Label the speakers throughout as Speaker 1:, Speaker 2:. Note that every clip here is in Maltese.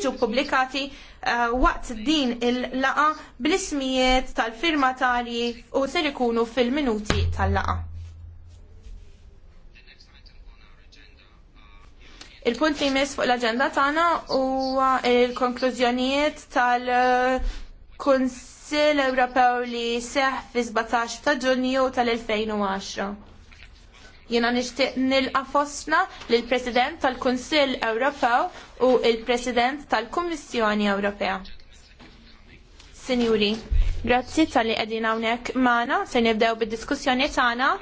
Speaker 1: jiġu publikati uh, waqt din il-laqa bl-ismijiet tal-firmatari u ser ikunu fil-minuti tal-laqa. Il-punt li jmiss fuq l-agenda tagħna huwa il-konklużjonijiet tal-Kunsill Ewropew li seħ fi 17 ta' Ġunju tal-2010. Jiena nixtieq nilqa' fostna lill President tal-Kunsill Ewropew u l president tal-Kummissjoni Ewropea. Sinjuri, grazzi tal-li qegħdin hawnhekk magħna se nibdew bid-diskussjoni tagħna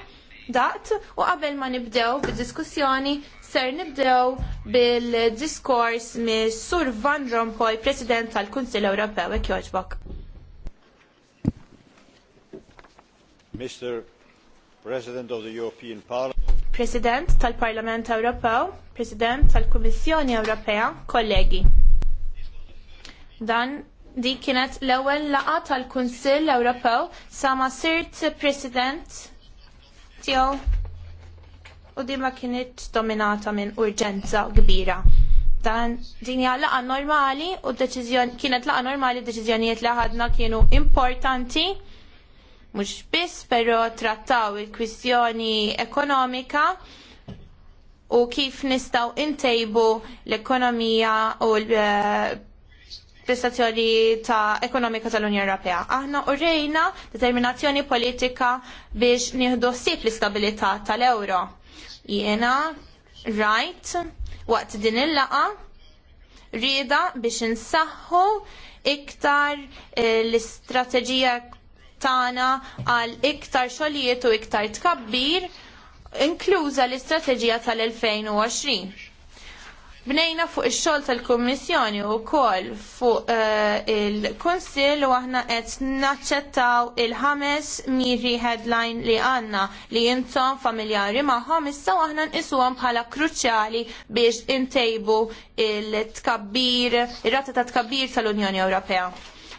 Speaker 1: daqt u qabel ma nibdew bid-diskussjoni ser nibdew bil-diskors mis Sur Van Rompuy, President tal-Kunsil Ewropew, ek
Speaker 2: Mr. President of the European Parliament.
Speaker 1: President tal-Parlament Ewropew, President tal-Kummissjoni Ewropea, kollegi. Dan di kienet l-ewwel laqgħa tal-Kunsill Ewropew sa ma sirt President tiegħu u di ma kienet dominata minn urġenza kbira dan din hija laqgħa normali u deċiżjoni kienet laqgħa normali deċiżjonijiet li ħadna kienu importanti mhux biss però trattaw il-kwistjoni ekonomika u kif nistgħu ntejbu l-ekonomija u l- eh, prestazzjoni ta' ekonomika tal-Unjoni Ewropea. Aħna rejna determinazzjoni politika biex nieħdu ssib l-istabilità tal-euro. Jiena rajt waqt din il laqgħa rieda biex insaħħu iktar eh, l-istrateġija tagħna għal iktar xogħlijiet u iktar tkabbir, inkluża l-istrateġija tal-2020. Bnejna fuq ix-xogħol tal-Kummissjoni wkoll fuq uh, il-Kunsill u aħna qed naċċettaw il-ħames miri headline li għandna li jintom familjari magħhom issa aħna nqisuhom bħala kruċjali biex intejbu il-tkabbir, ir-rata ta' tkabbir tal-Unjoni Ewropea.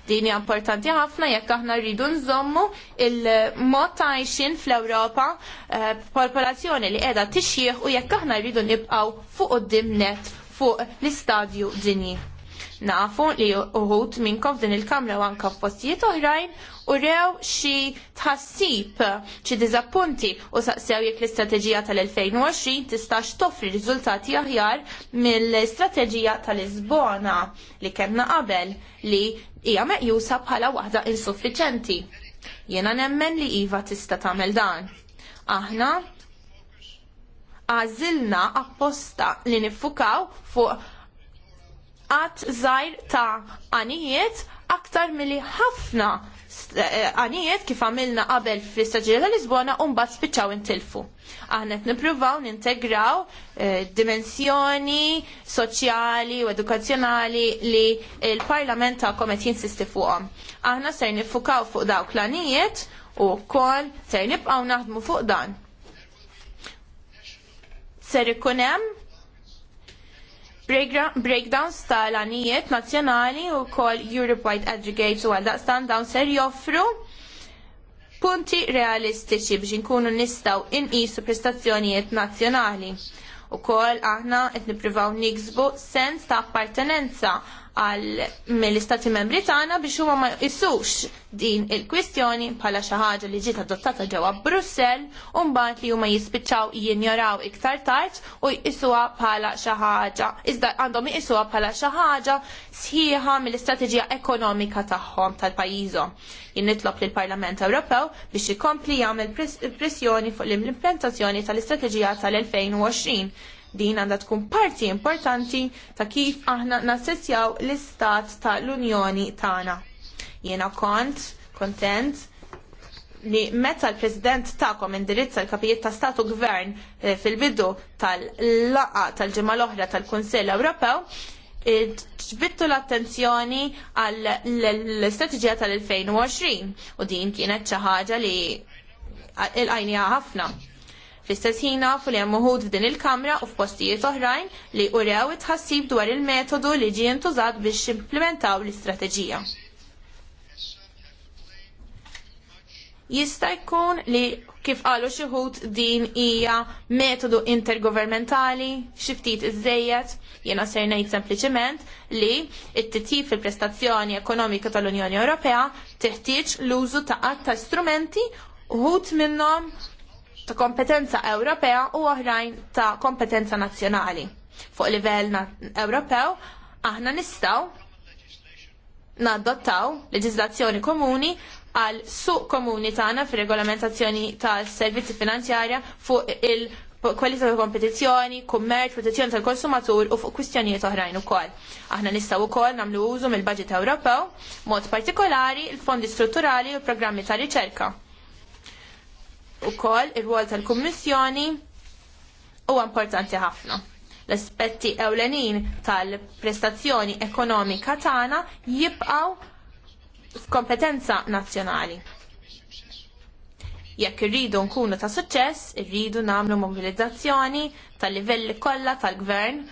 Speaker 1: Din hija importanti ħafna jekk aħna rridu nżommu il-mod ta' għajxin fl-Ewropa eh, popolazzjoni li qiegħda tixjih u jekk aħna rridu nibqgħu fuq qudiem net fuq l-istadju dinji. Nafu li uħut minnkom din il-kamra u anka f'postijiet oħrajn u rew xi tħassib, xi diżappunti u saqsew jekk l-istrateġija tal-2020 tistax toffri riżultati aħjar mill-istrateġija tal-Lisbona li kellna qabel li hija meqjusa bħala waħda insuffiċenti. Jiena nemmen li Iva tista tagħmel dan. Aħna għażilna apposta li niffukaw fuq għat żgħir ta' għanijiet aktar milli ħafna Eh, eh, għaniet kif għamilna qabel fl-istaġġira tal-Lisbona u mbagħad spiċċaw intilfu. Aħna qed nippruvaw nintegraw eh, dimensjoni soċjali u edukazzjonali li l-Parlament ta' qed jinsisti fuqhom. Aħna ser niffukaw fuq dawk l-għanijiet u wkoll ser nibqaw naħdmu fuq dan. Ser ikunem hemm breakdowns tal-anijiet nazzjonali u kol Europe-wide aggregates u stand-down ser joffru punti realistiċi biex nkunu nistaw inqisu prestazzjonijiet nazzjonali. U kol aħna qed nippruvaw niksbu sens ta' appartenenza għal mill-istati membri tagħna biex huma ma jqisux din il-kwistjoni bħala xi ħaġa li ġiet adottata ġewwa Brussell u mbagħad li huma jispiċċaw jinjoraw iktar tard u jqisuha bħala xi ħaġa iżda għandhom jqisuha bħala xi ħaġa sħiħa mill-istrateġija ekonomika tagħhom tal-pajjiżhom. Jien nitlob lill parlament Ewropew biex ikompli jagħmel pressjoni fuq l-implementazzjoni tal-istrateġija tal-2020 Din għandha tkun parti importanti ta' kif aħna nassessjaw l-istat tal unjoni tagħna. Jiena kont kontent li meta l-President tagħkom indirizza l-kapijiet ta' statu gvern eh, fil-bidu tal laqa tal-ġimgħa l-oħra tal-Kunsell Ewropew, ġbittu l-attenzjoni għall l-istrateġija tal-2020 u din kienet xi ħaġa li l għajnija ħafna. Fl-istess ħin li hemm uħud f'din il-Kamra u f'postijiet oħrajn li urew it itħassib dwar il-metodu li ġie ntużat biex implementaw l-istrateġija. Jista' jkun li kif qalu xi wħud din hija metodu intergovernmentali xi ftit iżejjed, jiena ser ngħid sempliċement li t-titjib fil-prestazzjoni ekonomika tal-Unjoni Ewropea teħtieġ l-użu ta' qatt ta' strumenti uħud minnhom ta' kompetenza Ewropea u oħrajn ta' kompetenza nazzjonali. Fuq livell Ewropew aħna nistgħu nadottaw leġislazzjoni komuni għal suq komuni tagħna fir-regolamentazzjoni tas-servizzi finanzjarja fuq il- kwalità ta' kompetizzjoni, kummerċ, protezzjoni tal-konsumatur u fuq kwistjonijiet oħrajn ukoll. Aħna nistgħu wkoll nagħmlu użu mill-baġit Ewropew, mod partikolari il-fondi strutturali u programmi ta' riċerka kol ir wol tal-Kummissjoni huwa importanti ħafna. L-aspetti ewlenin tal-prestazzjoni ekonomika tagħna jibqgħu f'kompetenza nazzjonali. Jekk irridu nkunu ta' suċċess, irridu nagħmlu mobilizzazzjoni tal-livelli kollha tal-gvern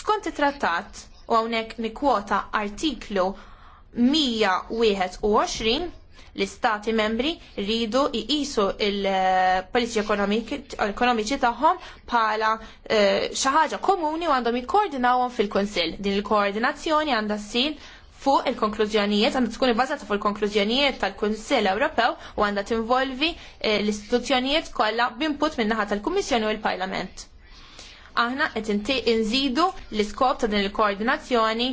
Speaker 1: skont it-trattat u hawnhekk nikwota artiklu 121 L-istati membri rridu jqisu il-policy ekonomiċi tagħhom bħala eh, xi ħaġa komuni u għandhom jikkoordinawhom fil-Kunsill. Din il-koordinazzjoni għandha ssir fuq il-konklużjonijiet, għandha tkun ibbażata fuq il-konklużjonijiet tal-Kunsill Ewropew u għandha tinvolvi eh, l-istituzzjonijiet kollha b'input min-naħa tal-Kummissjoni u l-Parlament. Aħna qed inżidu l-iskop ta' din il-koordinazzjoni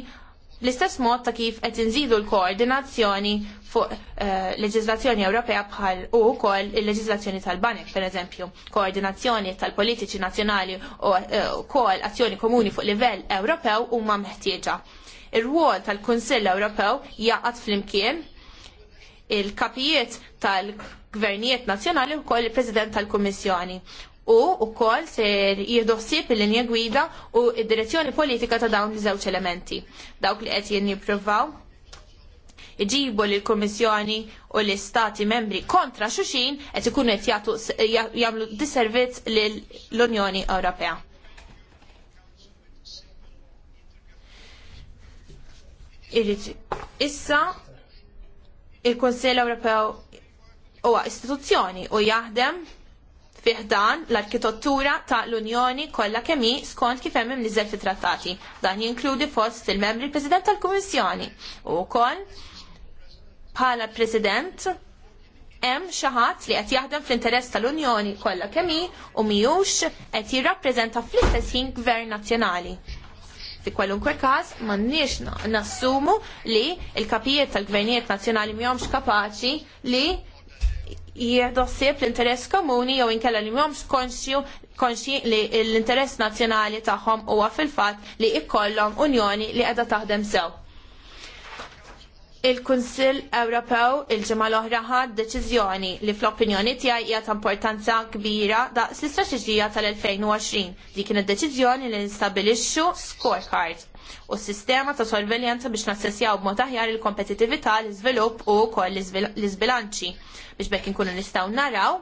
Speaker 1: l-istess mod ta' kif qed inżidu l-koordinazzjoni fuq eh, leġizlazzjoni Ewropea bħal u wkoll il-leġizlazzjoni tal-banek, pereżempju, koordinazzjoni tal-politiċi nazzjonali eh, u wkoll azzjoni komuni fuq livell Ewropew huma meħtieġa. ir ruol tal-Kunsill Ewropew fl flimkien il-kapijiet tal-gvernijiet nazzjonali wkoll il-President tal-Kummissjoni u wkoll se jieħdossib il-linja gwida u id-direzzjoni politika ta' dawn iż-żewġ elementi. Dawk li qed jien jippruvaw iġibu l kummissjoni u l-Istati membri kontra xuxin qed ikunu qed jagħmlu disservizz lill-Unjoni Ewropea. Irrid issa il-Kunsell Ewropew huwa istituzzjoni u jaħdem fiħdan l-arkitettura ta' l-Unjoni kollha kemm hi skont kif hemm imniżel fit-trattati. Dan jinkludi fost il-membri President tal-Kummissjoni u wkoll bħala President hemm xi ħadd li qed jaħdem fl-interess tal-Unjoni kollha kemm hi u mhijiex qed jirrappreżenta fl-istess ħin gvern nazzjonali. Fi kwalunkwe każ m'għandniex nassumu li l-kapijiet tal-gvernijiet nazzjonali mhomx kapaċi li jieħdossib l-interess komuni jew inkella li mhomx konxju konxji li l-interess nazzjonali tagħhom huwa fil-fatt li jkollhom Unjoni li qiegħda taħdem sew. Il-Kunsill Ewropew il-ġimgħa l-oħra ħadd deċiżjoni li fl-opinjoni tiegħi hija ta' importanza kbira daqs l-istrateġija tal-2020. Dik kienet deċiżjoni li nistabilixxu scorecard u s-sistema ta' sorveljanza biex nassessjaw b'mod aħjar il-kompetitività, l-iżvilupp u wkoll l-iżbilanċi biex bekk inkunu nistgħu naraw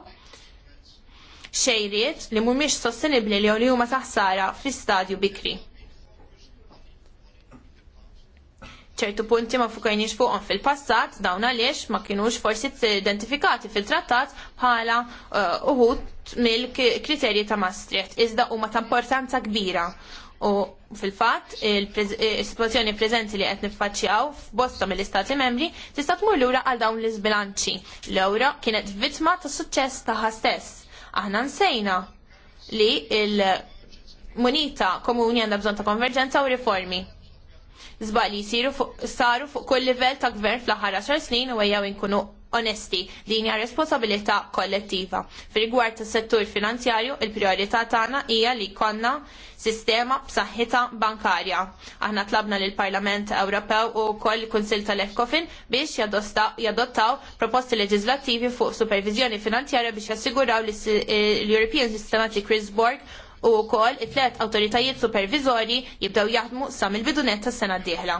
Speaker 1: xejriet li mhumiex sostenibbli li huma taħsara fi stadju bikri. ċertu punti ma fukajniex fuqhom fil-passat dawn għaliex ma kienux forsi identifikati fil-trattat bħala uh, uħut mill-kriterji ta' Maastricht iżda huma ta' importanza kbira. U fil-fatt, il-situazzjoni eh, preżenti li qed niffaċċjaw f'bosta mill-Istati membri tista' tmur lura għal dawn l-iżbilanċi. L-ewra kienet vittma ta' suċċess tagħha stess. Aħna nsejna li il-munita komuni għandha bżonn ta' konverġenza u riformi zbali li jsiru saru fuq kull livell ta' gvern fl-aħħar 10 snin u għajaw inkunu onesti din hija responsabilità kollettiva. Fir-rigward tas-settur finanzjarju, il-priorità tagħna hija li jkollna sistema b'saħħitha bankarja. Aħna tlabna lill parlament Ewropew u wkoll il tal-Ekofin biex jadottaw proposti leġislattivi fuq supervizjoni finanzjarja biex jassiguraw li eh, l-European Systematic Risk Board u wkoll it-tlet awtoritajiet supervizorji jibdew jaħdmu sa mill-bidunet tas-sena d-dieħla.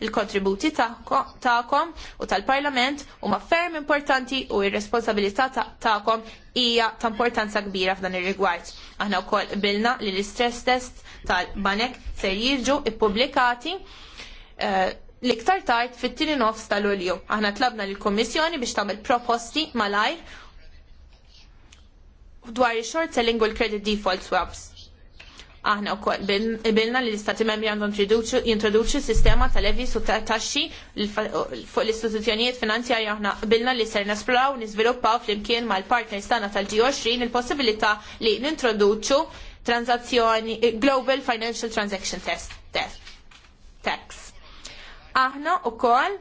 Speaker 1: Il-kontributi tagħkom u tal-Parlament huma ferm importanti u r-responsabilità tagħkom hija ta' importanza kbira f'dan ir-rigward. Aħna wkoll bilna li l-istress test tal-banek ser jiġu ippubblikati eh, l-iktar tard fit-tieni nofs tal-Ulju. Aħna tlabna lill kummissjoni biex tagħmel proposti malajr dwar il-short selling u l-credit default swaps. Aħna wkoll bilna li l-istati membri għandhom jintroduċu sistema tal-levi su taxxi fuq l-istituzzjonijiet finanzjarji aħna bilna li ser nesploraw niżviluppaw flimkien mal-partners tagħna tal-G20 il-possibilità li nintroduċu transazzjoni Global Financial Transaction Test. Tax. Aħna wkoll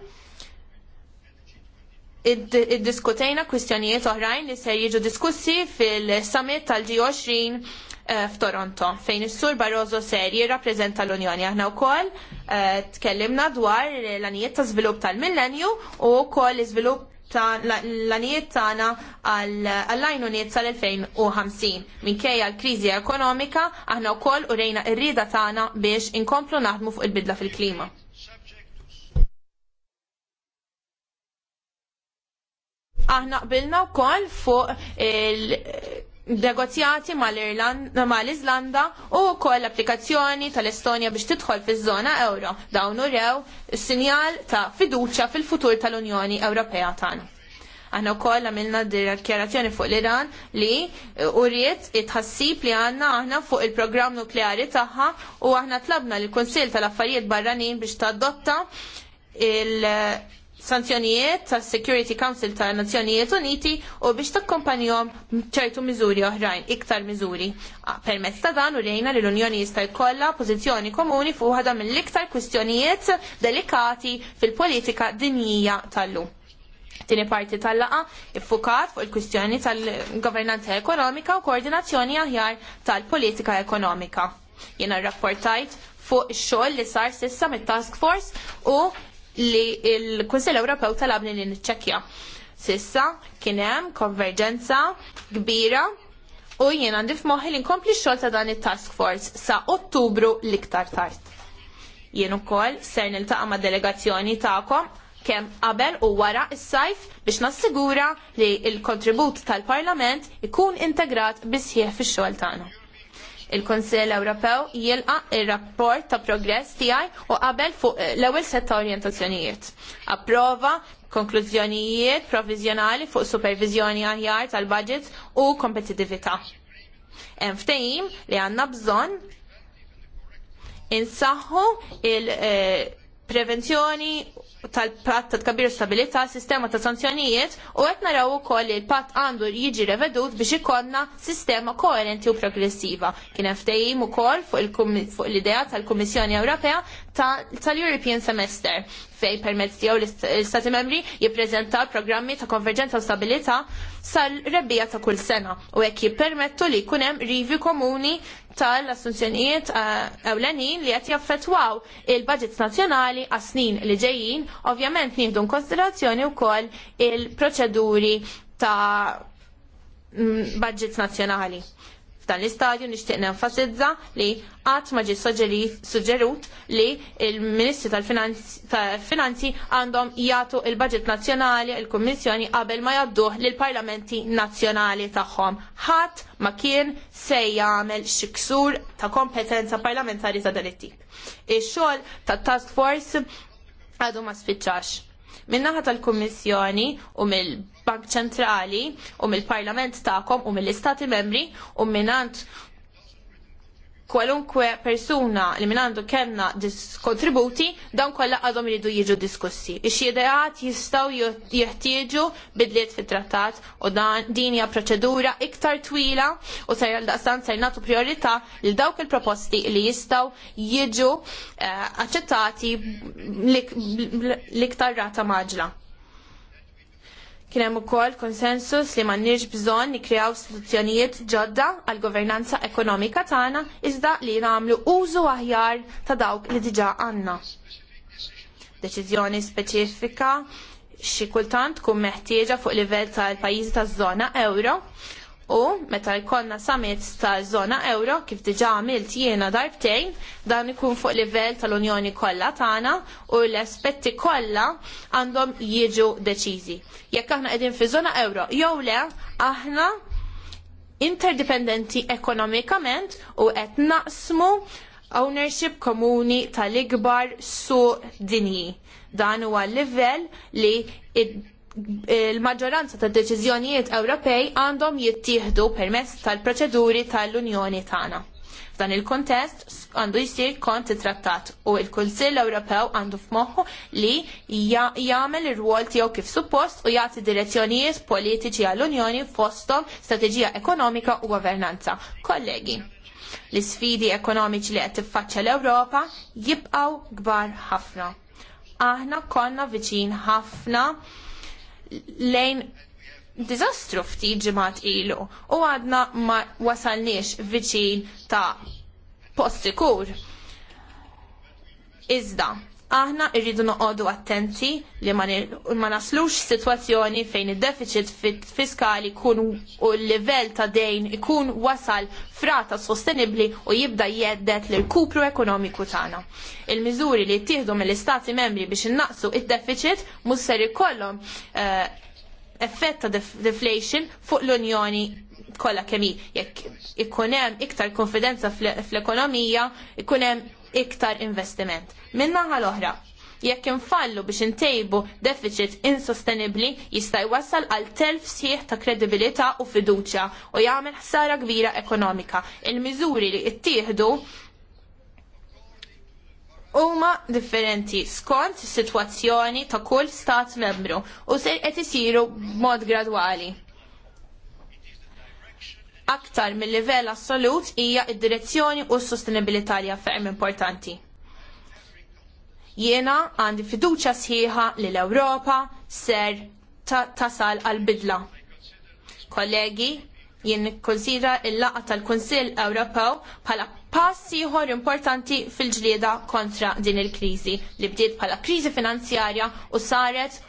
Speaker 1: id-diskutejna kwistjonijiet oħrajn li ser jiġu diskussi fil-summit tal-G20 eh, f'Toronto fejn is-Sur Barroso ser jirrappreżenta l-Unjoni. Aħna wkoll eh, tkellimna dwar l-anijiet ta' żvilupp tal-millenju u wkoll iżvilupp ta' l-anijiet tagħna għall-għajnuniet sal-2050. Minkejja l-kriżi ekonomika aħna wkoll urejna r-rieda tagħna biex inkomplu naħdmu fuq il-bidla fil-klima. Aħna qbilna wkoll fuq il- negozjati mal-Izlanda u koll applikazzjoni tal-Estonja biex tidħol fiż-żona euro. Dawn rew sinjal ta' fiduċja fil-futur tal-Unjoni Ewropea tagħna. Aħna wkoll għamilna dikjarazzjoni fuq l-Iran li uriet itħassib li għandna aħna fuq il-programm nukleari tagħha u aħna tlabna l-Kunsill tal-Affarijiet Barranin biex tadotta il- sanzjonijiet tal-Security Council tal-Nazzjonijiet Uniti u biex takkompanjom ċertu miżuri oħrajn, iktar miżuri. Permezz ta' dan u rejna li l-Unjoni jista' jkollha pożizzjoni komuni fuq waħda mill-iktar kwistjonijiet delikati fil-politika dinjija tal-lum. Tini parti tal-laqa iffukat fuq il-kwistjoni tal-governanza ekonomika u koordinazzjoni aħjar tal-politika ekonomika. Jena rrapportajt fuq ix-xogħol li sar sissa mit-task force u li l-Kunsill Ewropew talabni li niċċekkja. Sissa kien hemm konverġenza kbira u jien għandi f'moħħi li nkompli xogħol ta' dan it-task force sa' Ottubru l-iktar tard. Jien ukoll ser niltaqa' ma' delegazzjoni tagħkom kemm qabel u wara is-sajf biex nassigura li l-kontribut tal-Parlament ikun integrat bisħieħ fix-xogħol tagħna. Il-Konsell Ewropew jilqa il-rapport ta' progress tiegħi u qabel fuq l-ewwel set ta' orjentazzjonijiet. Approva konklużjonijiet provizjonali fuq supervizjoni aħjar tal-budget u kompetitività. Hemm ftehim li għandna bżonn insaħħu il- eh, prevenzjoni tal-patt ta' kabir stabilita, sistema ta' sanzjonijiet u qed naraw ukoll li l-patt għandu jiġi revedut biex ikollna sistema koerenti u progressiva. Kien ftehim ukoll fuq l-idea tal-Kummissjoni Ewropea tal-European Semester fej permezz tiegħu l-Stati membri jippreżentaw programmi ta' konverġenza u stabilità sal-rebbija ta' kull sena u hekk jippermettu li jkun hemm rivi komuni tal-assunzjonijiet eh, ewlenin li qed jaffettwaw il-budgets nazzjonali għas snin li ġejjin, ovvjament nieħdu konsiderazzjoni wkoll il-proċeduri ta' mm, budgets nazzjonali. Dan l-istadju nixtieq nenfasizza li qatt ma ġie suġġerut li il-Ministri tal-Finanzi għandhom jagħtu il-Baġit Nazzjonali il-Kummissjoni qabel ma jadduh lil parlamenti nazzjonali tagħhom. Ħadd ma kien se jagħmel xi ksur ta' kompetenza parlamentari ta' dan it-tip. Ix-xogħol tat task force għadu ma spiċċax. Min-naħa tal-Kummissjoni u mill bank Ċentrali u mill-Parlament tagħkom u mill-Istati Membri u minant kwalunkwe persuna li minn għandu kellna kontributi dawn kollha għadhom jridu jiġu diskussi. Ix-xiedeat jistgħu jeħtieġu bidliet fit-trattat u dan din hija proċedura iktar twila u se daqstan se natu priorità lil dawk il-proposti li jistgħu jiġu eh, aċċettati l-iktar rata maġla. Kien hemm ukoll konsensus li m'għandniex bżonn nikkreaw istituzzjonijiet ġodda għall governanza ekonomika tagħna iżda li nagħmlu użu aħjar ta' dawk li diġà għandna. Deċiżjoni speċifika xi kultant tkun meħtieġa fuq livell tal-pajjiżi taż-żona euro u meta jkollna summit ta' zona euro kif diġà għamilt jiena darbtejn dan ikun fuq livell tal-Unjoni kollha tagħna u l-aspetti kollha għandhom jiġu deċiżi. Jekk aħna qegħdin fi żona euro jew le aħna interdipendenti ekonomikament u qed naqsmu ownership komuni tal-ikbar suq dinji. Dan huwa livell li id il-maġġoranza tad deċiżjonijiet Ewropej għandhom jittieħdu permezz tal-proċeduri tal-Unjoni tagħna. F'dan il-kontest għandu jsir kont it-trattat u l-Kunsill Ewropew għandu f'moħħu li jagħmel ir-rwol tiegħu kif suppost u jagħti direzzjonijiet politiċi għall-Unjoni fosthom strateġija ekonomika u governanza. Kollegi, l isfidi ekonomiċi li qed tiffaċċja l-Ewropa jibqgħu kbar ħafna. Aħna konna viċin ħafna lejn dizastru ftit ġimgħat ilu u għadna ma wasalniex viċin ta' post sikur. Iżda, aħna irridu noqogħdu attenti li ma naslux situazzjoni fejn id-deficit fiskali kun u l-livell ta' dejn ikun wasal frata sostenibli u jibda jeddet l kupru ekonomiku tagħna. Il-miżuri li jittieħdu mill-istati membri biex innaqsu id-deficit musser ikollhom uh, effett ta' deflation fuq l-Unjoni kollha kemm jekk ikun hemm iktar konfidenza fl-ekonomija, ikun hemm iktar investiment. Minna l-oħra, jekk infallu biex intejbu deficit insostenibli jista' jwassal għal telf sħiħ ta' kredibilità u fiduċja u jagħmel ħsara kbira ekonomika. Il-miżuri li ttieħdu huma differenti skont is-sitwazzjoni ta' kull stat membru u se qed isiru b'mod gradwali aktar mill-livell assolut hija id-direzzjoni u s-sostenibilità li ferm importanti. Jiena għandi fiduċa sħiħa li l-Ewropa ser tasal għal-bidla. Kollegi, jien nikkonsidra il-laqa tal-Kunsill Ewropew bħala passiħor ieħor importanti fil-ġlieda kontra din il-kriżi li bdiet bħala kriżi finanzjarja u saret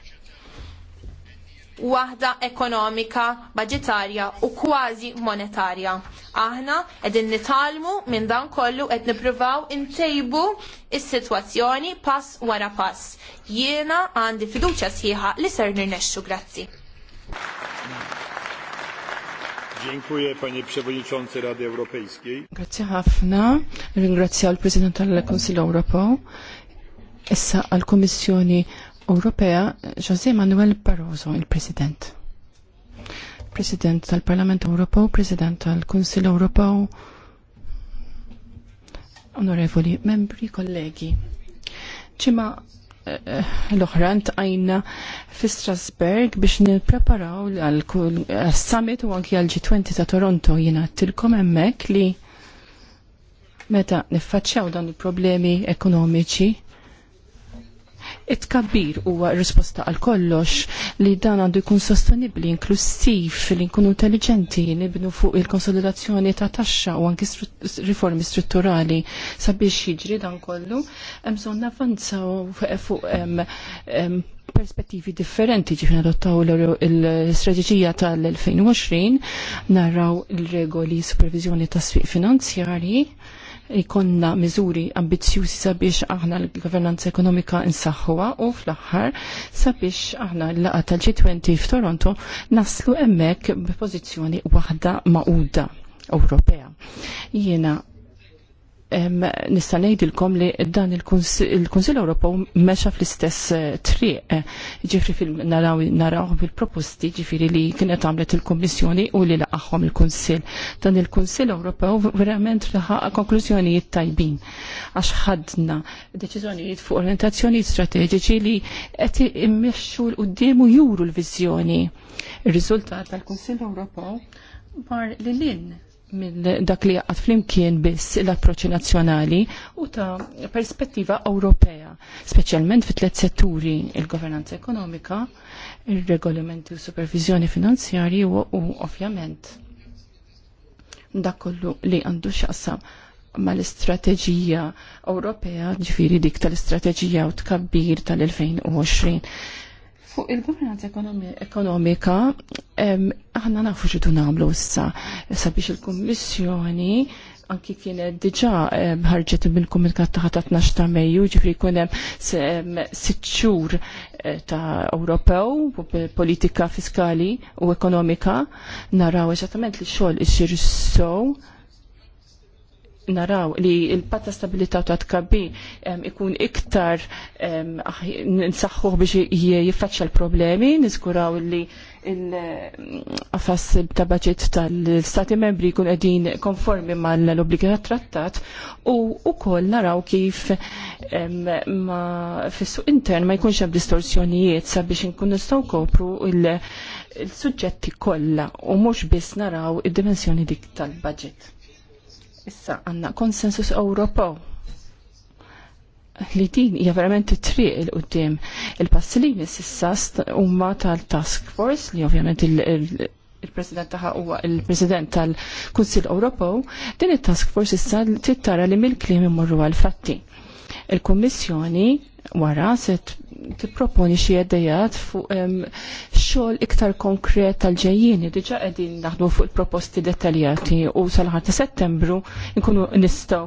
Speaker 1: waħda ekonomika, budgetarja u kważi monetarja. Aħna qegħdin nitalmu minn dan kollu qed nippruvaw intejbu is-sitwazzjoni pass wara pass. Jiena għandi fiduċja sħiħa li ser nirnexxu grazzi.
Speaker 2: Dziękuję panie przewodniczący Rady Europejskiej.
Speaker 3: Grazie ħafna. Ringrazzja l-President tal-Konsil Ewropew. Issa għall-Kummissjoni Ewropea José Manuel Barroso, il-President. President tal-Parlament Ewropew, President tal-Kunsill Ewropew, onorevoli membri, kollegi. Ċima eh, l-oħra ntqajna fi Strasberg biex nippreparaw għal-summit u anki għal-G20 ta' Toronto jina tilkom hemmhekk li meta niffaċċjaw dan il-problemi ekonomiċi it-kabbir huwa risposta għal kollox li dan għandu jkun sostenibli, inklusiv, li nkunu intelligenti, nibnu fuq il-konsolidazzjoni ta' taxxa u anki riformi strutturali sabiex jiġri dan kollu, bżonn navanzaw fuq perspettivi differenti ġifin adottaw l-strategija tal-2020, narraw il-regoli supervizjoni ta' sfiq finanzjari, ikonna miżuri ambizjuzi sabiex aħna l-governanza ekonomika insaħħuha u fl-aħħar sabiex aħna l-laqa tal-G20 f'Toronto naslu hemmhekk b'pożizzjoni waħda maquda Ewropea. Jiena nista' ngħidilkom li dan il-Kunsill Ewropew mexa fl-istess eh, triq. Ġifri fil naraw fil-proposti ġifiri li kienet għamlet il-Kummissjoni u li laqahom il-Kunsill. Dan il-Kunsill Ewropew verament laħaq konklużjonijiet tajbin għax ħadna deċiżjonijiet fuq orientazzjonijiet strateġiċi li qed immexxu l u juru l-viżjoni. Ir-riżultat tal-Kunsill Ewropew bar li lin mill dak li jaqat flimkien biss l-approċċi nazzjonali u ta' perspettiva Ewropea, speċjalment fit tliet setturi il-governanza ekonomika, ir-regolamenti u supervizjoni finanzjarji u, u ovvjament dak kollu li għandu x'aqsam ma l-istrateġija Ewropea, ġifiri dik tal-istrateġija u tkabbir tal-2020. Fuq il-governanza ekonomika, aħna nafu xitu namlu issa sabiex il-Kommissjoni anki kienet diġa bħarġet bil-komunikat taħat 12 ta' Mejju, ġifri kunem sitxur eh, ta' Ewropew, politika fiskali u ekonomika, naraw eżattament li xogħol isir sow naraw li il-pat ta' u ta' tkabbi ikun iktar nsaħħuh biex jiffaċċa l-problemi, niskuraw li il affas ta' budget tal-Stati membri kun qegħdin konformi mal-obbligi tat trattat u wkoll naraw kif ma fissu intern ma jkunx hemm distorsjonijiet sabiex nkun nistgħu kopru il-suġġetti kollha u mhux biss naraw id-dimensjoni dik tal-budget. Issa għanna konsensus Ewropew li din hija verament it-triq il qudiem il pass li issa huma tal-task force li ovvjament il-President taħħa huwa il-President tal-Kunsill Ewropew, din it-task force issa tittara li mill-kliem imorru għal fatti. Il-Kummissjoni wara se tipproponi xie idejat fuq xogħol iktar konkret tal ġejjini diġà qegħdin naħdmu fuq il proposti dettaljati u salħat ta' Settembru nkunu nistgħu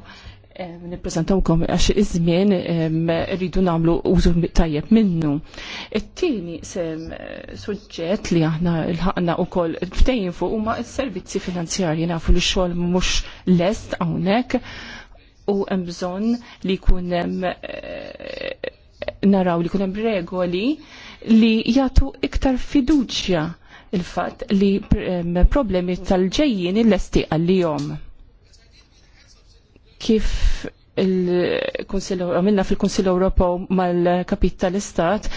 Speaker 3: nippreżentawkom għax iż-żmien rridu nagħmlu użu tajjeb minnu. It-tieni suġġett li aħna l u wkoll ftejn fuq huma s-servizzi finanzjarji nafu li xogħol mhux lest hawnhekk u hemm bżonn li jkun hemm naraw li kunem regoli li jatu iktar fiduċja il-fat li problemi tal-ġejjin il-lesti għal-jom. Kif għamilna fil-Konsil Ewropew mal-Kapit tal-Istat,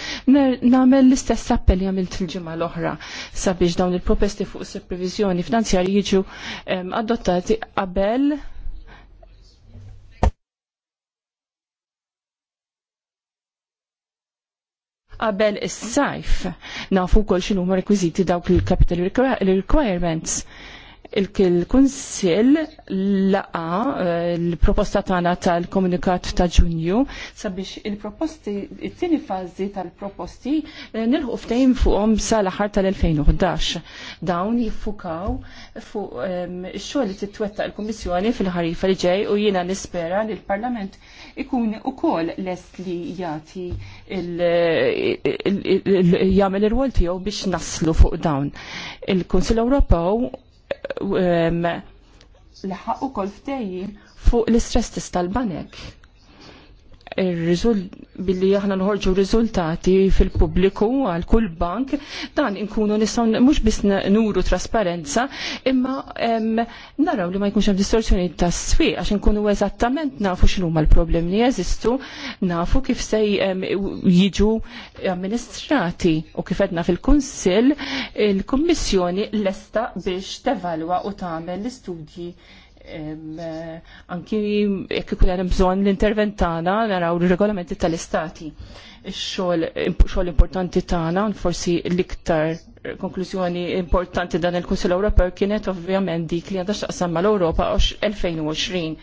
Speaker 3: namel l-istess appell li għamilt il ġimgħa l-oħra sabiex dawn il propesti fuq supervizjoni finanzjarji jiġu adottati qabel qabel is-sajf. Nafu wkoll huma rekwiżiti dawk il-capital requirements il kunsil laqa eh, l-proposta tagħna tal-komunikat ta' Ġunju sabiex il-proposti it-tieni fażi tal-proposti eh, nilħu ftehim fuqhom sal-aħħar tal-2011. Dawn jiffukaw fuq ix-xogħol eh, li titwettaq il-Kummissjoni fil-ħarifa li ġej u jiena nispera li l-Parlament ikun kol lest li jagħti jagħmel il rwol tiegħu biex naslu fuq dawn. Il-Kunsill Ewropew laħaq ukoll ftehim fuq l-istress tista' l banek billi aħna nħorġu riżultati fil-pubbliku għal kull bank, dan inkunu nistgħu mhux biss nuru trasparenza, imma naraw li ma jkunx hemm distorsjoni tas swi għax inkunu eżattament nafu xinu ma l-problemi li jeżistu, nafu kif se jiġu amministrati u kif edna fil-Kunsill il-Kummissjoni lesta biex tevalwa u tagħmel l-istudji anki jekk ikun hemm bżonn l-intervent tagħna naraw ir-regolamenti tal-istati. Ix-xogħol importanti tagħna forsi l-iktar konklużjoni importanti dan il-Kunsill Ewropew kienet ovvjament dik li għandha x'taqsam mal-Ewropa 2020.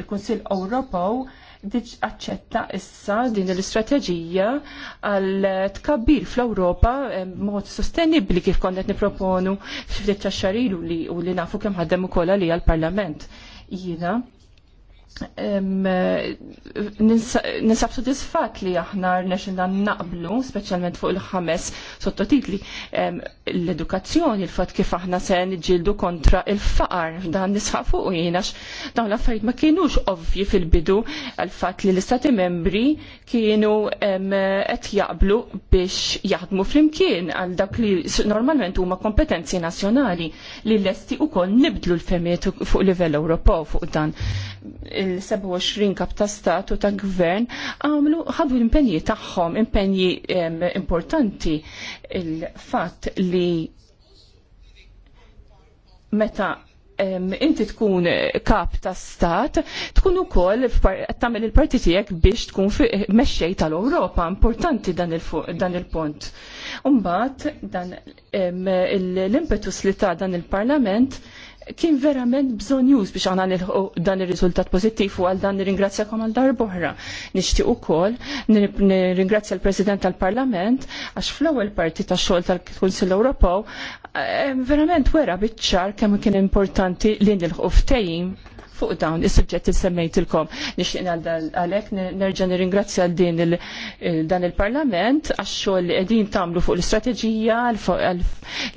Speaker 3: Il-Kunsill Ewropew diċ aċċetta issa din l-istrateġija għal tkabbir fl-Ewropa mod sostenibli kif konnet niproponu f'ftit xarilu li u li nafu kemm ħaddem ukoll li għall-Parlament. Jina, Nisab sodisfat li aħna dan naqblu, specialment fuq il-ħames sottotitli, l-edukazzjoni, il-fat kif aħna se nġildu kontra il-faqar, dan nisħaq fuq jienax, dawn l-affarijiet ma kienux ovvi fil-bidu għal-fat li l-istati membri kienu qed jaqblu biex jaħdmu flimkien għal dak li normalment huma kompetenzi nazzjonali li lesti u kol nibdlu l-femiet fuq livell Ewropew fuq dan il-27 kap ta' statu ta' gvern għamlu ħadu l-impenji tagħhom, impenji importanti il-fatt li meta inti tkun kap ta' stat, tkun ukoll tagħmel il-parti tiegħek biex tkun mexxej tal-Ewropa, importanti dan il-punt. Il Umbagħad dan l-impetus li ta' dan il-Parlament kien verament bżonjuż biex għana nilħu dan il-rizultat pozittiv u għal dan nirringrazzjakom għal darbohra. Nishti u kol, nirringrazzja l-President tal-Parlament, għax fl-ewwel parti ta' xogħol tal-Kunsill Ewropew, eh, verament wera biċċar kemm kien importanti li nilħu ftejim fuq dawn is-suġġetti semmejtilkom. Nixtieq għalhekk nerġa' nirringrazzja din dan il-Parlament għax-xogħol li qegħdin tagħmlu fuq l-istrateġija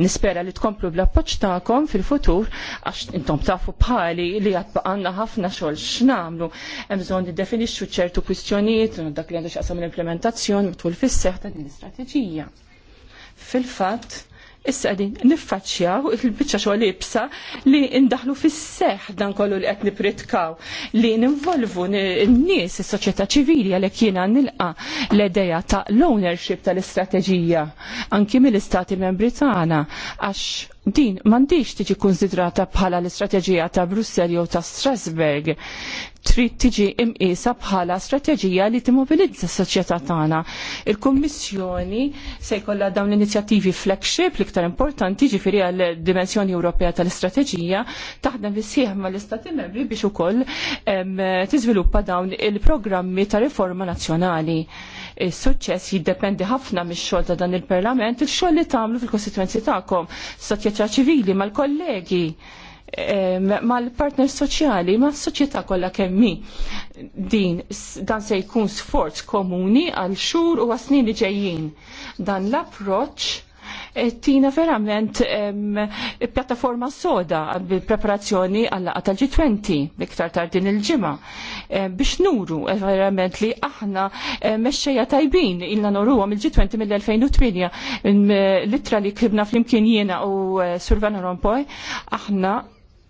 Speaker 3: nispera li tkomplu bl-appoġġ tagħkom fil-futur għax intom tafu bħali li qed baqanna ħafna xogħol x'nagħmlu. Hemm bżonn niddefinixxu ċertu kwistjonijiet dak li għandu x'qasam l-implementazzjoni matul fis-seħħ ta' din l-istrateġija. Fil-fatt, issa għedin niffaċċjaw il-bicċa xogħol ibsa li indaħlu fis-seħ dan kollu li qed pritkaw li ninvolvu n-nies is-soċjetà ċivili għalhekk jiena nilqa l-idea ta' l-ownership tal-istrateġija anki mill-istati membri tagħna għax din mandiġ tiġi konsidrata bħala l-istrateġija ta' Brussel jew ta' Strasberg. Trid tiġi imqisa bħala strateġija li timobilizza s-soċjetà tagħna. Il-Kummissjoni se jkollha dawn l-inizjattivi flagship l-iktar importanti ġifieri għal dimensjoni Ewropea tal-istrateġija taħdem fis-sieħ mal-Istati Membri biex ukoll tiżviluppa dawn il-programmi ta' riforma nazzjonali Is-suċċess jiddependi ħafna mix-xogħol ta' dan il-Parlament, il-xogħol li tagħmlu fil-kostituenzi tagħkom, soċjetà ċivili mal-kollegi mal-partner soċjali, ma' soċjetà kollha kemmi. Din dan se jkun sforz komuni għal xhur u għasnin li ġejjin. Dan l-approċċ Eh, tina verament pjattaforma soda bil-preparazzjoni għall tal-G20 biktar tardin din il ġima eh, biex nuru eh, verament li aħna meċċeja tajbin illa għam il-G20 mill-2008 l-ittra li kribna fl-imkien jiena u Survan Rompoy aħna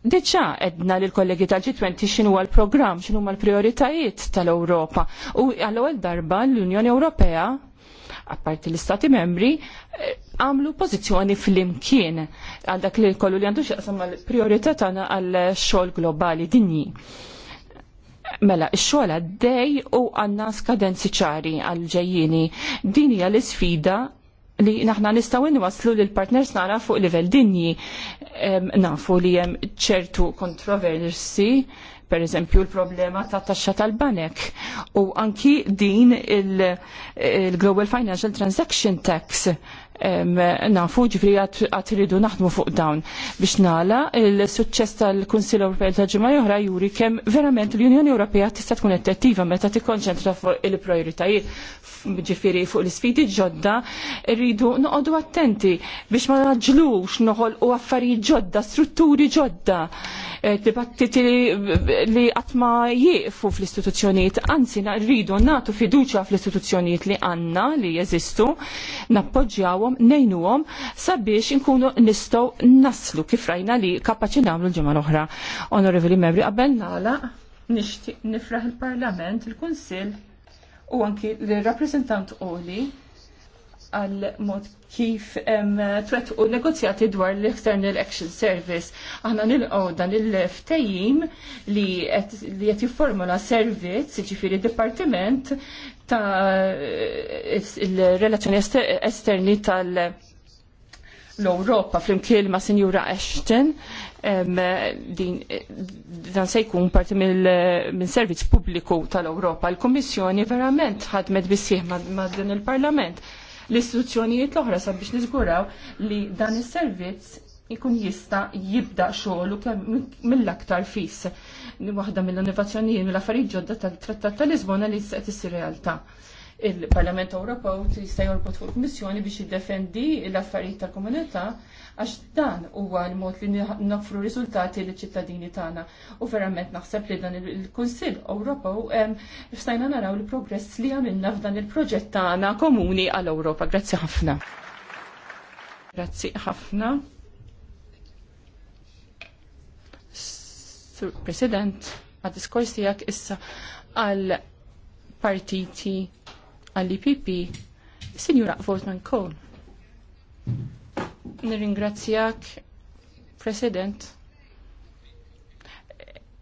Speaker 3: Deċa edna li l-kollegi tal-G20 xinu għal-program, xinu għal-prioritajiet tal-Europa. U għall ewwel darba l-Unjoni Ewropea, apparti l-Istati membri, għamlu pozizjoni fl-imkien għal dak li kollu li għandu xaqsam għal priorità tagħna għal xogħol globali dinji. Mela, ix-xogħol għaddej u għandna skadenzi ċari għal ġejjini. Din hija l-isfida li naħna nistgħu waslu lil partners nara fuq livell dinji. Nafu li hemm ċertu kontroversi per eżempju l-problema ta' taxxa tal-banek u anki din il-Global il Financial Transaction Tax nafu ġifri għat rridu naħdmu fuq dawn biex nala il-suċċess tal-Kunsil Ewropej ta' ġimgħa oħra juri kemm verament l-Unjoni Ewropea tista' tkun effettiva meta tikkonċentra fuq il-prioritajiet ġifiri fuq l-isfidi ġodda rridu noqogħdu attenti biex ma naġlux noħol u affarijiet ġodda, strutturi ġodda e, dibattiti li għatma jieqfu fl-istituzzjonijiet, anzi rridu natu fiduċa fl-istituzzjonijiet li għanna li jeżistu, nappoġġjaw nappoġġawhom, nejnuhom sabiex inkunu nistgħu naslu kif rajna li kapaċi nagħmlu l-ġimgħa l-oħra. Onorevoli Membri, qabel nagħlaq nixtieq nifraħ il-Parlament, il-Kunsill u anki l-rappresentant Oli għal mod kif tret u negozjati dwar l-External Action Service. Aħna nilqgħu dan il-ftejjim li qed jifformula servizz, ġifieri dipartiment ta' il-relazzjoni esterni tal- europa fl flimkien ma' Sinjura Ashton dan se jkun parti minn servizz pubbliku tal-Europa. Il-Kommissjoni verament ħadmet bissieħ ma' din il-Parlament l-istituzzjonijiet l-oħra sabiex niżguraw li dan is-servizz ikun jista jibda xogħlu mill-aktar fis waħda mill-innovazzjonijiet mill-affarijiet ġodda tal-Trattat ta' Lisbona li se tisir realtà. Il-Parlament Ewropew jista' jorbot fuq il-Kummissjoni biex jiddefendi l-affarijiet tal-komunità għax dan huwa l-mod li nofru riżultati liċ ċittadini tagħna. U verament naħseb li dan il-Kunsill Ewropew stajna naraw il-progress li għamilna f'dan il-proġett tagħna komuni għall-Ewropa. Grazzi ħafna. Grazzi ħafna. Mr. President, għad-diskors tijak issa għal partiti għall-IPP, Signora Votman Cole. Nirringrazzjak, President,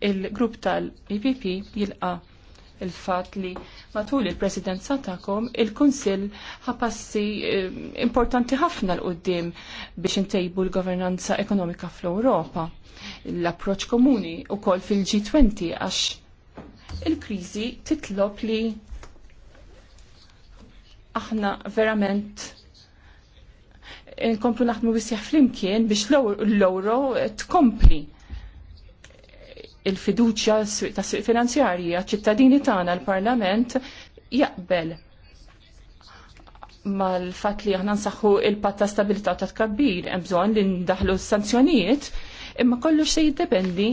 Speaker 3: il-grupp tal-IPP jilqa il-fat li matul il-presidenza ta'kom, il-Kunsill ħapassi eh, importanti ħafna l-qoddim biex intejbu l-governanza ekonomika fl-Europa. L-approċ komuni u kol fil-G20 għax il-krizi titlob li aħna verament nkomplu naħdmu wisjaħ flimkien biex l-euro tkompli il-fiduċja s suq finanzjarji għaċ-ċittadini tagħna l-Parlament jaqbel mal-fatt li aħna nsaħħu il-patt ta' stabilità ta' tkabbir hemm bżonn li ndaħlu s-sanzjonijiet, imma kollox se jiddependi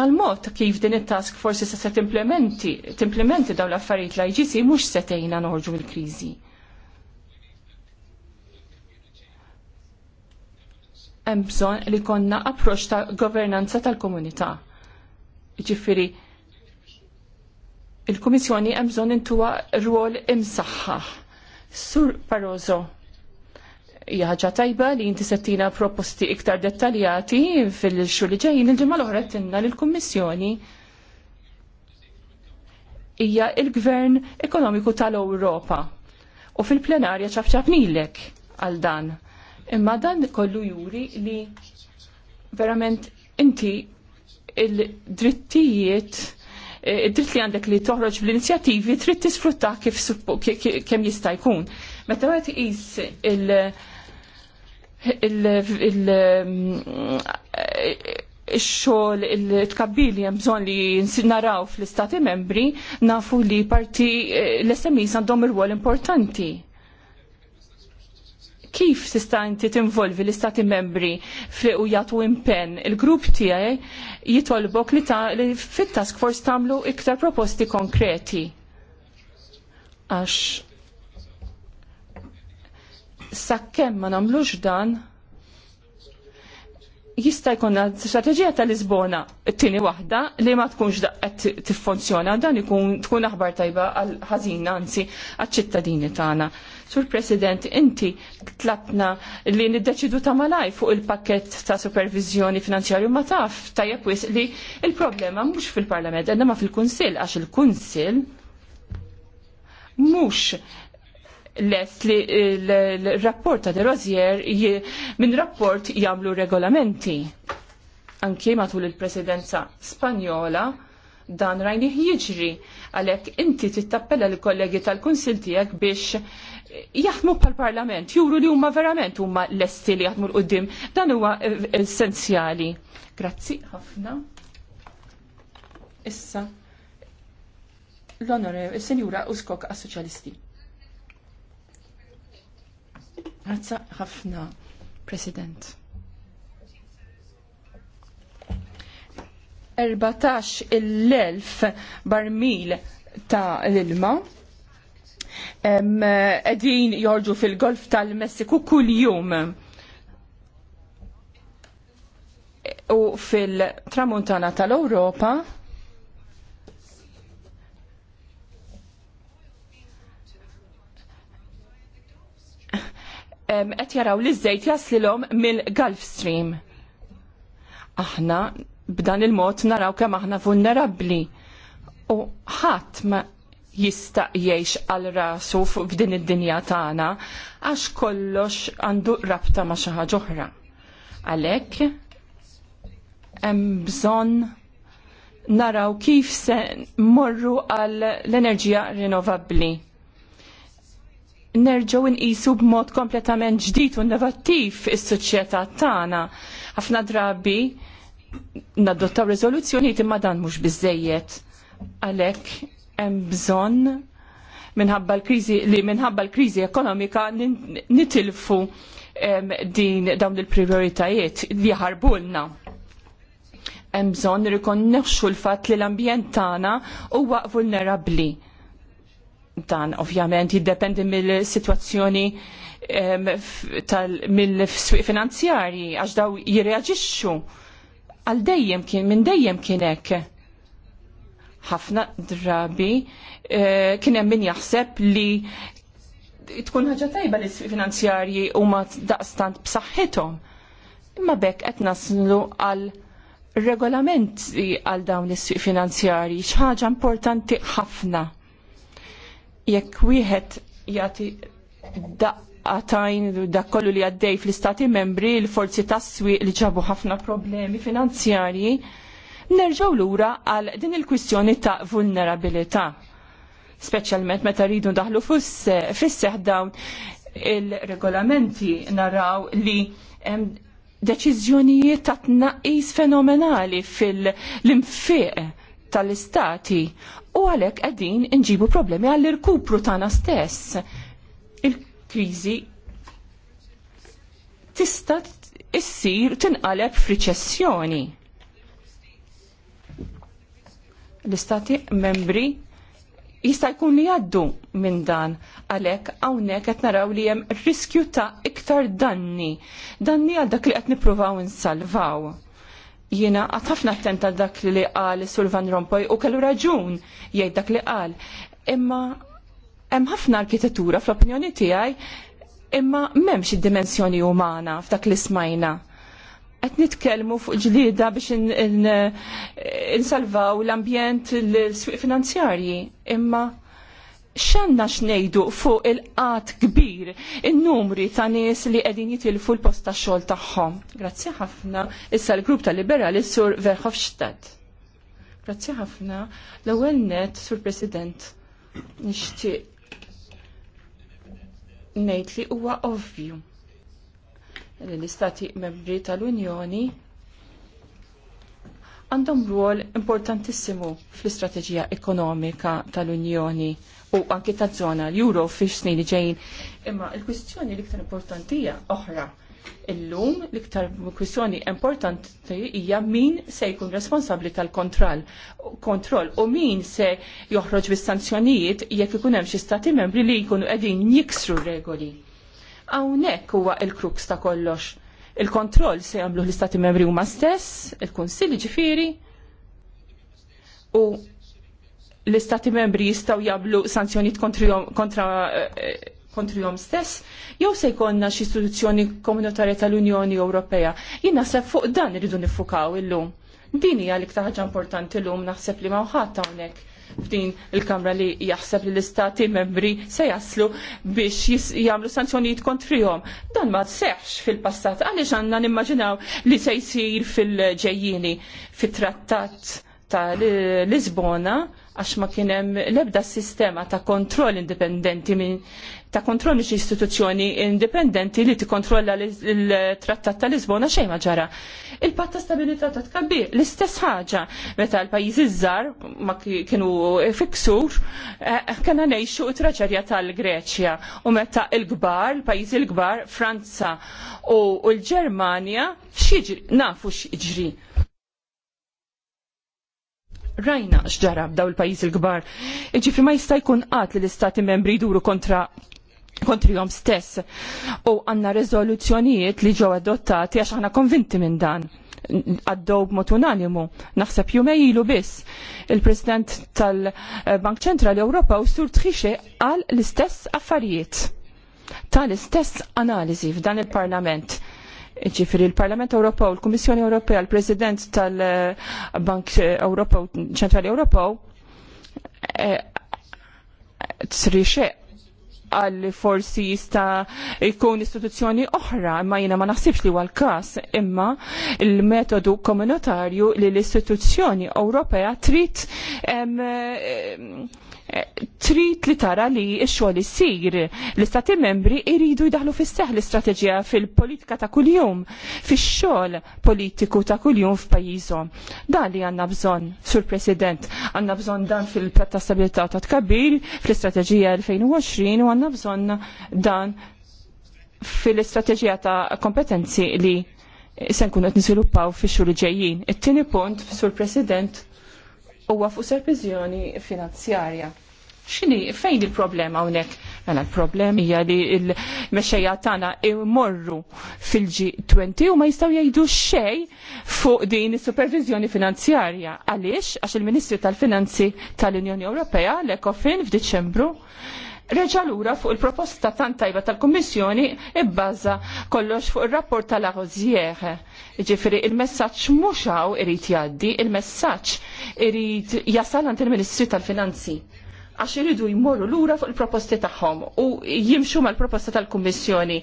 Speaker 3: għal-mod kif din it-task forsi se timplementi timplementi dawn l-affarijiet l-IGC mhux setejna norġu l-kriżi. hemm bżonn li konna approċċ ta' governanza tal-komunità. Ġifieri il-Kummissjoni hemm bżonn intuha rwol imsaħħaħ. Sur Barroso, hija ħaġa tajba li inti settina proposti iktar dettaljati fil-xhur li ġejjin il-ġimgħa l-oħra tinna lill-Kummissjoni hija il-Gvern Ekonomiku tal-Ewropa. U fil-plenarja ċafċaf nilek għal dan Imma dan kollu juri li verament inti il-drittijiet id-dritt li għandek li toħroġ bl-inizjattivi trid tisfrutta kif kemm jista' jkun. Meta wieħed iqis il- il-xol mm, il-tkabbili jem bżon li naraw fl-istati membri nafu li parti l-SMI għandhom il rwol importanti kif tista' inti tinvolvi l-istati membri fi u jagħtu impenn il-grupp tiegħi jitolbok li, ta, li fit-task force tagħmlu iktar proposti konkreti. Għax sakemm ma nagħmlux dan jista' jkollna strateġija tal-Lisbona t-tieni waħda li ma tkunx qed tiffunzjona dan ikun tkun aħbar tajba għal ħażin anzi għaċ-ċittadini tagħna. Sur President, inti tlatna li niddeċidu ta' malaj fuq il-pakket ta' supervizjoni finanzjarju ma taf tajjeb jekwis li il-problema mhux fil-Parlament, ma fil-Kunsill għax il-Kunsill mhux lest li l-rapport ta' De Rozier minn rapport jagħmlu regolamenti. Anki matul il-presidenza Spanjola dan rajni jiġri għalhekk inti tittappella l-kollegi tal-Kunsill tiegħek biex jaħmu pal-parlament, juru li huma verament huma lesti li jaħmu l-qoddim. Dan huwa eh, essenzjali. Grazzi ħafna. Issa, l-onore, il-senjura eh, Uskok għas-Soċjalisti. Grazzi ħafna, President. 14 il elf barmil ta' l-ilma edin jorġu fil-golf tal-Messiku kull-jum. U fil-tramuntana tal-Europa, qed jaraw li żejt jaslilhom mill-Gulf Stream. Aħna b'dan il-mod naraw kemm aħna vulnerabbli. U ħadd ma jista' jgħix għal rasu f'din id-dinja tagħna għax kollox għandu rabta ma' xi ħaġa oħra. Għalhekk hemm bżonn naraw kif se morru għal l-enerġija rinnovabbli. Nerġgħu nqisu b'mod kompletament ġdid u innovattiv is-soċjetà tagħna. Ħafna drabi nadottaw riżoluzzjonijiet imma dan mhux biżejjed għalhekk hemm bżonn minħabba l-kriżi li minħabba l-kriżi ekonomika nitilfu din dawn il-prioritajiet li ħarbulna. Hemm bżonn rikonnexxu l-fatt li l-ambjent tagħna huwa vulnerabbli. Dan ovvjament jiddependi mill-sitwazzjoni mill-swieq finanzjarji għax daw jirreaġixxu għal dejjem kien minn dejjem kien hekk ħafna drabi e, kien hemm min jaħseb li tkun ħaġa tajba li finanzjarji huma daqstant b'saħħithom. Imma bekk qed naslu għal regolamenti għal dawn is swieq finanzjarji x'ħaġa importanti ħafna. Jekk wieħed jagħti daqqatajn dak kollu li għaddej fl-istati membri l-forzi tas-swieq li ġabu ħafna problemi finanzjarji, nerġaw lura għal din il-kwistjoni ta' vulnerabilità. Speċjalment meta rridu daħlu fis-seħ dawn il-regolamenti naraw li deċiżjonijiet ta' tnaqqis fenomenali fil-infiq tal-istati u għalek għedin nġibu problemi għall-irkupru tana stess. Il-krizi tista issir tinqaleb friċessjoni l-istati membri jista' jkun li jgħaddu minn dan għalhekk hawnhekk qed naraw li hemm riskju ta' iktar danni. Danni għal dak li qed nippruvaw insalvaw. Jiena qatt ħafna attenta dak li qal Sur Van Rompuy u kellu raġun jgħid dak li qal. Imma hemm ħafna arkitettura fl-opinjoni tiegħi imma m'hemmx id-dimensjoni umana f'dak li smajna qed nitkellmu fuq ġlieda biex insalvaw l-ambjent l-swieq finanzjarji, imma xanna xnejdu fuq il-qat kbir in-numri ta' nies li qegħdin jitilfu l-post ta' xogħol tagħhom. Grazzi ħafna issa l-grupp tal-Liberali Sur Verhofstadt. Grazzi ħafna l-ewwel net Sur President nixtieq ngħid li huwa ovvju l-istati membri tal-Unjoni għandhom ruol importantissimu fl-istrateġija ekonomika tal-Unjoni u anki ta' zona l-Euro fiex snin ġejn. Imma l kwistjoni l-iktar importantija oħra. Illum l-iktar kwistjoni importanti hija min se jkun responsabli tal-kontroll kontroll u min se joħroġ bis-sanzjonijiet jekk ikun hemm xi stati membri li jkunu qegħdin jiksru regoli. Hawnhekk huwa il krux ta' kollox. Il-kontroll se jagħmlu l-Istati Membri huma stess, il-Kunsilli ġifieri, u l-Istati Membri jistgħu jagħmlu sanzjonijiet eh, kontra jom stess, jew se jkollna xi istituzzjoni komunitarja tal-Unjoni Ewropea. Jien naħseb fuq dan irridu nifukaw illum. Din hija l-iktar ħaġa importanti lum naħseb li mawħat hawnhekk f'din il-Kamra li jaħseb li l-istati membri se jaslu biex jagħmlu sanzjonijiet kontrihom. Dan ma seħx fil-passat għaliex għandna nimmaġinaw li se jsir fil-ġejjini fit-trattat ta' Lisbona għax ma kien hemm l-ebda sistema ta' kontroll indipendenti minn ta' kontroll miex istituzzjoni indipendenti li tikkontrolla l-Trattat ta' Lisbona xejn ma ġara. il patta ta' stabilità ta' tkabbir l-istess ħaġa meta l-pajjiżi żgħar ma kienu fiksur eh, kena ngħixu traġerja tal-Greċja u meta l-kbar, l-pajjiżi l-kbar, Franza u l-Ġermanja x'jiġri nafu x'iġri rajna xġara b'daw il-pajis il gbar Iġifri ma jista' jkun qatt li l-istati membri jduru kontra jom stess. U għanna rezoluzzjonijiet li ġew adottati għax aħna konvinti minn dan għaddew b'mod unanimu. Naħseb jume ilu biss. Il-President tal-Bank Ċentrali Ewropa u Sur Tħixe għal l-istess affarijiet tal-istess analiżi f'dan il-Parlament ġifiri il parlament Ewropew, l-Kummissjoni Ewropea, l-President tal-Bank Ewropew, ċentrali Ewropew, e, tsri għalli forsi jista jkun istituzzjoni oħra, imma jina ma naħsibx li huwa l-każ, imma il-metodu komunitarju li l-istituzzjoni Ewropea trid trid li tara li x-xogħol isir. L-istati membri jridu jdaħlu fis-seħ l-istrateġija fil-politika ta' kuljum, fix-xogħol politiku ta' kuljum f'pajjiżhom. Dan li għandna bżonn, Sur President, għandna bżonn dan fil-platta stabilità ta' tkabbir fl-istrateġija 2020 u għandna bżonn dan fil-istrateġija ta' kompetenzi li se nkunu qed niżviluppaw fix-xhur ġejjin. It-tieni punt, Sur President, huwa fuq supervizjoni finanzjarja. X'inhi fejn il-problema hawnhekk? Mela l-problema hija li l-mexxejja tagħna imorru fil-G20 u ma jistgħu jgħidu xejn fuq din is-supervizjoni finanzjarja. Għaliex? Għax il-Ministri tal-Finanzi tal-Unjoni Ewropea l-Ekofin f'Diċembru reġa' lura fuq il-proposta tan tajba tal-Kummissjoni ibbaza kollox fuq ir-rapport tal-Arrozier. Ġifiri, il-messaġġ mhux hawn irid jgħaddi, il-messaġġ irid jasal għand il-Ministri tal-Finanzi għax iridu jmorru lura fuq il-proposti tagħhom u jimxu mal-proposta tal-Kummissjoni.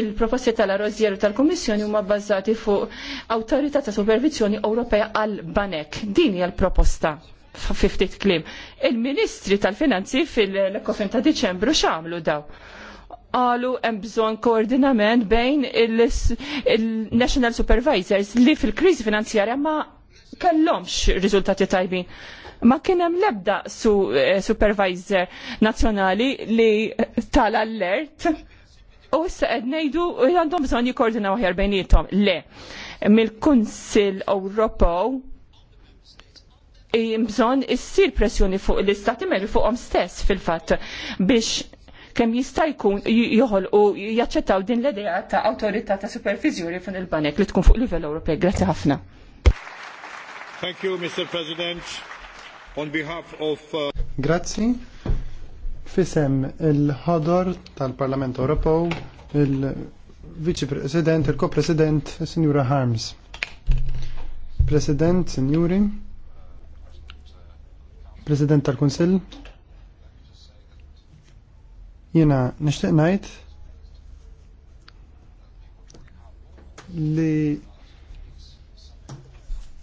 Speaker 3: Il-proposti tal-Arrożjeru tal-Kummissjoni huma bbażati fuq Awtorità ta' Supervizjoni Ewropea għal Banek. Din hija l-proposta ftit klim. Il-Ministri tal-Finanzi fil kofin ta' Diċembru xamlu daw għalu hemm bżonn koordinament bejn il-National Supervisors li fil-kriżi finanzjarja ma kellhomx riżultati tajbin. Ma kien hemm l-ebda su eh, supervisor nazzjonali li tal-allert u issa qed ngħidu għandhom bżonn jikkoordinaw aħjar bejniethom. Le, mill-Kunsill Ewropew bżonn issir pressjoni fuq l-istati membri fuqhom stess fil-fatt biex kemm jista' jkun joħolqu jaċċettaw din l-idea ta' awtorità ta' supervizjoni fuq il-banek li tkun fuq livell Ewropej. Grazzi ħafna.
Speaker 1: Thank you, Mr. President. On behalf of... Uh...
Speaker 2: Grazzi. Fisem il-ħodor tal-Parlament Ewropew, il-Viċi President, il-Ko-President, Signora Harms. President, Signori. President tal-Kunsill. Jena nishtiq ngħid li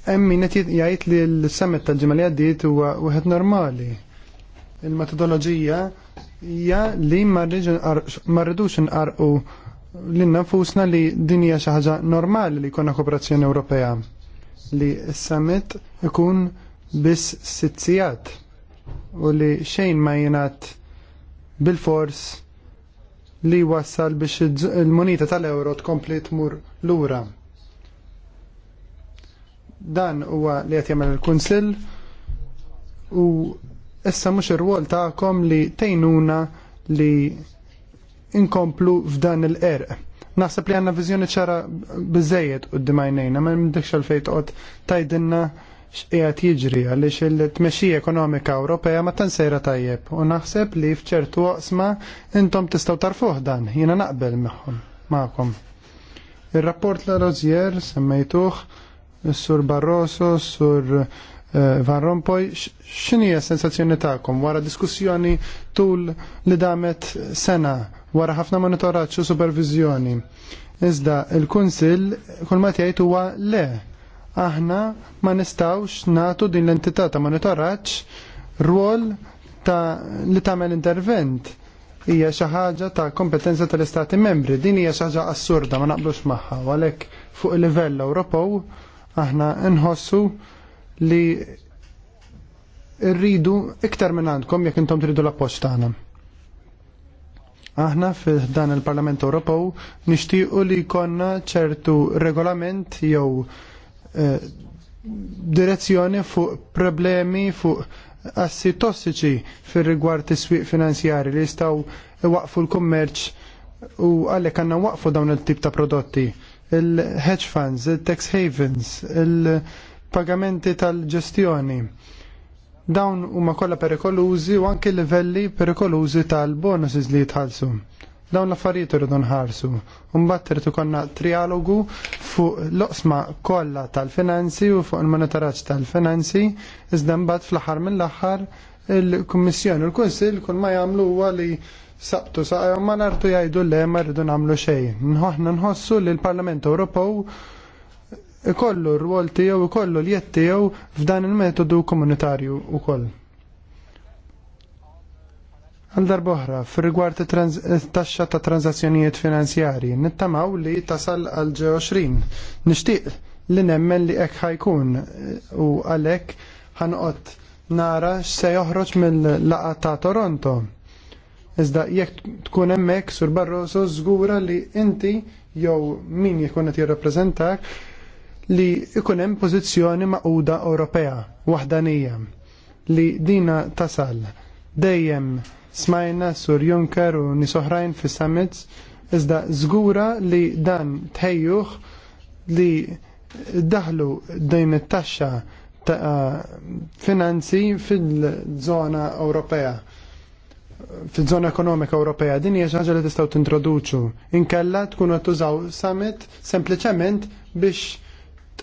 Speaker 2: hemm min qed li l-summit tal-ġimgħa li għaddiet huwa wieħed normali. Il-metodoloġija hija li ma rridux nqarqu li nafusna li din hija xi ħaġa normali li jkollna kooperazzjoni Ewropea li s-summit ikun biss sitzijat u li xejn ma jenat bil-fors li wassal biex il-monita tal-euro tkompli tmur lura. Dan huwa li qed jagħmel il-Kunsill u issa mhux ir-rwol tagħkom li tejnuna li inkomplu f'dan il-qerq. Naħseb li għandna viżjoni ċara biżejjed u d-dimajnejna, ma mdekx għalfejn toqgħod tajdinna x'qiegħed jiġri għaliex il-tmexxija ekonomika Ewropea ma tansejra tajjeb u naħseb li f'ċertu waqsma intom tistgħu tarfuh dan, jiena naqbel magħhom magħkom. Ir-rapport l Rozier semmejtuh sur Barroso, sur eh, Van Rompuy, x'inhi sensazzjoni tagħkom wara diskussjoni tul li damet sena wara ħafna monitoraġġ u supervizjoni. Iżda il-Kunsill kull jgħid huwa le aħna ma nistawx natu din l-entità ta' monitoraġġ rwol ta' li tagħmel intervent hija xi ħaġa ta' kompetenza tal-Istati Membri. Din hija xi ħaġa assurda ma naqblux magħha u għalhekk fuq il-livell Ewropew aħna nħossu li rridu iktar minn għandkom jekk intom tridu l-appoġġ tagħna. Aħna f'dan dan il-Parlament Ewropew nixtiequ li jkollna ċertu regolament jew Eh, direzzjoni fuq problemi fuq assi tossiċi fir rigward is-swieq finanzjari li jistgħu waqfu l-kummerċ u għalhekk għandna waqfu dawn il-tip ta' prodotti. Il-hedge funds, il-tax havens, il-pagamenti tal-ġestjoni dawn huma kollha perikolużi u anke livelli perikolużi tal-bonuses li jitħallsu. Dawn l-affarijiet irridu nħarsu. Mbagħad irid ikollna trialogu fuq l-oqsma kollha tal-finanzi u fuq il-monitoraġġ tal-finanzi, iżda mbagħad fl-aħħar mill-aħħar il-Kummissjoni u l-Kunsill kull ma jagħmlu huwa li sabtu saqgħu eh, ma nartu jgħidu le ma rridu nagħmlu xejn. Nħoħna nħossu li l-Parlament Ewropew ikollu r-rwol tiegħu ikollu l-jett tiegħu f'dan il-metodu komunitarju wkoll. Għandar boħra, fil-rigward taxxa ta' tranzazzjonijiet finanzjarji, nittamaw li tasal għal 20. Nishtiq li nemmen li ek ħajkun u għalek ħanqot nara se joħroġ mill-laqa ta' Toronto. Iżda jekk tkun hemmhekk sur Barroso żgura li inti jew min jkun qed jirrappreżentak li ikun hemm pożizzjoni maquda Ewropea waħdanija li dina tasal dejjem smajna sur Juncker u nisoħrajn fi summits, iżda zgura li dan tħejjuħ li daħlu din it-taxxa ta' finanzi fil-żona Ewropea fil-żona ekonomika Ewropea din hija xi ħaġa li tistgħu tintroduċu. Inkella tkunu qed tużaw summit sempliċement biex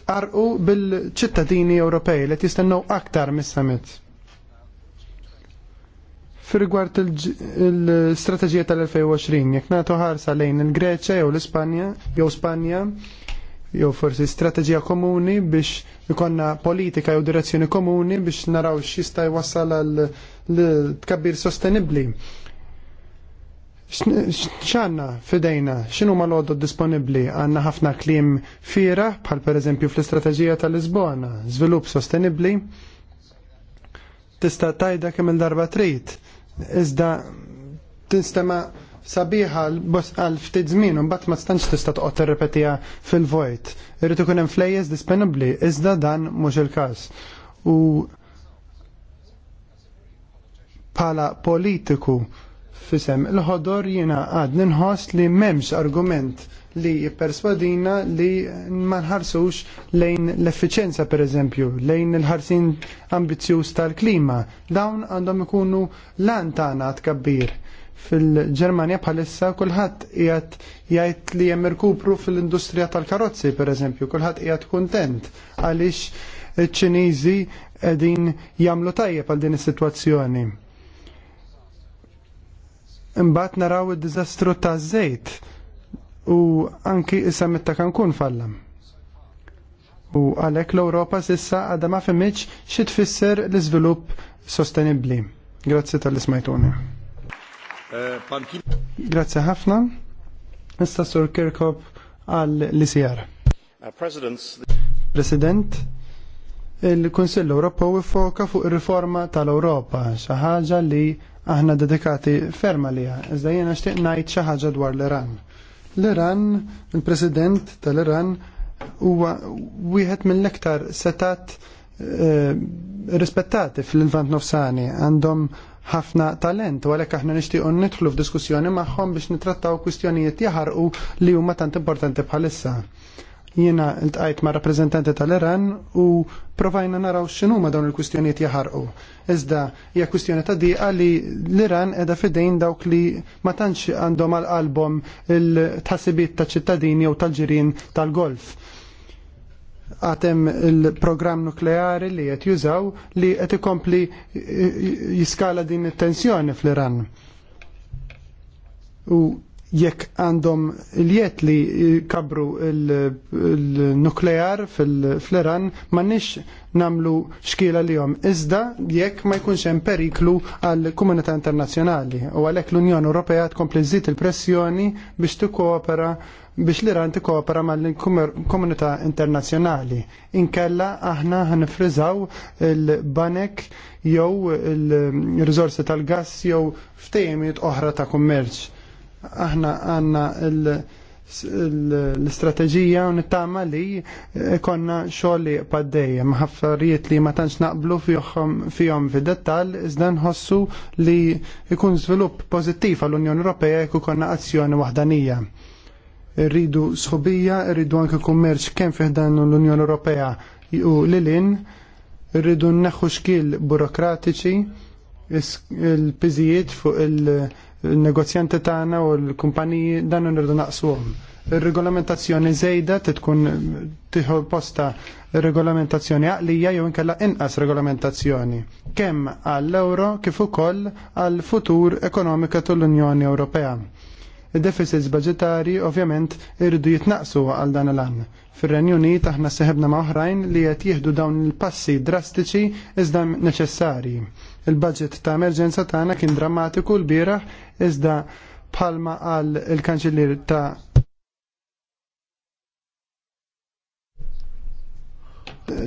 Speaker 2: tqarqu bil-ċittadini Ewropej li jistennew aktar mis-summit. Fir-rigward il-strateġija tal-2020, jekk nagħtu ħarsa lejn il-Greċja jew l-Ispanja jew Spanja, jew forsi strateġija komuni biex ikonna politika jew direzzjoni komuni biex naraw x'jista' jwassal l tkabbir sostenibbli. ċanna fidejna, x'inhu ma l-għoddu disponibbli għandna ħafna klim fira bħal pereżempju fl-istrateġija tal-Lisbona, żvilupp sostenibbli. Tista' tajda kemm il-darba trid iżda tinstema' sabiħa għal ftit żmien u mbagħad ma tantx tista' toqgħod tirrepetiha fil-vojt. Irid ikun hemm flejjes disponibbli iżda dan mhux il-każ. U bħala politiku Fisem il ħodor jiena għad nħoss li m'hemmx argument li jipperswadina li ma nħarsux lejn l efficienza per eżempju, lejn il-ħarsin ambizjuż tal-klima. Dawn għandhom ikunu lan tagħna tkabbir. Fil-Ġermanja bħalissa kulħadd qiegħed jgħid li hemm irkupru fil-industrija tal-karozzi per eżempju, kulħadd qiegħed kuntent għaliex iċ-Ċiniżi qegħdin jagħmlu tajjeb għal din is-sitwazzjoni imbat naraw id-diżastru taż żejt u anki issa metta kankun fallam. U għalhekk l-Ewropa s'issa għadha ma fimmitx xi tfisser l-iżvilupp sostenibbli. Grazzi tal-ismajtuni. Grazzi ħafna. Issa Sur Kirkop għal l-ICR. Uh, President, il-Konsill Ewropew ifoka fuq ir-riforma tal-Ewropa, xi ħaġa li aħna dedikati ferma liha, iżda jena xtiq ngħid xi ħaġa dwar l-Iran. L-Iran, il-President tal-Iran huwa wieħed mill-iktar setat eh, rispettati fil-Levant Nofsani għandhom ħafna talent u għalhekk aħna nixtiequ nidħlu f'diskussjoni magħhom biex nitrattaw kwistjonijiet jaħarqu li huma tant importanti bħalissa. Jiena ltqajt ma' rappreżentanti tal-Iran u provajna naraw x'inhuma dawn il-kwistjonijiet jaħarqu. Iżda hija kwistjoni ta' diqa li l-Iran qiegħda fidejn dawk li ma tantx għandhom għal qalbhom il-tħassibiet ta' ċittadini jew tal-ġirien tal-Golf għatem il-program nukleari li għet jużaw li għet ikompli jiskala din it-tensjoni fl-Iran. U jekk għandhom il-jiet li kabru il-nuklear fil-Iran ma nix namlu xkila li jom. Iżda jekk ma jkunx hemm periklu għal komunità internazzjonali u għalhekk l-Unjoni Ewropea tkompli żid il-pressjoni biex tikkoopera biex l-Iran tikkoopera mal-komunità internazzjonali. Inkella aħna ħanifriżaw il-banek jew il rizorsi tal-gass jew ftejjemiet oħra ta' kummerċ aħna għanna l-istrateġija u nittama li konna xogħli paddejja ma' ħaffarijiet li ma tantx naqblu fihom fid-dettall iżda nħossu li jkun żvilupp pożittiv għall-Unjoni Ewropea jekk konna azzjoni waħdanija rridu sħobija, rridu anke kummerċ kemm fiħdan l-Unjoni Ewropea u lilin, rridu neħu xkil burokratiċi, il-piżijiet fuq il- il-negozjanti tagħna u l-kumpaniji dan nirdu naqsuhom. Ir-regolamentazzjoni żejda tkun tieħu posta regolamentazzjoni għaqlija jew inkella inqas regolamentazzjoni kemm għall-euro kif ukoll għall-futur ekonomika tal-Unjoni Ewropea. Id-deficits budgetari ovvjament irridu jitnaqsu għal dan l-għan. Fir-Renju Unit aħna seħebna ma' oħrajn li qed jieħdu dawn il-passi drastiċi iżda neċessarji Il-budget ta' emerġenza tagħna kien drammatiku l-bieraħ iżda bħalma għal il-kanċellier ta'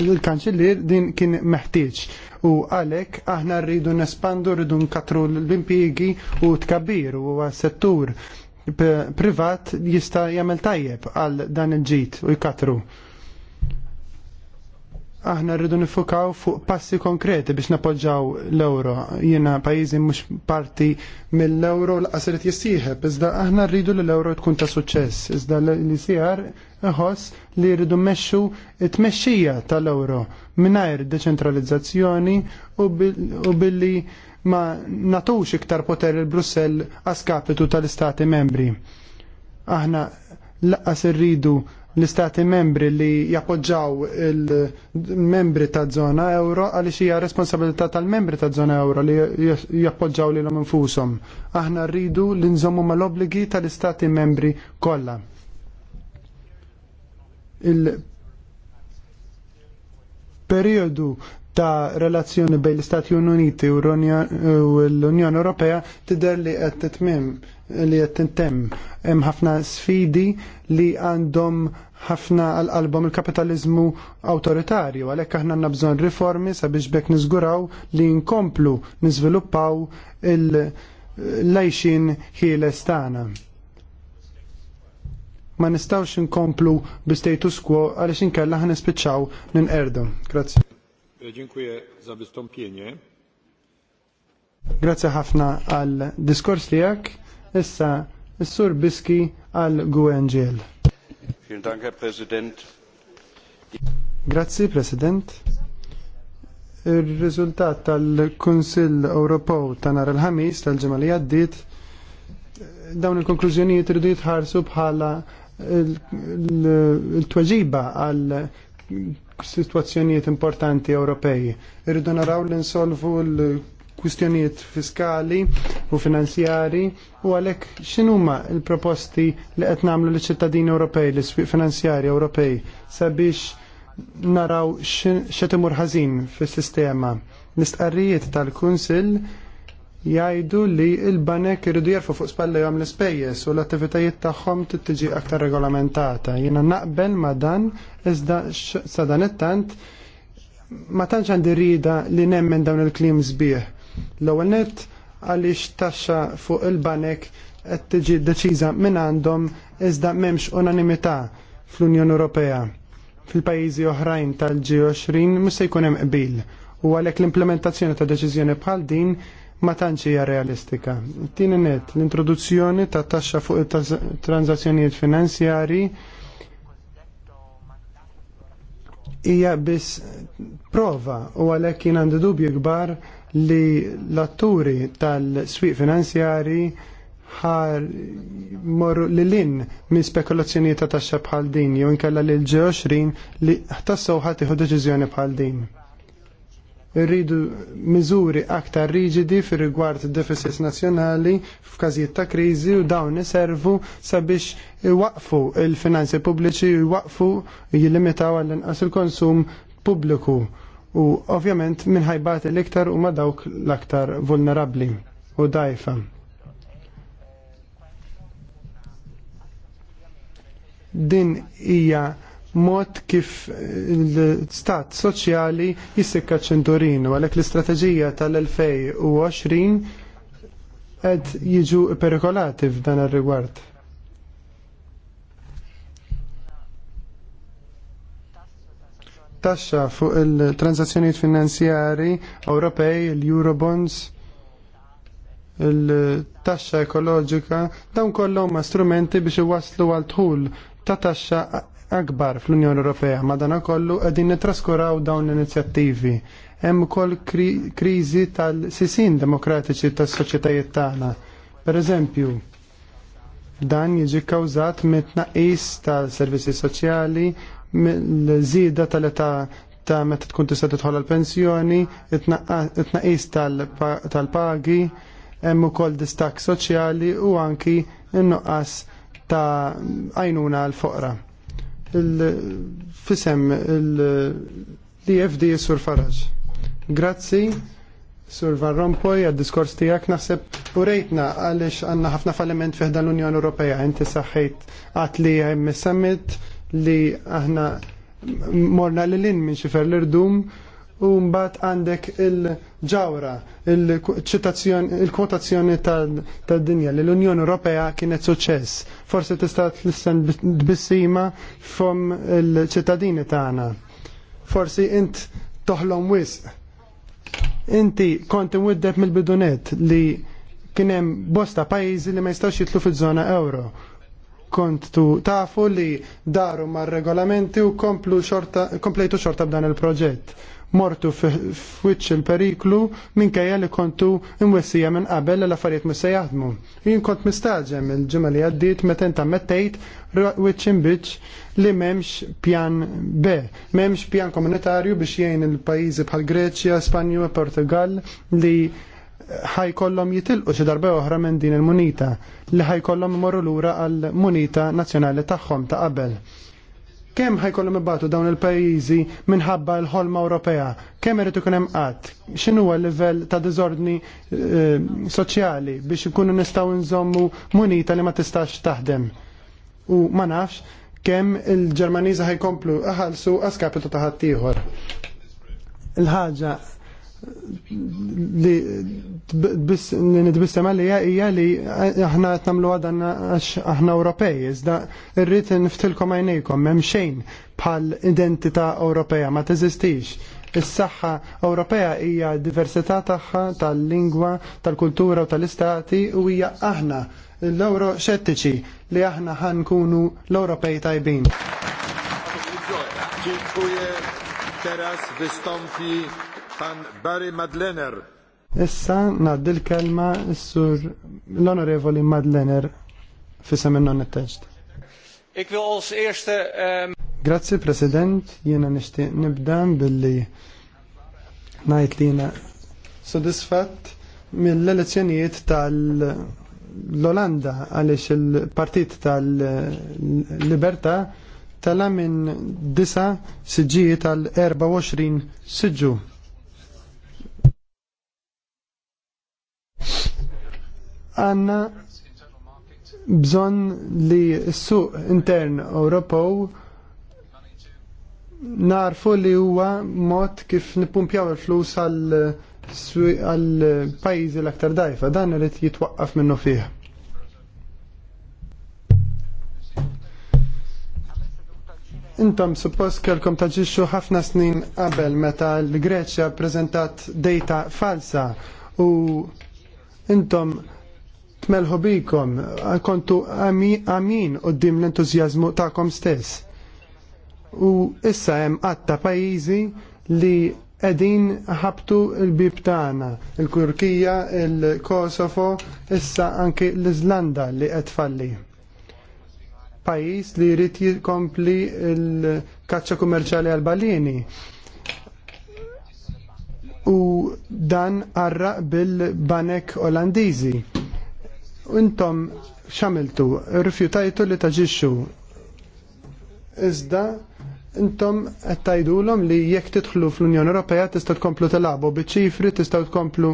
Speaker 2: il-kanċellir din kien meħtieġ u għalek aħna rridu nespandu rridu nkatru l impjiegi u tkabbir u settur privat jista' jagħmel tajjeb għal dan il-ġit u jkatru aħna rridu nifukaw fuq passi konkreti biex napoġġaw l-euro. Jiena pajjiżi mhux parti mill-euro l irid jissieħeb, iżda aħna rridu li l-euro tkun ta' suċċess, iżda li icr iħoss li rridu mmexxu t tmexxija tal-euro mingħajr deċentralizzazzjoni u billi ma natux iktar poter il-Brussell għaskapitu tal-istati membri. Aħna laqas irridu l-istati membri li jappoġġaw il-membri ta' zona euro għaliex hija responsabilità tal-membri ta' zona euro li jappoġġaw lilhom infushom. Aħna rridu li nżommu mal-obbligi tal-istati membri kollha periodu ta' relazzjoni bejn l-Istati Uniti u l-Unjoni Ewropea tidher li qed titmim li qed tintemm hemm ħafna sfidi li għandhom ħafna għal-qalbhom il-kapitaliżmu awtoritarju għalhekk aħna għandna bżonn riformi sabiex bekk niżguraw li nkomplu niżviluppaw il-lejxin ħieles tagħna ma nistawx inkomplu bi-status quo għalix inkella ħan nispiċċaw ninqerdu. Grazie. Dziękuję za wystąpienie. Grazie ħafna għal diskors li tiegħek. Issa is-Sur Biski għal Guenġiel. Vielen Dank, Herr Präsident. Grazzi, President. il rizultat tal konsil Ewropew ta' nar il-ħamis tal-ġimgħa li dawn il-konklużjonijiet irridu jitħarsu bħala il-tweġiba għal situazzjonijiet importanti Ewropej. Irridu naraw li nsolvu l-kwistjonijiet fiskali u finanzjari u għalhekk x'inhuma l-proposti li qed nagħmlu liċ-ċittadini Ewropej, l-isfiq finanzjari Ewropej sabiex naraw xetimur imur ħażin fis-sistema. L-istqarrijiet tal-Kunsill jgħidu li l-banek irridu jarfu fuq jom l-ispejjeż u l-attivitajiet tagħhom tġi aktar regolamentata. Jiena naqbel ma dan iżda sa dan it-tant ma tantx għandi rida li nemmen dawn il-klim sbieħ. L-ewwel nett għaliex taxxa fuq il-banek qed tiġi deċiża minn għandhom iżda m'hemmx unanimità fl-Unjoni Ewropea. Fil-pajjiżi oħrajn tal-G20 musa jkunem jkun hemm qbil u għalhekk l-implementazzjoni ta' deċiżjoni bħal din ma tantx hija realistika. Tieni net, l-introduzzjoni ta' taxxa fuq it-transazzjonijiet finanzjarji hija biss prova u għalhekk jien għandi dubju kbar li l-atturi tal-swieq finanzjarji ħar morru li lin minn spekulazzjoni ta' taxxa bħal din jew inkella lil ġewxrin li ħtassew ħadd iħu deċiżjoni bħal din rridu miżuri aktar riġidi fir rigward deficits nazzjonali f'każijiet ta' kriżi u dawn iservu sabiex iwaqfu il-finanzi pubbliċi u iwaqfu jillimitaw għall-inqas il-konsum pubbliku u ovvjament minħajbat l-iktar u dawk l-aktar vulnerabli u dajfa. Din hija mod kif l-stat soċjali jissikka ċenturin u għalhekk l-istrateġija tal-2020 qed jiġu perikolati f'dan ir-rigward. Taxxa fuq il-transazzjonijiet finanzjari Ewropej, l-Eurobonds, il-taxxa ekoloġika, dawn kollhom ma strumenti biex iwasslu għal tħul ta' taxxa akbar fl-Unjoni Ewropea madanakollu qegħdin nitraskuraw dawn l-inizjattivi. Hemm ukoll kriżi tal-sisin demokratiċi tas-soċjetajiet tagħna. Pereżempju, dan jiġi kkawżat mit-tnaqqis tal-servizzi soċjali, l-żieda tal-età ta' meta tkun tista' tidħol għall-pensjoni, it-tnaqqis tal-pagi, hemm ukoll distak soċjali u anki n-nuqqas ta' għajnuna għal-foqra il-fisem il-DFD Sur Faraj. Grazzi, Sur Van Rompuy, għad-diskors tijak naħseb u rejtna għalix għanna ħafna falliment fiħda l-Unjon Ewropea. Inti saħħejt għat li għajm summit li aħna morna l-lin minn xifer l-irdum u mbagħad għandek il-ġawra, il-kwotazzjoni tad-dinja li l-Unjoni Ewropea kienet suċċess. Forsi tista' tlisten tbissima fom il-ċittadini tagħna. Forsi int toħlom wisq. Inti kont imwiddeb mill-bidunet li kien hemm bosta pajjiżi li ma jistax jitlu fiż-żona euro tu tafu li daru mar regolamenti u komplu xorta, komplejtu xorta b'dan il-proġett mortu f'wiċċ il-periklu minkejja li kontu imwessija minn qabel li l-affarijiet mhux se jaħdmu. Jien kont mistaġem il-ġimgħa li għaddiet meta inta mettejt wiċċ imbiċ li m'hemmx pjan B, m'hemmx pjan komunitarju biex jgħin il-pajjiżi bħal Greċja, Spanja u Portugal li ħaj kollom jitilqu xi darba oħra minn din il-munita li ħaj kollom imorru lura għal munita nazzjonali tagħhom ta' qabel. Kemm ħajkollhom ibatu dawn il-pajjiżi minħabba l-ħolma Ewropea? Kemm irid ikun hemm qatt? X'inhu l-livell ta' diżordni eh, soċjali biex ikunu nistgħu nżommu munita li ma tistax taħdem? U ma nafx kemm il-Ġermaniża ħajkomplu aħalsu għaskapitu ta' ħaddieħor. Il-ħaġa li nitbissem għalija hija li aħna qed nagħmlu għadanna għax aħna Ewropej, iżda rrid niftilkom għajnejkom hemm xejn bħal identità Ewropea ma teżistix. Is-saħħa Ewropea hija diversità tagħha tal-lingwa, tal-kultura u tal-istati u hija aħna l-Euro xettiċi li aħna ħankunu l-Ewropej tajbin. Dziękuję. Teraz wystąpi Pan Barry Madlener. Issa naddi l-kelma sur l-onorevoli Madlener minn non il-teġt. Ik wil als eerste... Um... Ehm, Grazie President, jena nishti nibdan billi najt li jena sodisfatt mill-elezzjonijiet tal-Olanda għalix il-partit tal-Libertà tala minn disa siġijiet tal-24 siġu għanna bżon li s-suq intern Ewropew narfu li huwa mod kif nippumpjaw il-flus għal pajjiżi l-aktar dajfa, dan irid jitwaqqaf minnu fih. Intom suppost kelkom taġiċu ħafna snin qabel meta l-Greċja prezentat data falsa u intom tmelħu bikom, kontu għamin u dim l-entuzjazmu ta'kom stess. U issa hemm għatta pajizi li edin ħabtu l-bib tagħna, il-Kurkija, il-Kosovo, issa anki l-Iżlanda li qed falli. Pajis li jrid jikompli l-kaċċa kummerċjali għal-balini u dan arra bil-banek Olandiżi intom xamiltu, rifjutajtu li taġixxu. Iżda intom qed om li jekk tidħlu fl-Unjoni Ewropea tista' tkomplu tilabu biċ-ċifri tista' tkomplu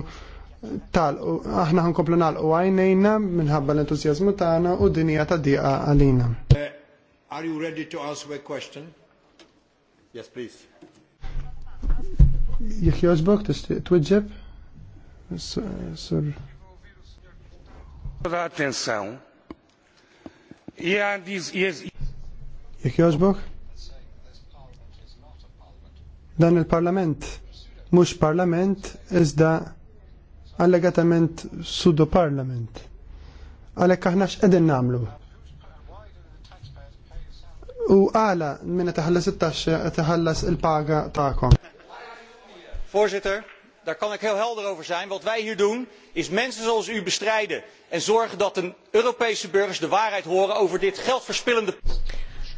Speaker 2: tal aħna ħankomplu nagħlqu għajnejna minħabba l-entużjażmu tagħna u dinija ta' diqa għalina. Eh, are you ready to ask a question? Yes, please. Jekk jogħġbok twiġġeb? Sur. E e Jek joġbok? Dan il-parlament mhux parlament iżda allegatament pseudo parlament. Għalhekk aħna x'qegħdin nagħmlu. U għala minna taħallas it-taxxa taħallas il-paga tagħkom. Voorzitter, daar kan ik heel helder over zijn. Wat wij hier doen is mensen
Speaker 3: zoals u bestrijden en zorgen dat de Europese burgers de waarheid horen over dit geldverspillende.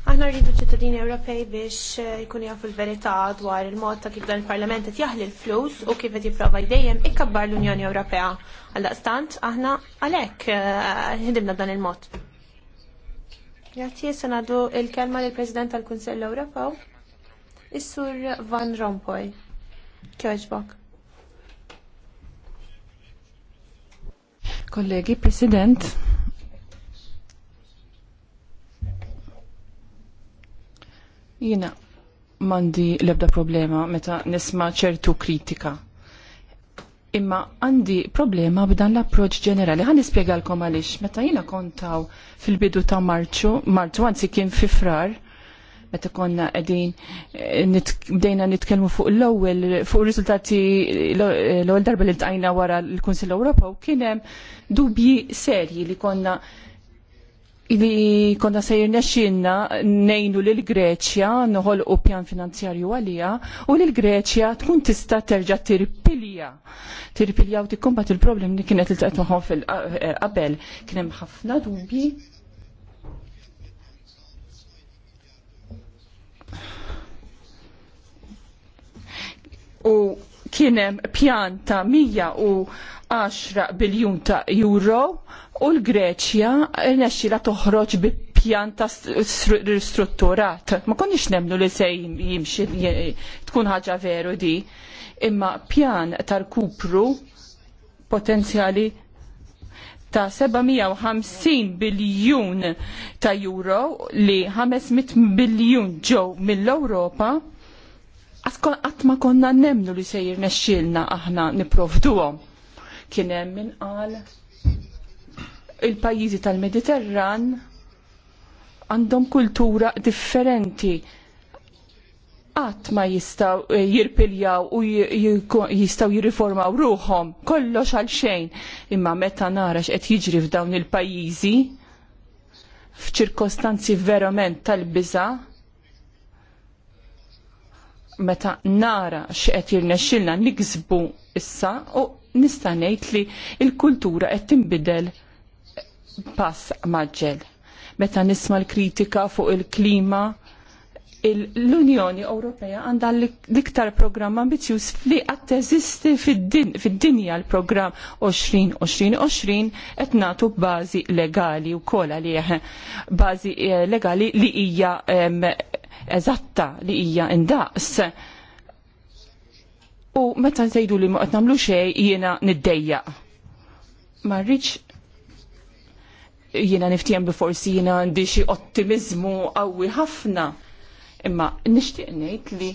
Speaker 1: Aħna rridu ċittadini Ewropej biex eh, jkun jafu l-verità dwar il-mod ta' kif dan il-Parlament qed jaħli l-flus u kif qed jipprova jdejjem ikkabbar l-Unjoni Ewropea. Għaldaqstant aħna għalhekk eh, ħidimna dan il-mod. Grazzi se nagħdu l kelma lill-President tal-Kunsell Ewropew, is-Sur Van Rompuy. Kjoġbok.
Speaker 3: Kollegi, President, jina mandi lebda problema meta nisma ċertu kritika. Imma għandi problema b'dan l-approċ ġenerali. Għan nispiegalkom għalix, meta jina kontaw fil-bidu ta' marċu, marċu għanzi kien fifrar. frar, meta konna qegħdin eh, bdejna nitkellmu fuq l-ewwel fuq ir riżultati l-ewwel darba li ltqajna wara l-Kunsill Ewropew kien hemm dubji serji li konna li konna sejr nexxinna nejnu lil Greċja noħolqu pjan finanzjarju għalija u lil Greċja tkun tista' terġa' tirpilja. Tirpilja u tikkombat il-problem li kienet il taqgħet magħhom fil-qabel eh, kien hemm ħafna dubji u kienem pjan ta' 110 biljun ta' euro u l-Greċja nexxila toħroġ bi pjan ta' ristrutturat. Ma konniex nemnu li se jimxi tkun ħaġa veru di, imma pjan tal-kupru potenzjali ta' 750 biljun ta' euro li 500 biljun ġew mill-Ewropa għatma konna nemnu li sejr nesċilna aħna niprofduhom. Kien hemm minn qal il-pajjiżi tal-Mediterran għandhom kultura differenti qatt ma jistaw eh, jirpiljaw u jistaw jirriformaw ruhom kollox għal xejn imma meta nara x'qed jiġri f'dawn il-pajjiżi f'ċirkostanzi verament tal biza meta nara x'qed jirnexxilna niksbu issa u nista' ngħid li l-kultura qed tinbidel pass maġġel. Meta nisma' l-kritika fuq il-klima, l-Unjoni Ewropea għandha l-iktar programm ambizjuż li qatt teżisti fid-dinja l-programm 20-20-20 qed nagħtu bażi legali wkoll għalih bażi eh, legali li hija eżatta li hija indaqs. U meta tgħidu li ma qed nagħmlu xejn jiena niddejjaq. Ma rridx jiena niftijem bi forsi jiena għandi xi ottimiżmu qawwi ħafna Imma nixtieq ngħid li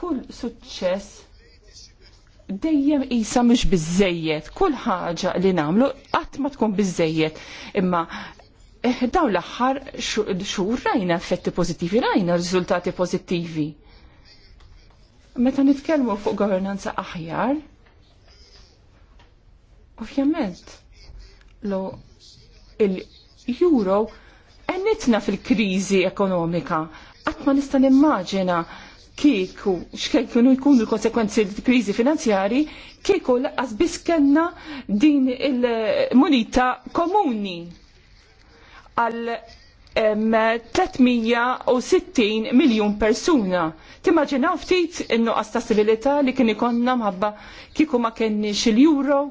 Speaker 3: kull suċċess dejjem isa mhux biżejjed, kull ħaġa li nagħmlu qatt ma tkun biżejjed. Imma eh, daw l-aħħar xhur rajna effetti pożittivi, rajna riżultati pożittivi. Meta nitkellmu fuq governanza aħjar, ovvjament, lo il-euro enitna fil-krizi ekonomika Qatt ma nista' nimmaġina kieku xkej kienu jkunu l-konsekwenzi l-kriżi finanzjari kieku laqqas biss kellna din il-munita komuni għal 360 miljon persuna. Timmaġinaw ftit in-nuqqas ta' stabilità li kien ikonna mħabba kieku ma kenniex il juro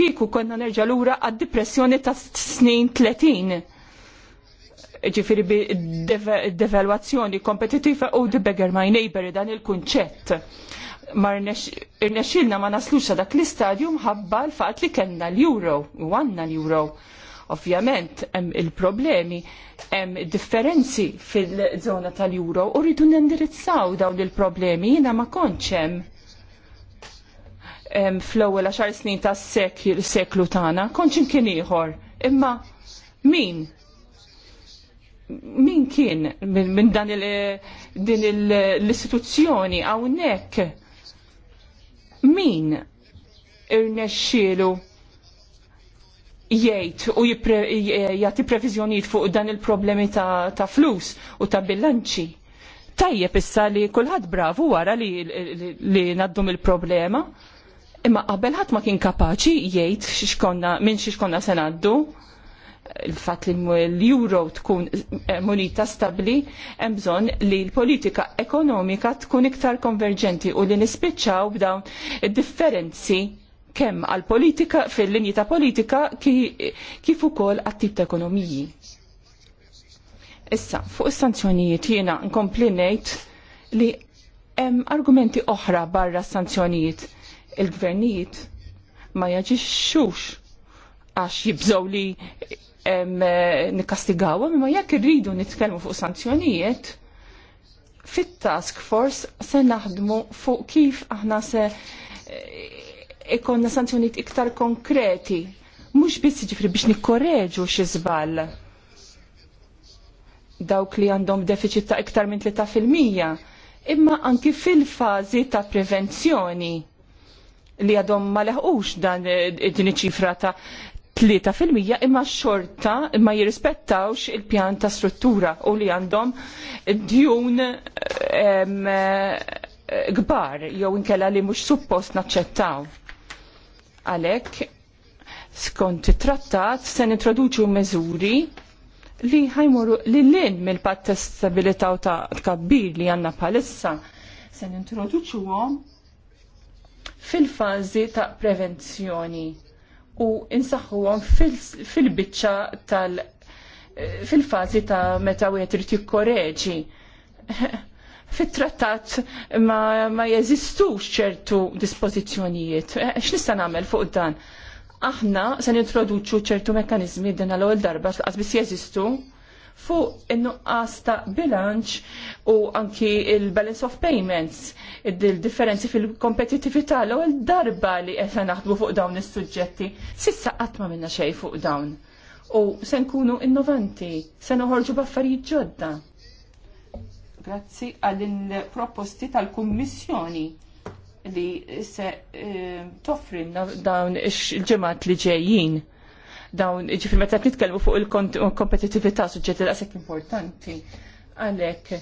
Speaker 3: kieku konna nerġa' lura għad-depressjoni ta' snin 30 ġifiri bi devalwazzjoni kompetitiva u di beggar my neighbor dan il-kunċett. Ma irnexilna ma naslux dak l-istadju mħabba l-fat li kellna l-euro, u għanna l-euro. Ovvjament, hemm il-problemi, hemm differenzi fil-żona tal-euro u rridu nindirizzaw dawn il-problemi jiena ma kontx hemm fl-ewwel għaxar snin tas-seklu tagħna kontx imkien ieħor. Imma min min kien minn dan l-istituzzjoni għawnek min irnexxielu jgħid u jagħti previżjonijiet fuq dan il-problemi ta', ta flus u ta' bilanċi. Tajjeb issa li kulħadd bravu wara li, li, li naddum il-problema, imma qabel ħadd ma kien kapaċi jgħid x'konna minn x'konna se ngħaddu il-fat li l-euro tkun eh, moneta stabli, hemm bżonn li l-politika ekonomika tkun iktar konverġenti u li nispiċċaw b'dawn differenzi kemm għal politika fil-linji ta' politika kif ukoll għat-tip ta' ekonomiji. Issa, fuq is-sanzjonijiet jiena nkompli ngħid li hemm argumenti oħra barra s-sanzjonijiet. Il-gvernijiet ma jaġixxux għax jibżgħu li nikastigaw, imma jekk irridu nitkellmu fuq sanzjonijiet, fit-task force se naħdmu fuq kif aħna se eh, ikonna sanzjonijiet iktar konkreti, mhux biss ġifri biex nikkorreġu xi żball dawk li għandhom deficit ta' iktar minn 3%, imma anki fil-fazi ta' prevenzjoni li għadhom ma leħqux dan eh, din iċifra ta' Tlieta fil-mija imma xorta ma jirrispettawx il-pjan ta' struttura u li għandhom djun gbar jew inkella li mhux suppost naċċettaw. Għalhekk skont it-trattat se nintroduċu miżuri li ħajmuru li l mill-patt stabilità u ta' tkabbir li għandna bħalissa se nintroduċuhom fil-fażi ta' prevenzjoni u insaħħuhom fil-biċċa tal- fil-fazi ta' meta wieħed irid jikkoreġi. Fit-trattat ma, ma jeżistux ċertu dispożizzjonijiet. Eh, x'nista' nagħmel fuq dan? Aħna se nintroduċu ċertu mekkaniżmi din għal ewwel darba biss jeżistu fuq in-nuqqas ta' bilanċ u anki il-balance of payments, il-differenzi fil-kompetitività l ewwel darba li qed naħdmu fuq dawn is-suġġetti. Sissa qatt ma minna xejn fuq dawn. U se nkunu innovanti, se noħorġu b'affarijiet ġodda. Grazzi għall-proposti tal-Kummissjoni li se eh, toffrin dawn il-ġemat li ġejjin dawn ġifir meta nitkellmu fuq il-kompetitività suġġetti daqshekk importanti. Għalhekk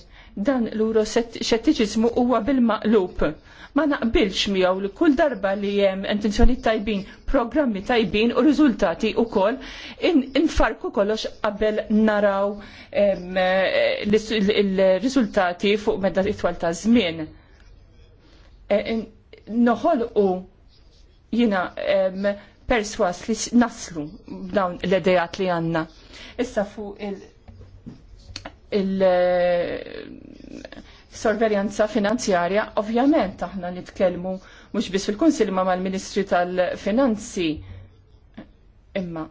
Speaker 3: dan l-uro xettiċizmu huwa bil-maqlub. Ma naqbilx miegħu li kull darba li hemm intenzjoni tajbin, programmi tajbin u riżultati wkoll infarku kollox qabel naraw eh, il-riżultati fuq medda itwal ta' żmien. Eh, noħolqu jina perswas li naslu b'dawn l-idejat li għanna. Issa fuq il- il-sorveljanza eh, finanzjarja, ovvjament aħna nitkellmu mhux biss fil-Kunsil ma mal-Ministri tal-Finanzi imma eh,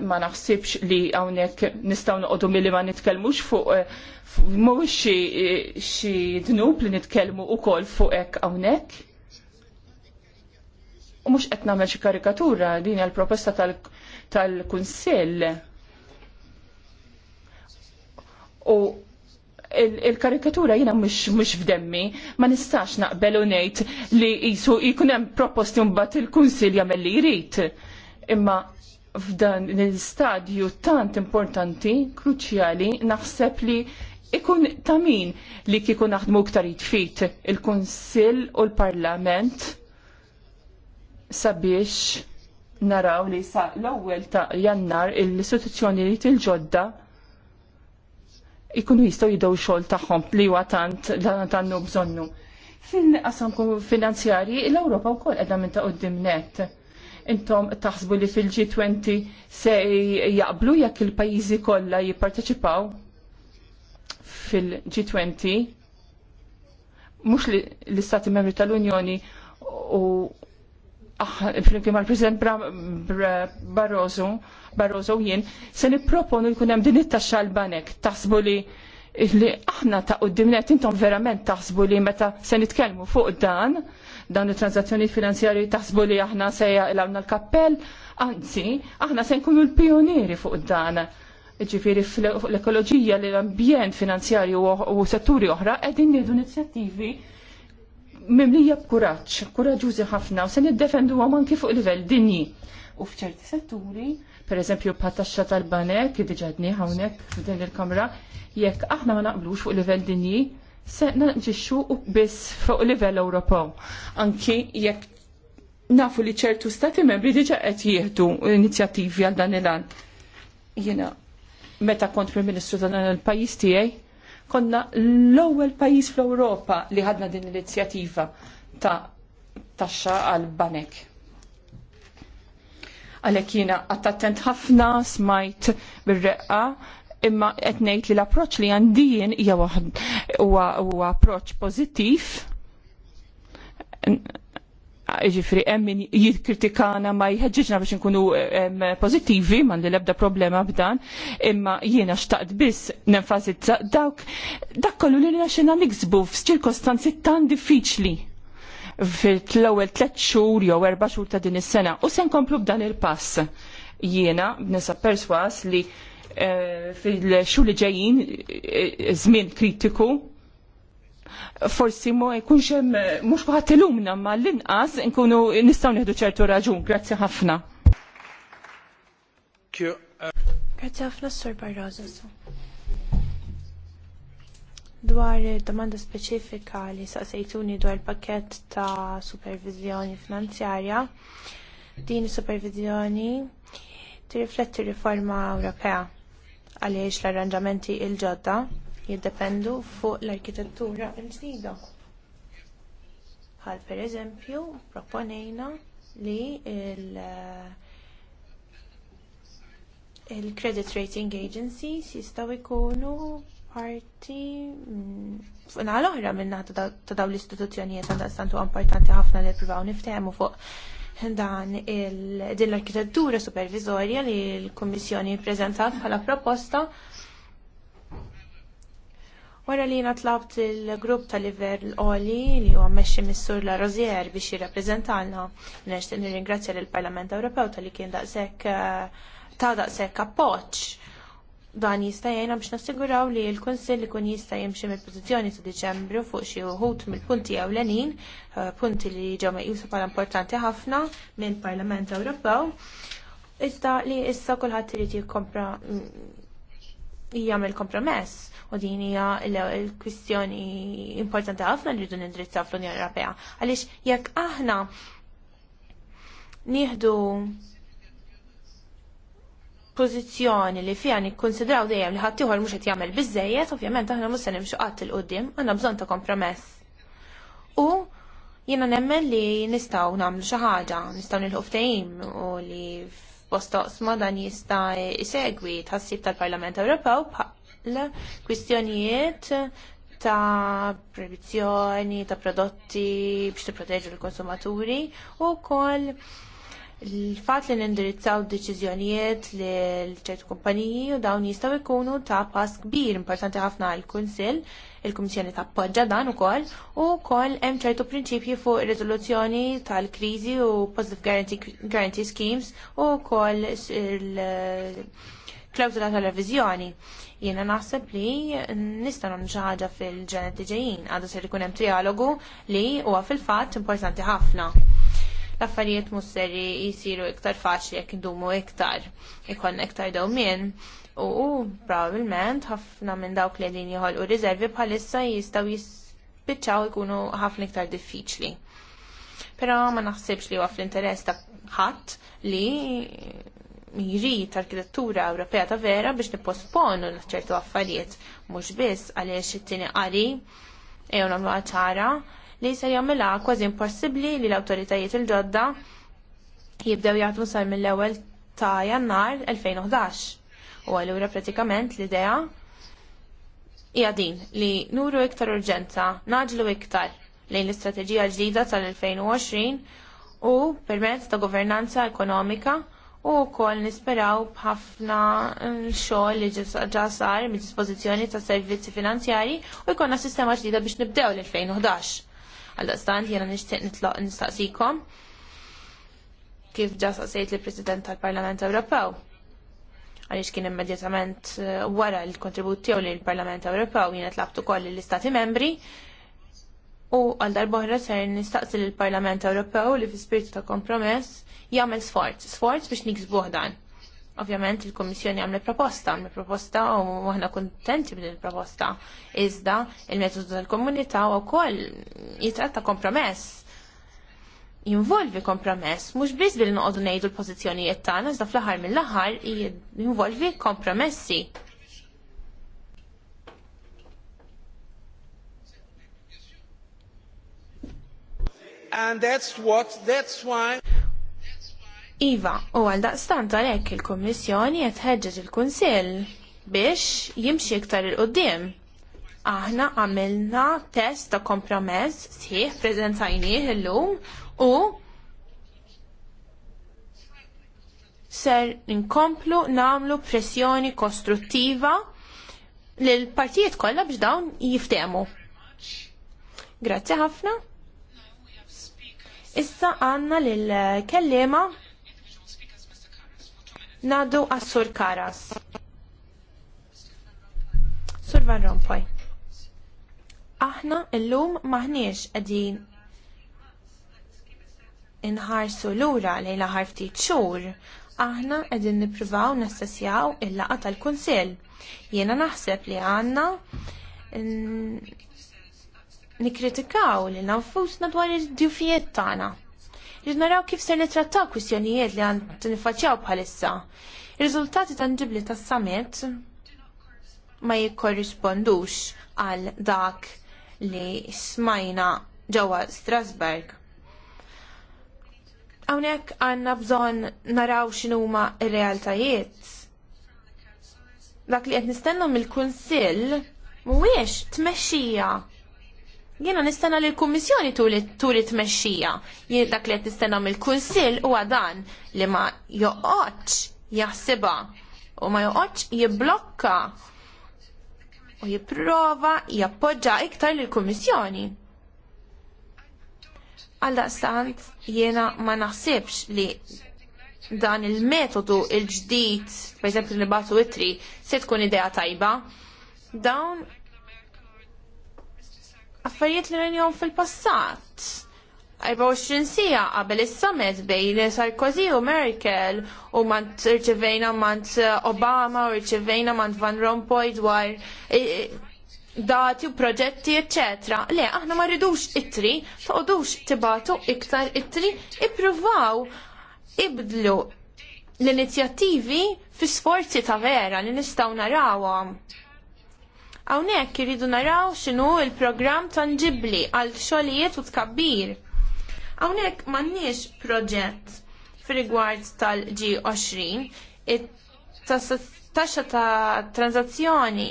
Speaker 3: ma naħsibx li hawnhekk nistgħu noqogħdu milli ma nitkellmux fuq eh, mhuwiex xi dnub li nitkellmu wkoll fuq hekk hawnhekk U mhux qed nagħmel xi karikatura din għal proposta tal-Kunsill. U il-karikatura jina mux f'demmi, ma nistax naqbel u ngħid li jisu jkun hemm proposti mbagħad il kunsell jagħmel li jrid. Imma f'dan il-stadju tant importanti, kruċjali, naħseb li ikun ta' min li kikun naħdmu ktar jitfit il-Kunsill u l-Parlament sabiex naraw li sa l-ewwel ta' jannar il-istituzzjoni li til-ġodda ikunu jistgħu jdew xogħol tagħhom li huwa tant tannu bżonnu. Fil-qasam finanzjarji l-Ewropa wkoll qiegħda minn ta' quddiem net. Intom taħsbu li fil-G20 se jaqblu jekk il-pajjiżi kollha jipparteċipaw fil-G20 mhux l-istati membri tal-Unjoni u Ah, flimkien mal-President Barroso, Barroso jien, se nipproponu jkun hemm din it-taxxa l-banek, taħsbu li li aħna ta' qed intom verament taħsbu li meta se nitkellmu fuq dan, dawn it-transazzjoni finanzjarji taħsbu li aħna se jaqilawna l-kappell, anzi, aħna se nkunu l-pionieri fuq dan. Ġifiri fl ekoloġija l-ambjent finanzjarju u setturi oħra, edin nidu inizjattivi mimlija b'kuraġġ, kuraġużi ħafna u se niddefendu għom anki fuq livell dinji. U f'ċerti setturi, per eżempju pataxxa tal-banek, diġadni hawnhekk f'din il-kamra, jekk aħna ma naqblux fuq livell dinji, se nġixxu biss fuq livell Ewropew. Anki jekk nafu li ċertu stati membri diġa qed jieħdu inizjattivi għal dan il-għan. Jena, meta kont prim ministru dan il-pajis tiegħi, Konna l-ewwel pajjiż fl-Ewropa li ħadna din l-inizjattiva ta' taxxa għal banek. Għalhekk jiena attent ħafna smajt bir-reqqa imma qed ngħid li l-approċċ li għandijin hija huwa approċċ pożittiv ġifri emmin jitkritikana ma jħedġiġna biex nkunu pozittivi, mandi lebda problema b'dan, imma jiena xtaqt biss nenfazizza dawk, dak kollu li naxina niksbu f'ċirkostanzi tan diffiċli fil-ewwel tliet xhur jew erba' xhur ta' din is-sena u se nkomplu b'dan il-pass. Jiena b'nisa perswas li eh, fil xur li ġejjin eh, eh, żmien kritiku forsi ma jkunx hemm mhux kulħadd ilumna ma l-inqas nkunu nistgħu nieħdu ċertu raġun. Grazzi ħafna.
Speaker 1: Grazzi ħafna Sur Barroso. Dwar domanda speċifika li saqsejtuni dwar il-pakket ta' supervizjoni finanzjarja, din supervizjoni tirrifletti riforma Ewropea għaliex l-arranġamenti il-ġodda jiddependu fuq l-arkitettura l-ġdida. Bħal pereżempju proponejna li il- il-credit rating agencies jistgħu jkunu parti fuqna l-oħra minna ta' dawn l-istituzzjonijiet għandha santu importanti ħafna li provaw niftehmu fuq dan din l-arkitettura supervisorja li l-Kummissjoni ppreżentat bħala proposta Wara li jina tlabt il-grupp tal l oli li huwa mmexxi mis-sur la Rozier biex jirrappreżentalna. Nextieq nirringrazzja lill parlament Ewropew tal-li kien daqshekk eh, ta' daqshekk appoġġ. Dan jista' jgħinna biex nassiguraw li l-Kunsill ikun jista' jimxi mill-pożizzjoni ta' Diċembru fuq xi wħud mill-punti ewlenin, eh, punti li ġew meqjusa bħala importanti ħafna mill-Parlament Ewropew. Iżda li issa kulħadd irid jikkompra jagħmel kompromess u din hija l-kwistjoni importanti ħafna li rridu nindrizzaw fl-Unjoni Ewropea. Għaliex jekk aħna nieħdu pożizzjoni li fiha nikkonsidraw dejjem li ħadd ieħor mhux qed jagħmel biżejjed, ovvjament aħna mhux se nimxu qatt il qudiem għandna bżonn ta' kompromess. U jiena nemmen li nistgħu nagħmlu xi ħaġa, nistgħu nilħu ftehim u li bosta dan jista' isegwi tħassib tal-Parlament Ewropew bħal kwistjonijiet ta' proibizzjoni ta' prodotti biex tipproteġu l-konsumaturi u wkoll l-fat li nindirizzaw deċiżjonijiet li l-ċertu kumpaniji u dawn jistaw ikunu ta' pass kbir importanti ħafna għal kunsill il-Kummissjoni tappoġġa dan ukoll u koll hemm ċertu prinċipji fuq ir-riżoluzzjoni tal-kriżi u positive guarantee, guarantee schemes u wkoll il- klawzula tal-revizjoni. Jiena naħseb li nista' nagħmlu xi ħaġa fil-ġenet li ġejjin, għadu ser ikun hemm trialogu li huwa fil-fatt importanti ħafna l-affarijiet mhux ser jisiru iktar faċli jekk indumu iktar, ikon iktar dawmien u probabbilment ħafna minn dawk li jħol u riservi bħalissa jistgħu jispiċċaw ikunu ħafna iktar diffiċli. Però ma naħsibx li huwa fl-interess ta' ħadd li jrid arkitettura Ewropea ta' vera biex nipposponu ċertu affarijiet mhux biss għaliex it-tieni qari ew nagħmlu ċara li se jagħmilha kważi impossibbli li l-awtoritajiet il-ġodda jibdew jaħdmu sar mill-ewwel ta' Jannar 2011 U għallura pratikament l-idea hija din li nuru iktar urġenza, naġlu iktar lejn l-istrateġija ġdida tal-2020 u permezz ta' governanza ekonomika u kol nisperaw bħafna mm, xogħol li ġa sar mid dispożizzjoni ta' servizzi finanzjari u jkollna sistema ġdida biex nibdew l-2011. Għal-daqstant jena nixtieq nitloq nistaqsikom kif ġa saqsejt lill president tal-Parlament Ewropew għaliex kien immedjatament eh, wara l-kontribut tiegħu lill parlament Ewropew jien labtu koll l-Istati Membri u għal darbohra ser nistaqsi l-Parlament Ewropew li fi spiritu ta' kompromess jagħmel sforz, sforz biex niksbuh dan. Ovvjament il-Kommissjoni għamle proposta, għamle proposta u aħna kontenti b'din il-proposta. Iżda il-metodu tal-komunità u koll jitratta kompromess jinvolvi kompromess, mhux biss bil noqogħdu ngħidu l-pożizzjonijiet tagħna, iżda fl-aħħar mill-aħħar jinvolvi kompromessi.
Speaker 2: And that's what, that's why...
Speaker 1: Iva, u għal tal għalhekk il kummissjoni qed il-Kunsill biex jimxi iktar il-qoddim aħna għamilna test ta' kompromess sħiħ prezentajnieh illum u ser inkomplu namlu pressjoni kostruttiva lil partijiet kollha biex dawn jiftemu. Grazzi ħafna. Issa għanna lil eh, kellima nadu għas-sur Karas. Sur Van Rompuy. Aħna illum maħniex qegħdin inħarsu lura lejn aħar ftit xhur, aħna qegħdin nippruvaw nestessjaw il-laqa tal-Kunsill. Jiena naħseb li għandna nikritikaw li nafusna dwar id-djufijiet tagħna. Irid naraw kif se nitrattaw kwistjonijiet li għand nifaċċjaw bħalissa. Ir-riżultati tanġibli tas-summit ma jikkorrispondux għal dak li smajna ġewwa Strasberg. Hawnhekk għandna bżonn naraw x'inhuma r-realtajiet. Dak li qed nistennu mill-Kunsill mhuwiex tmexxija Jiena nistenna li l-Kummissjoni turi tmexxija. Jien dak li qed nistenna mill-Kunsill huwa dan li ma joqgħodx jaħsibha u ma joqgħodx jibblokka u jipprova jappoġġa iktar lill kummissjoni Għaldaqstant jiena ma naħsibx li dan il-metodu il-ġdid, pereżempju li batu itri, se tkun idea tajba. Dawn affarijiet li renjom fil-passat 24 sija qabel is-summit bejn Sarkozy u Merkel u mant irċivejna mant Obama u irċivejna mant Van Rompuy dwar e, e, dati u proġetti, eccetera. Le, aħna ma rridux ittri, toqdux tibatu iktar itri ippruvaw ibdlu l-inizjattivi fi sforzi ta' vera li nistaw narawhom. Hawnhekk jiridu naraw x'inhu il-programm tanġibli għal xogħlijiet u tkabbir. Hawnhekk m'għandniex proġett fil rigward tal tal-G20 it-taxxa ta' tranzazzjoni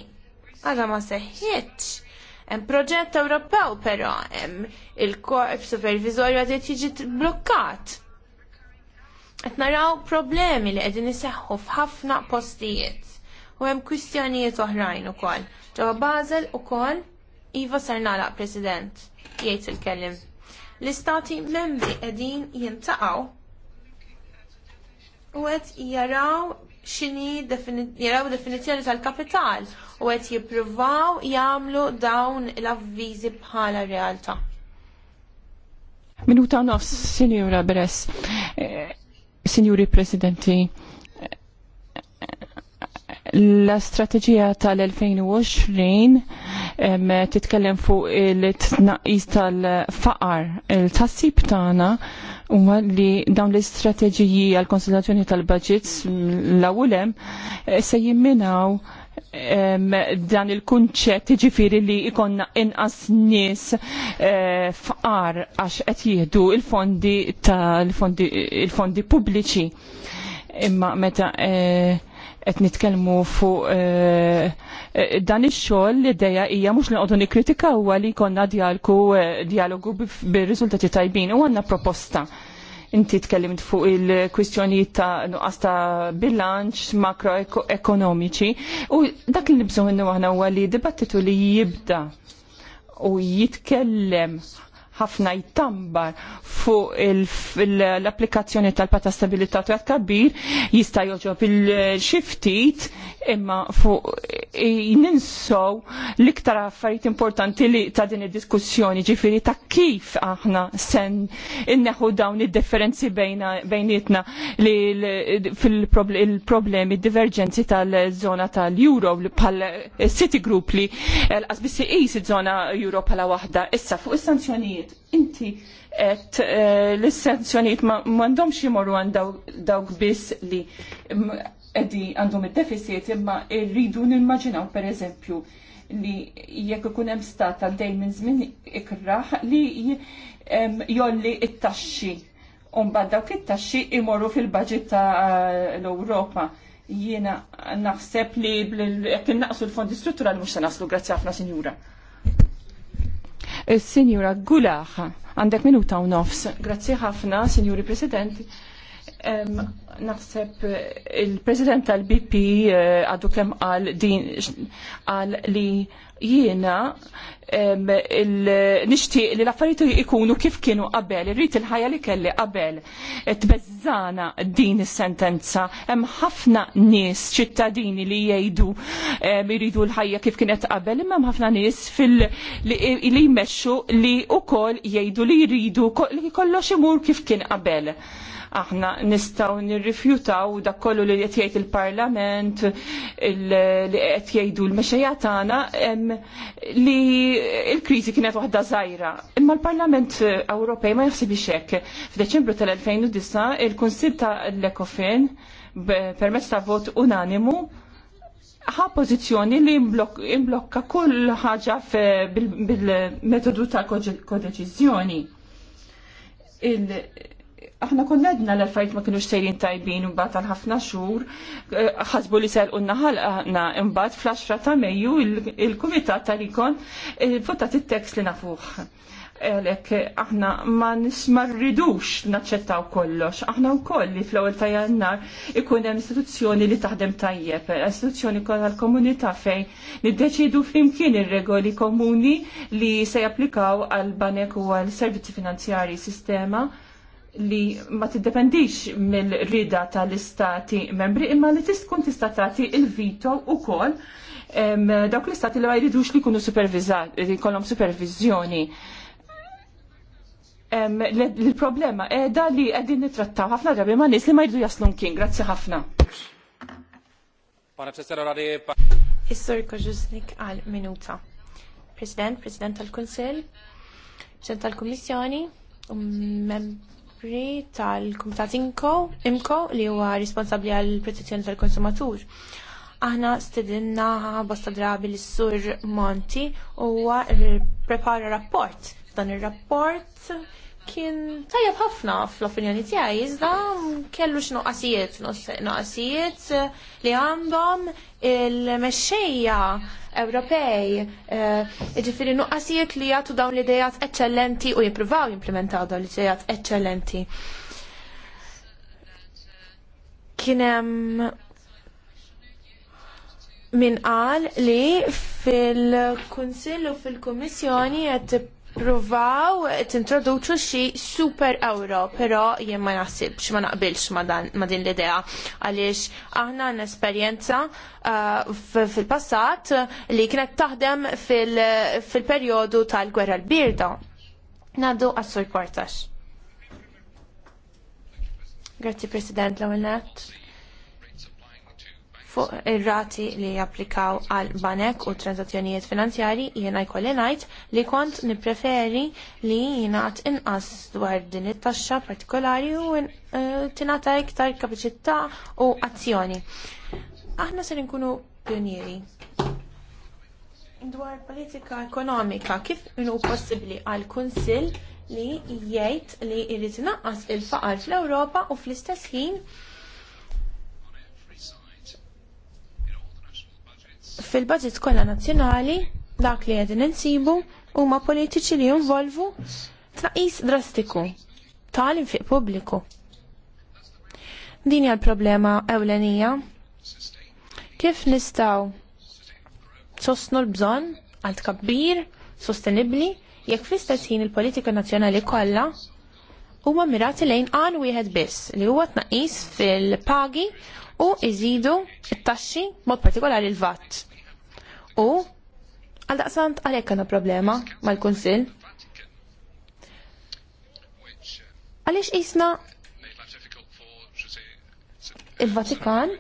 Speaker 1: għadha ma seħħitx. Hemm proġett Ewropew però hemm il-korp supervizorju għad jiġi blokkat. Qed naraw problemi li qegħdin iseħħu f'ħafna postijiet u hemm kwistjonijiet oħrajn ukoll. Ġewwa Basel ukoll Iva sar nagħlaq President, jgħid il-kellim l-istati membri qegħdin jintaqgħu u qed jaraw x'inhi defini jaraw definizzjoni tal-kapital u qed jippruvaw jagħmlu dawn l-avviżi bħala realtà.
Speaker 3: Minuta nofs, Sinjura Beres, eh, Sinjuri Presidenti, L-strategija tal-2020 titkellem fuq il-tnaqis tal-faqar. Il-tassib tagħna huwa li dawn l-istrateġiji għal-konsultazzjoni tal-budgets l awulem eh, se jimminaw dan il-kunċett ġifiri li ikonna inqas nies eh, faqar għax qed jieħdu il-fondi tal-fondi il-fondi pubbliċi. Imma meta eh, qed nitkellmu fuq eh, eh, dan ix-xogħol l-idea hija mhux li nqogħdu nikkritika huwa li jkollna dialku eh, dialogu bir-riżultati tajbin u għandna proposta. Inti tkellimt fuq il-kwistjonijiet ta' nuqqas ta' bilanċ makroekonomiċi u dak li nibżgħu minnu aħna huwa li dibattitu li jibda u jitkellem ħafna jtambar fuq l-applikazzjoni tal-pata stabilità u kabir jista' joġob il-xiftit imma fuq jninsow l-iktar affarijiet importanti li ta' din id-diskussjoni ġifiri ta' kif aħna sen inneħu dawn id-differenzi bejnietna li fil-problemi divergenzi tal-zona tal-Euro bħal City Group li eh, l-qasbissi zona Euro pala waħda issa fuq is-sanzjonijiet jgħid, Inti et eh, l-sanzjonijiet mandom jimorru għand dawk biss li għeddi għandhom id-deficit imma rridu nimmaġinaw pereżempju li jekk ikun hemm stat għaddej minn żmien ikraħ li jolli it-taxxi mbagħad dawk it-taxxi imorru fil baġit ta' l-Ewropa. Jiena naħseb li jekk innaqsu l-fondi strutturali mhux se naslu grazzi ħafna sinjura. Signora Gulach, għandek minuta u nofs. Grazzi ħafna, Signori President. Um, Naħseb il-President tal-BP eh, għadu uh, kem għal din għal li jiena nishtiq li l-affarijiet ikunu kif kienu qabel, irrid il-ħajja li kelli qabel. Tbeżżana din is-sentenza hemm ħafna nies ċittadini li jgħidu jridu l-ħajja kif kienet qabel, imma hemm ħafna nies li jmexxu li wkoll jgħidu li jridu li kollox imur kif kien qabel. Aħna nistgħu nirrifjutaw dak kollu li qed jgħid il-Parlament, li qed jgħidu l-mexejja tagħna li l-kriżi kienet waħda żgħira. Imma l-Parlament Ewropej ma jaħsibx hekk. F'Deċembru tal-2009 il-Kunsill ta' l-Ekofin permezz ta' vot unanimu ħa pozizjoni li imblokka kull ħaġa bil-metodu ta' kodeċizjoni aħna konna għedna l-affarijiet ma kienux sejrin tajbin imbagħad għal ħafna xhur, eh, ħasbu li sel unnaħal imbagħad fl-10 ta' Mejju il-Kumitat tal-ikon eh, votat it-tekst li nafuh. Għalek, eh, aħna ma nismarridux naċċettaw kollox. Aħna u koll li fl-ewwel ta' jannar ikun hemm istituzzjoni li taħdem tajjeb, istituzzjoni l komunità fejn niddeċidu flimkien ir-regoli komuni li se japplikaw għal banek u għal servizzi finanzjari sistema li ma tiddependix mill-rida tal-istati membri imma li tkun tista' istatati il-vito wkoll dawk l-istati li ma jridux li jkunu li jkollhom supervizjoni. l problema qiegħda eh, li qegħdin nittrattaw ħafna drabi ma' nis li ma jridu jaslun kien. Grazzi ħafna.
Speaker 1: Is-Sur ġusnik għal minuta. President, President tal kunsel President tal-Kummissjoni, um, membri tal-Kumitat Imko li huwa responsabbli għal protezzjoni tal-konsumatur. Aħna stedinna bosta drabi l sur Monti u huwa prepara rapport. Dan ir-rapport kien tajjeb ħafna fl-opinjoni tiegħi iżda kellu x'noqasijiet, noqasijiet li għandhom il-mexxejja Ewropej, eh, ġifiri nuqqasijiet li jagħtu dawn l-idejat eċċellenti u jippruvaw jimplementaw dawn l-idejat eċċellenti. Kien hemm min qal li fil-Kunsill u fil-Kummissjoni qed Provaw t-introduċu xi super euro, però jien ma naħsibx ma naqbilx ma din l-idea għaliex aħna għanna esperjenza uh, fil-passat li kienet taħdem fil-perjodu tal-gwerra l-birda. Naddu għas-sur Portax. Grazzi President l fuq ir-rati li japplikaw għal banek u transazzjonijiet finanzjari jiena jkolli ngħid li kont nippreferi li jingħat inqas dwar din it-taxxa partikolari u eh, tingħata iktar kapaċità u azzjoni. Aħna ser nkunu pionieri. Dwar politika ekonomika, kif inhu possibbli għal kunsill li jgħid li jrid inaqqas il-faqar fl-Ewropa u fl-istess ħin fil-budget kollha nazzjonali dak li qegħdin insibu huma politiċi li jinvolvu tnaqis drastiku tal-infiq pubbliku. Din hija l-problema ewlenija. Kif nistgħu sostnu l-bżonn għal tkabbir sostenibbli jekk fl istessin il-politika nazzjonali kollha huma mirati lejn u wieħed biss li huwa tnaqis fil-pagi u iżidu t taxxi mod partikolari l-vatt. U għaldaqsant għalhekk għandna problema mal-Kunsill. Għaliex jisna
Speaker 2: il-Vatikan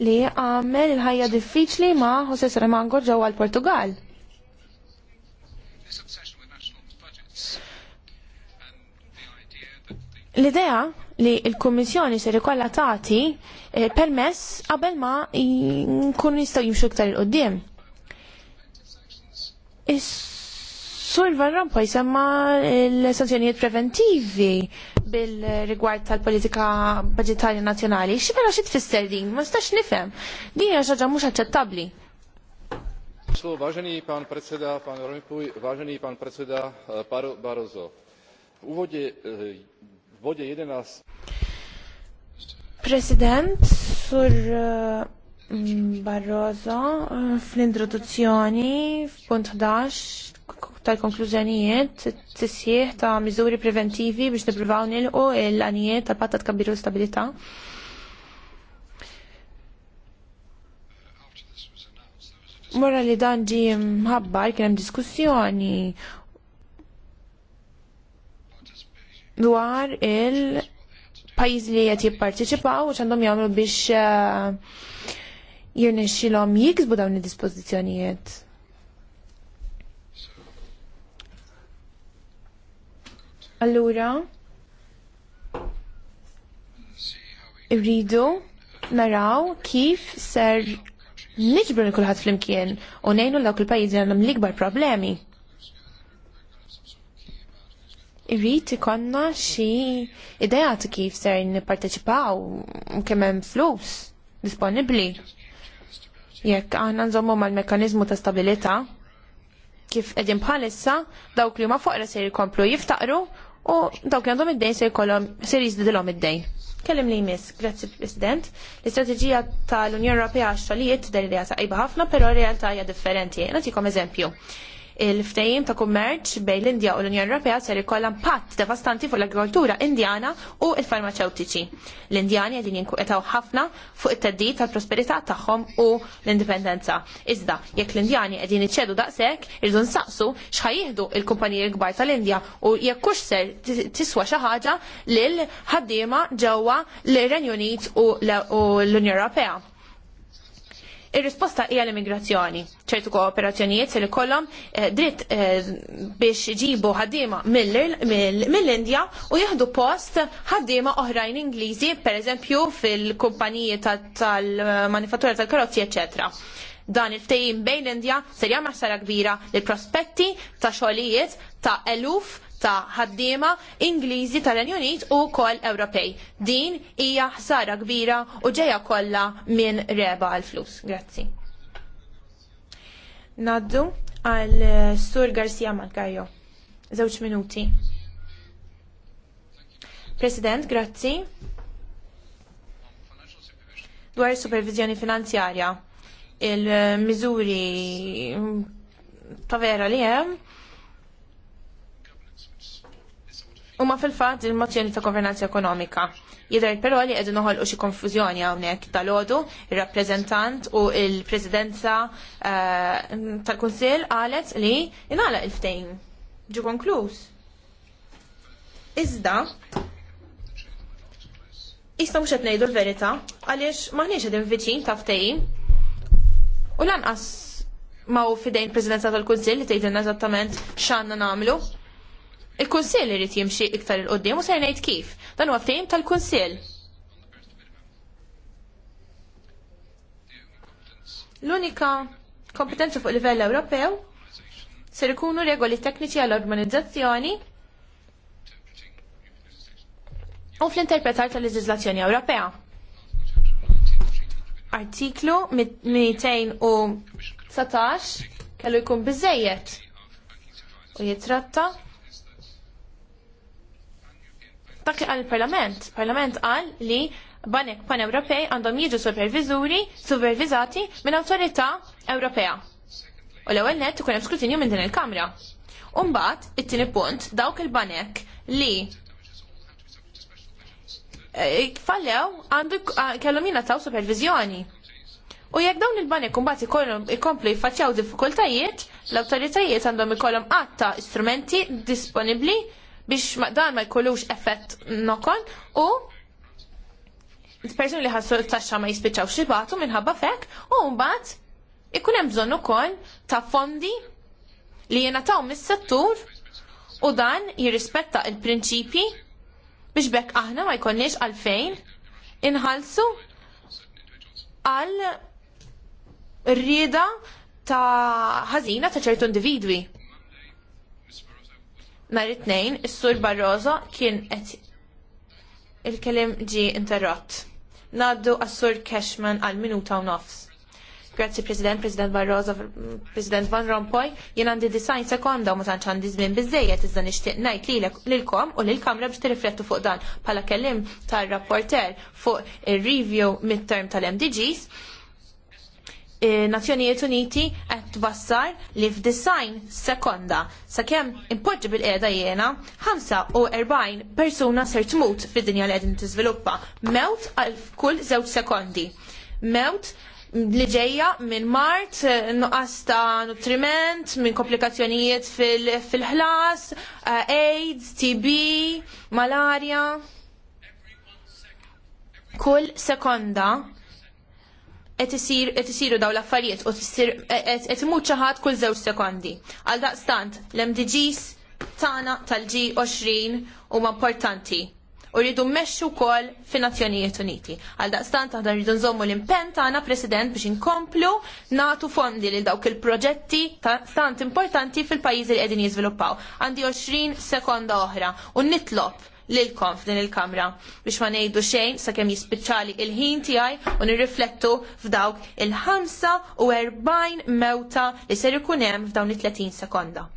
Speaker 1: li għamel il-ħajja diffiċli ma' Jose Saramago ġewwa l-Portugal. L-idea li l-Kummissjoni se rikolla tagħti eh, permess qabel ma nkunu jistgħu jimxu iktar il-qudiem. Is-Sur varran Rompuy semma l-sanzjonijiet preventivi bil-rigward tal-politika budgetarja nazjonali. nazzjonali. vera xi tfisser din? Ma stax nifhem. Din hija xaġa ħaġa mhux aċċettabbli.
Speaker 3: Vážený pán predseda, pán Rompuy, vážený pán predseda eh, Barozo. v úvode eh, v bode 11...
Speaker 1: President, sur uh... Mm, Barroso eh, fl-introduzzjoni f'punt 11 tal-konklużjonijiet tisjieħ ta' miżuri preventivi biex nippruvaw nilqu l-għanijiet tal-patta tkabbiru stabilità. Mora li dan ġi mħabbar kien hemm diskussjoni dwar il-pajjiż li qed jipparteċipaw u x'għandhom jagħmlu biex eh, xilom jiksbu dawn id-dispożizzjonijiet. Allura irridu naraw kif ser niġbru li kulħadd flimkien u l dawk il-pajjiżi għandhom l-ikbar problemi. Irrid ikonna xi idea ta' kif ser nipparteċipaw u kemm hemm flus disponibbli. Jekk aħna nżommu l mekanizmu ta' stabilità kif qegħdin bħalissa dawk li ma foqra se jkomplu jiftaqru u dawk li għandhom id-dejn se jkollhom se jiżdidilhom id-dejn. Kellim li jmiss, grazzi President. L-istrateġija tal-Unjoni Ewropea għax xogħlijiet tidher li sajba ħafna, però r-realtà hija differenti. Nagħtikom eżempju il-ftehim ta' kummerċ bejn l-Indja u l-Unjoni Ewropea ser ikollha impatt devastanti fuq l-agrikoltura Indjana u l-farmaceutiċi. L-Indjani qegħdin jinkwetaw ħafna fuq it-teddid tal-prosperità tagħhom u l-indipendenza. Iżda, jekk l-Indjani qegħdin iċċedu daqshekk, irdu nsaqsu x'ħajjieħdu il-kumpaniji kbar tal-Indja u jekk hux ser tiswa xi ħaġa lil ħaddiema ġewwa l-Renju Unit u l-Unjoni Ewropea Ir-risposta hija l-immigrazzjoni. ċertu kooperazzjonijiet se li kollhom eh, dritt eh, biex iġibu ħaddiema mill-Indja u jieħdu post ħaddiema oħrajn Ingliżi, pereżempju fil-kumpaniji tal-manifattura tal-karozzi, eċċetera. Dan il-ftejjin bejn l-Indja ser jagħmel sara kbira l prospetti ta' xogħlijiet ta' eluf ta' ħaddiema Ingliżi tal-Renju Unit u wkoll Ewropej. Din hija ħsara kbira u ġejja kollha minn reba għall flus Grazzi. Naddu għal eh, Sur Garcia Malgajo. Żewġ minuti. President, grazzi. Dwar supervizjoni finanzjarja, il-miżuri ta' vera li hemm Huma fil-fatt il-mozzjoni ta' governanza ekonomika. Jidher però li qegħdu noħolqu xi konfużjoni hawnhekk tal għodu ir-rappreżentant u l-Presidenza eh, tal-Kunsill qalet li ingħalaq il-ftejn. Ġu konkluż. Iżda Issa mhux qed ngħidu l-verità għaliex maħniex qegħdin viċin ta' ftehim. U lanqas ma' u fidejn Presidenza tal-Kunsill li tgħidilna eżattament x'għandna nagħmlu Il-Kunsill irid jimxi iktar il-qoddim u ser ngħid kif. Dan huwa ftehim tal-Kunsill. L-unika kompetenza fuq livell Ewropew ser ikunu regoli tekniċi għall-organizzazzjoni u fl-interpretar tal-leġiżlazzjoni Ewropea. Artiklu 217 kellu jkun biżejjed u jitratta Dak li għal parlament Parlament għal li banek pan-Ewropej għandhom jiġu supervizuri, supervizati minn autorità Ewropea. U l-ewwel nett ikun hemm skrutinju minn din il-Kamra. Umbagħad, it-tieni punt, dawk il-banek li e, fallew għandu kellhom jingħataw supervizjoni. U jekk dawn il-banek kumbati ikomplu jiffaċċjaw diffikultajiet, l-awtoritajiet għandhom ikollhom għatta istrumenti disponibbli biex dan ma jkollux effett nokon u il-persuni li ħassu taxxa ma jispiċaw xibatu minħabba fekk u mbagħad ikun hemm bżonn ukoll ta' fondi li jingħataw mis-settur u dan jirrispetta il-prinċipji biex bekk aħna ma jkollniex għalfejn inħalsu għal rieda ta' ħażina ta' ċertu individwi. Nar it-tnejn, is-Sur Barroso kien qed il-kelim ġi interrott. Naddu għas-Sur Cashman għal minuta u nofs. Grazzi President, President Barroso, President Van Rompuy, jien għandi design sekonda u ma tantx għandi żmien biżejjed iżda nixtieq ngħid lilkom u lill-Kamra biex tirriflettu fuq dan bħala kellim tar-rapporter fuq ir-review mid-term tal-MDGs Eh, Nazzjonijiet Uniti qed twassar li f'design sekonda sakemm impoġġi bil-qiegħda jiena 45 persuna ser tmut fid-dinja li qegħdin tiżviluppa. Mewt għal kull żewġ sekondi. Mewt li ġejja minn Mart, eh, nuqqas ta' nutriment, minn komplikazzjonijiet fil-ħlas, eh, AIDS, TB, malaria. Kull sekonda qed isiru dawn l-affarijiet u qed imut xi ħadd kull żewġ sekondi. Għal daqstant l-MDGs tagħna tal-G20 huma importanti u rridu mmexxu wkoll fin-Nazzjonijiet Uniti. Għal daqstant aħna rridu nżommu l-impenn tagħna President biex inkomplu nagħtu fondi lil dawk il-proġetti ta' stant importanti fil-pajjiżi li qegħdin jiżviluppaw. Għandi 20 sekonda oħra u nitlob lilkom f'din il-kamra biex ma ngħidu xejn sakemm jispiċċali il-ħin tiegħi u nirriflettu f'dawk il-45 mewta li ser ikun hemm f'dawn it-30 sekonda.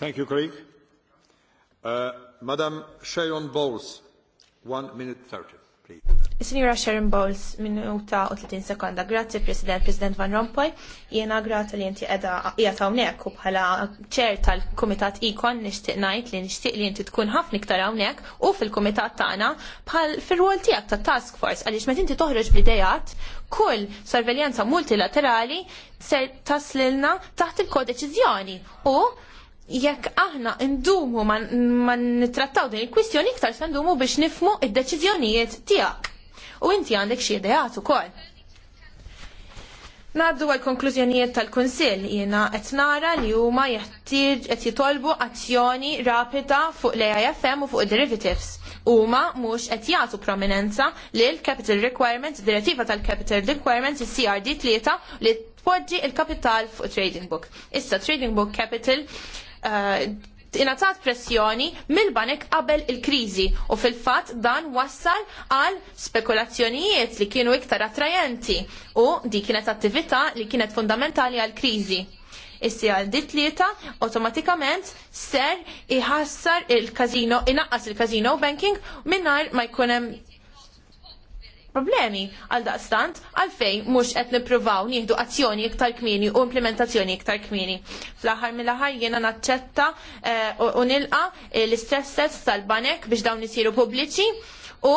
Speaker 2: Thank you, colleague. Uh, Madam Sharon Bowles, one minute thirty.
Speaker 1: Is-Sinjura Sharon Bowles, minuta u 30 sekonda. Grazie, President, President Van Rompuy. Jena grata li jinti edha jgħata unnek u bħala ċer tal-Komitat Ikon nishtiq najt li nishtiq li jinti tkun ħafna iktar unnek u fil-Komitat tagħna bħal fil-rol tijak ta' Task Force għaliex meta inti toħroġ bidejat kull sorveljanza multilaterali ser taslilna taħt il-kodeċizjoni u jekk aħna ndumu ma nittrattaw din il-kwistjoni iktar sandumu biex nifmu id-deċiżjonijiet tiegħek u inti għandek xi ideat ukoll. Naddu għal konklużjonijiet tal-Kunsill jiena qed nara li huma jeħtieġ qed jitolbu azzjoni rapida fuq l-AIFM u fuq derivatives. Huma mhux qed jagħtu prominenza lil Capital Requirements, Direttiva tal-Capital Requirements, CRD 3 li tpoġġi l kapital fuq Trading Book. Issa Trading Book Capital uh, ingħatat pressjoni mill-banek qabel il-kriżi u fil-fatt dan wassal għal spekulazzjonijiet li kienu iktar attrajenti u di kienet attività li kienet fundamentali għal kriżi. Issi għal dit tlieta automatikament ser iħassar il-kazino, inaqqas il-kazino banking minnar ma jkunem problemi għal daqstant għalfejn mhux qed nippruvaw nieħdu azzjoni iktar kmieni u implementazzjoni iktar kmieni. Fl-aħħar mill-aħħar jiena naċċetta eh, u nilqa eh, l-istress test tal-banek biex dawn isiru pubbliċi u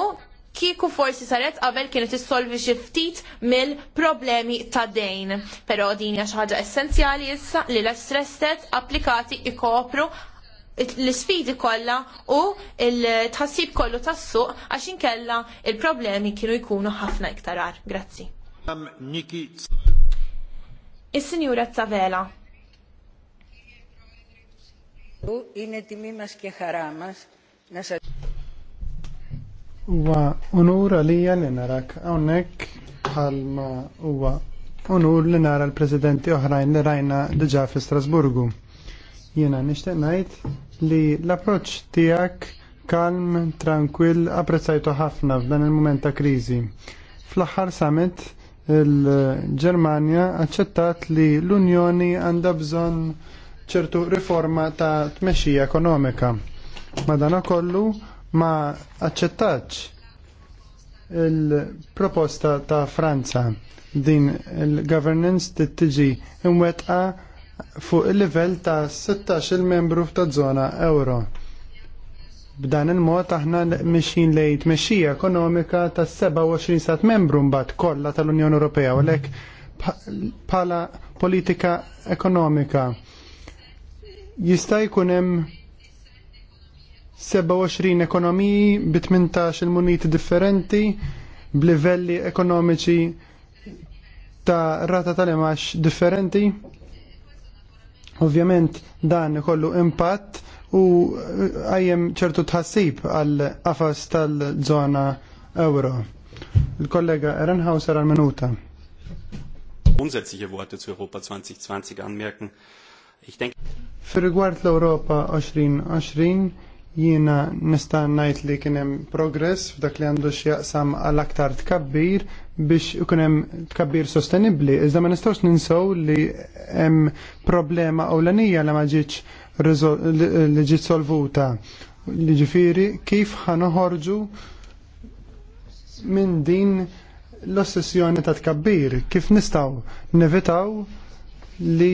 Speaker 1: kieku forsi saret qabel kienet issolvi xi ftit mill-problemi ta' dejn. Però din hija xi ħaġa essenzjali issa li l-istress test applikati ikopru l sfidi kolla u l-tħassib kollu tas-suq għax inkella il-problemi kienu jkunu ħafna iktarar. Grazzi. Is-Sinjura Tavela.
Speaker 2: Huwa unur għalija li narak għonek bħalma uwa unur li nara l prezidenti oħrajn li rajna diġà fi Strasburgu. Jiena nixtieq ngħid li l-approċċ tiegħek kalm, tranquill, apprezzajtu ħafna f'dan il-moment ta' kriżi. Fl-aħħar summit il-Ġermanja aċċettat li l-Unjoni għandha bżonn ċertu riforma ta' tmexxija ekonomika. kollu ma aċċettax il-proposta ta' Franza din il-governance t-tġi imwetqa fuq il-livell ta' 16 membru ta' zona euro. B'dan il-mod aħna mixin lejn tmexxija ekonomika ta' 27 sat membru mbagħad kollha tal-Unjoni Ewropea u lek bħala politika ekonomika. Jista' jkun hemm 27 ekonomiji bi 18 il-muniti differenti b'livelli ekonomiċi ta' rata tal-imax differenti Ovvjament dan kollu impatt u eh, għajjem ċertu tħassib għal qafas tal-żona euro. Il-kollega Ehrenhauser għal minuta. Grundsätzliche
Speaker 3: Worte zu Europa 2020 anmerken. Ich denke.
Speaker 2: Für Rigward l-Europa 2020 Jiena nista' ngħid li kien hemm progress f'dak li għandu x'jaqsam għal aktar tkabbir biex ikun hemm tkabbir sostenibbli, iżda ma nistgħux ninsew li hemm problema ewlenija li ma ġietx li ġiet solvuta. Jiġifieri kif ħanoħorġu minn din l-ossessjoni ta' tkabbir, kif nistgħu nevitaw li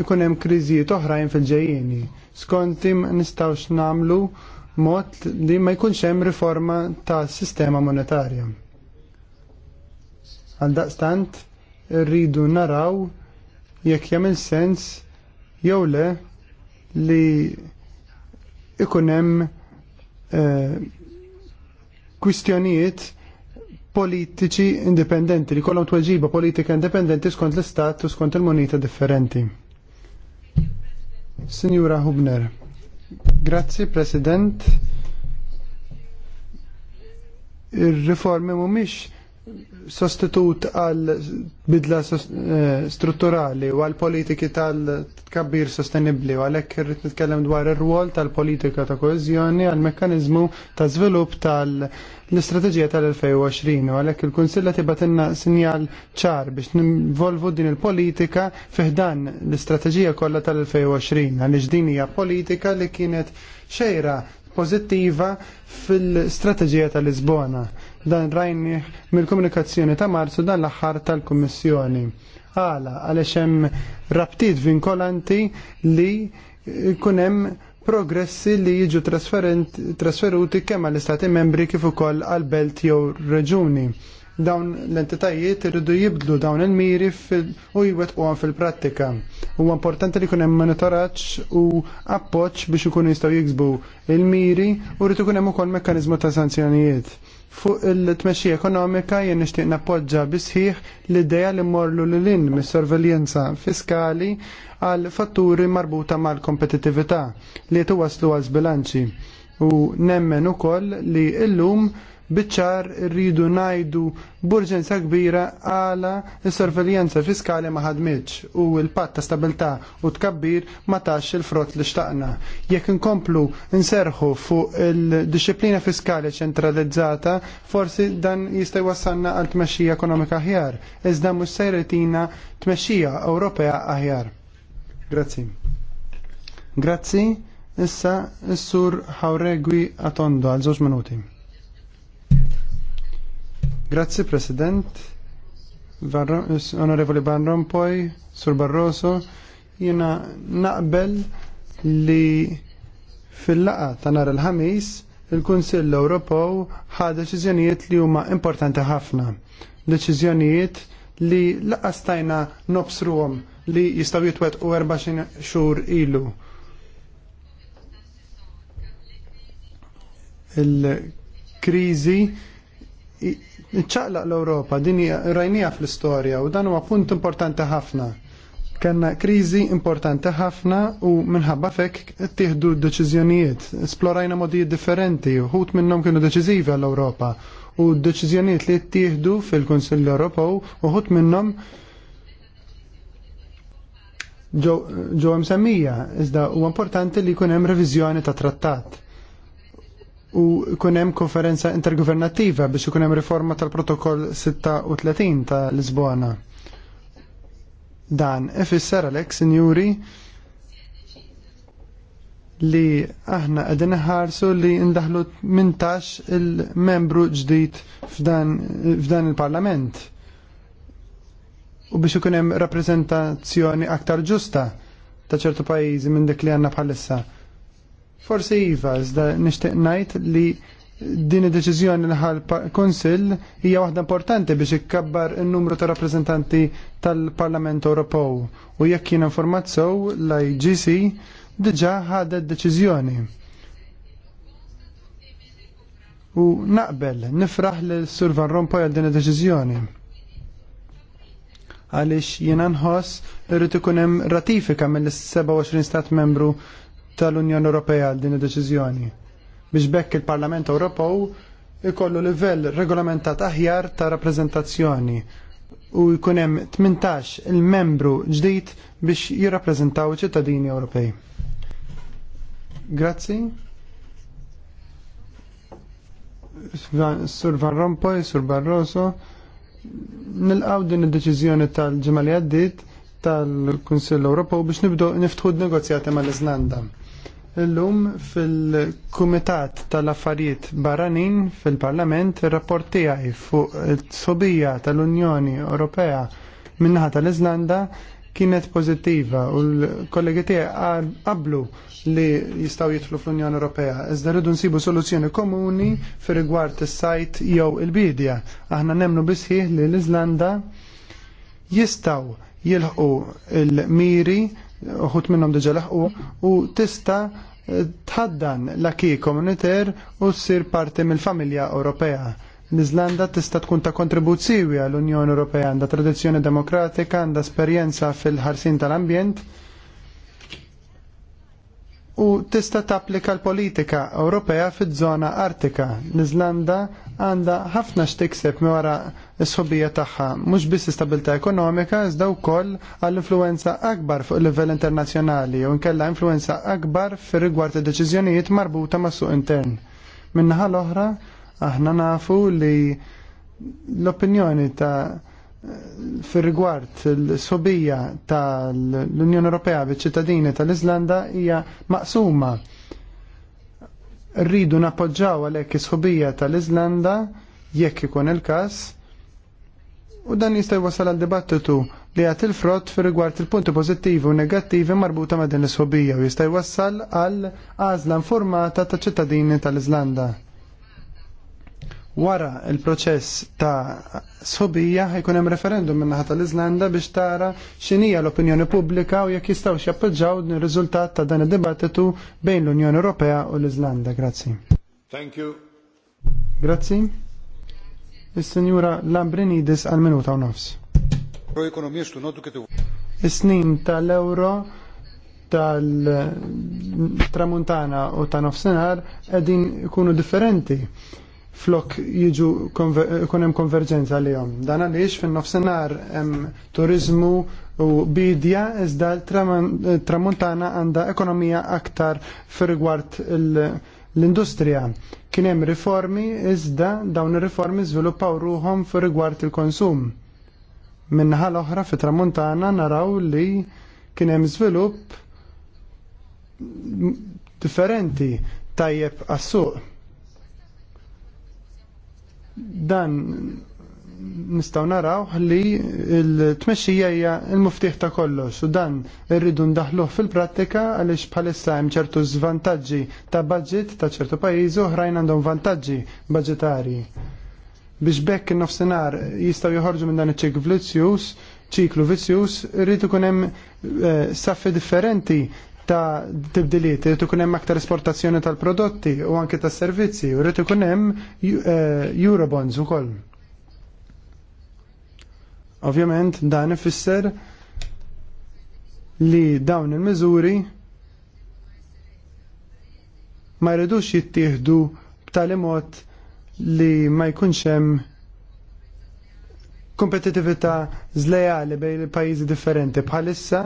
Speaker 2: ikun hemm kriżijiet oħrajn fil ġejjini Skont im nistgħux nagħmlu mod li ma jkunx hemm riforma ta' sistema monetarja. Għaldaqstant rridu naraw jekk jagħmel sens jew le li ikun hemm eh, kwistjonijiet uh, politiċi indipendenti li kollhom tweġiba politika indipendenti skont l-istat u skont il munita differenti. Sinjura Hubner, grazzi President. Ir-riformi mhumiex sostitut għal bidla eh, strutturali u għal politiki tal kabbir sostenibli u għalek rrit nitkellem dwar ir-rwol tal-politika ta' koezjoni għal mekkanizmu ta' żvilupp tal-istrateġija tal-2020 u għalek il-Kunsilla inna sinjal ċar biex nivolvu din il-politika fiħdan l-istrateġija kollha tal-2020 għal din hija politika li kienet xejra pozittiva fil-strateġija tal-Lisbona Dan rajni mill-komunikazzjoni ta' marzu dan l-aħħar tal-Kummissjoni. Għala, għaliex hemm rabtiet vinkolanti li kunem progressi li jiġu trasferuti kemm għall-istati membri kif ukoll għal-belt jew reġuni. Dawn l-entitajiet irridu jibdlu dawn il-miri u jwet u fil-prattika. U importanti li kunem monitoraċ u appoċ biex ikunu jistaw jiksbu il-miri u rritu kunem ukoll mekkanizmu ta' sanzjonijiet Fuq il-tmexxija ekonomika jien nixtieq nappoġġa bisħiħ l-idea li mmorlu lil in mis-sorveljenza fiskali għal fatturi marbuta mal-kompetittività li tuwaslu għal bilanċi u nemmen ukoll li llum biċċar rridu ngħidu burġenza kbira għala s-sorveljanza fiskali ma ħadmitx u l-patt ta' stabilità u tkabbir ma tax il-frott li xtaqna. Jekk inkomplu nserħu fuq il-disciplina fiskali ċentralizzata, forsi dan jista' jwassalna għal tmexxija ekonomika aħjar, iżda mhux sejretina tmexxija Ewropea aħjar. Grazzi. Grazzi. Issa, s-sur Hawregwi għatondo għal żewġ minuti. Grazzi President, eh, Onorevoli Van Rompuy, Sur Barroso, jina naqbel li fil-laqa ta' nar il-ħamis il-Kunsill Ewropew ħa deċiżjonijiet li huma importanti ħafna. Deċiżjonijiet li laqa stajna nobsruhom li jistgħu jitwetqu 24 xhur ilu. Il-kriżi ċaqlaq l-Ewropa, din rajnija fl-istorja u dan huwa punt importanti ħafna. Kenna kriżi importanti ħafna u minħabba fekk tieħdu deċiżjonijiet, esplorajna modijiet differenti, ħut minnhom kienu deċiżivi għall-Ewropa u deċiżjonijiet li ttieħdu fil-Kunsill Ewropew ħut minnhom ġo msemmija, iżda u importanti li jkun hemm reviżjoni ta' trattat u kunem konferenza intergovernativa biex hemm riforma tal-protokoll 36 ta' Lisbona. Dan, ifisser Alex, sinjuri, li aħna għedin ħarsu li ndaħlu 18 il-membru ġdijt f'dan, il-parlament u biex ikun hemm rappreżentazzjoni aktar ġusta ta' ċertu pajjiżi minn dik li għandna bħalissa Forsi iva, iżda nixtieq ngħid li din id-deċiżjoni li ħal Kunsill hija waħda importanti biex ikkabbar in-numru ta' rappreżentanti tal-Parlament Ewropew u jekk jien informat sew l-IGC diġà ħadet deċiżjoni. U naqbel, nifraħ li Sur Van Rompuy għal din id-deċiżjoni għalix jena nħoss irrit ikun hemm ratifika mill-27 stat membru tal-Unjoni Ewropea għal din id-deċiżjoni biex bekk il-Parlament Ewropew ikollu livell regolamentat aħjar ta' rappreżentazzjoni u jkun hemm 18 il-membru ġdid biex jirrappreżentaw ċittadini Ewropej. Grazzi. Sur Van Rompuy, Sur Barroso, nilqaw din id-deċiżjoni tal-ġimgħa li tal-Kunsill Ewropew biex nibdu niftħu d-negozjati mal-Iżlanda Illum fil-Kumitat tal-Affarijiet Barranin fil-Parlament ir tiegħi fuq it-sobija tal-Unjoni Ewropea minnaħa tal-Iżlanda kienet pożittiva u l-kollegi tiegħi qablu li jistgħu jidħlu fl-Unjoni Ewropea. Iżda rridu nsibu soluzzjoni komuni fir rigward is-sajt jew il-bidja. Aħna nemnu bisħieħ li l-Iżlanda jistgħu jilħqu il-miri uħut minnom diġa u tista eh, tħaddan l-aki komuniter u ssir parti mill-familja Ewropea. l izlanda tista' tkun ta' kontribuzzjoni għall-Unjoni Ewropea għandha tradizzjoni demokratika, għandha esperjenza fil-ħarsin tal-ambjent u tista' tapplika l-politika Ewropea fiż-żona Artika. L-Iżlanda għandha ħafna x'tikseb minn wara s ħobija tagħha, mhux biss istabilità ekonomika, iżda wkoll għall-influenza akbar fuq livell internazzjonali u nkella influenza akbar fir-rigward id-deċiżjonijiet marbuta mas-suq intern. Min-naħa l-oħra, aħna nafu li l-opinjoni ta' fir rigward l-sobija tal-Unjoni Ewropea biċ ċittadini tal-Iżlanda hija maqsuma. Rridu nappoġġaw għalhekk is-sobija tal-Iżlanda jekk ikun il-każ u dan jista' jwassal għal dibattitu li għat il-frott fi rigward il-punti pożittivi u negattivi marbuta ma' din is-sobija u jista' jwassal għal għażla informata ta' ċittadini tal-Iżlanda. Wara il-proċess ta' sobija jkun hemm referendum minn naħa tal-Iżlanda biex tara x'inhija l-opinjoni pubblika u jekk jistgħu jappoġġaw ir-riżultat ta' dan id-dibattitu bejn l-Unjoni Ewropea u l-Iżlanda. Grazzi. Thank you. Grazzi. Is-Sinjura Lambrinidis għal minuta u nofs. Is-snin tal-euro tal-tramuntana u ta' nofsinhar qegħdin ikunu differenti flok jiġu konem hemm konverġenza li jom. Dan għaliex fin-nofsinhar hemm turizmu u bidja iżda tramuntana għandha ekonomija aktar fir-rigward l-industrija. Kien hemm riformi iżda dawn ir-riformi żviluppaw ruhom fir-rigward il-konsum. Minnaħa l-oħra fit tramuntana naraw li kien hemm żvilupp differenti tajjeb għas-suq Dan nistaw naraw li l-tmexxija hija l-muftiħ ta' kollox u dan irridu ndaħluh fil-prattika għaliex bħalissa hemm ċertu żvantaġġi ta' budget ta' ċertu pajjiżi oħrajn għandhom vantaġġi budgetarji. Biex bekk nofsinhar jistgħu joħorġu minn dan iċ-ċik vizzjuż, ċiklu vizzjuż, irrid ikun hemm eh, saffi differenti ta' tibdiliet, irrid ikun hemm aktar esportazzjoni tal-prodotti u anke tas-servizzi, u rrid ikun hemm eh, Eurobonds ukoll. Ovvjament dan ifisser li dawn il-miżuri ma jridux jittieħdu b'tali mod li ma jkunx hemm kompetitività zlejali bejn il-pajjiżi differenti bħalissa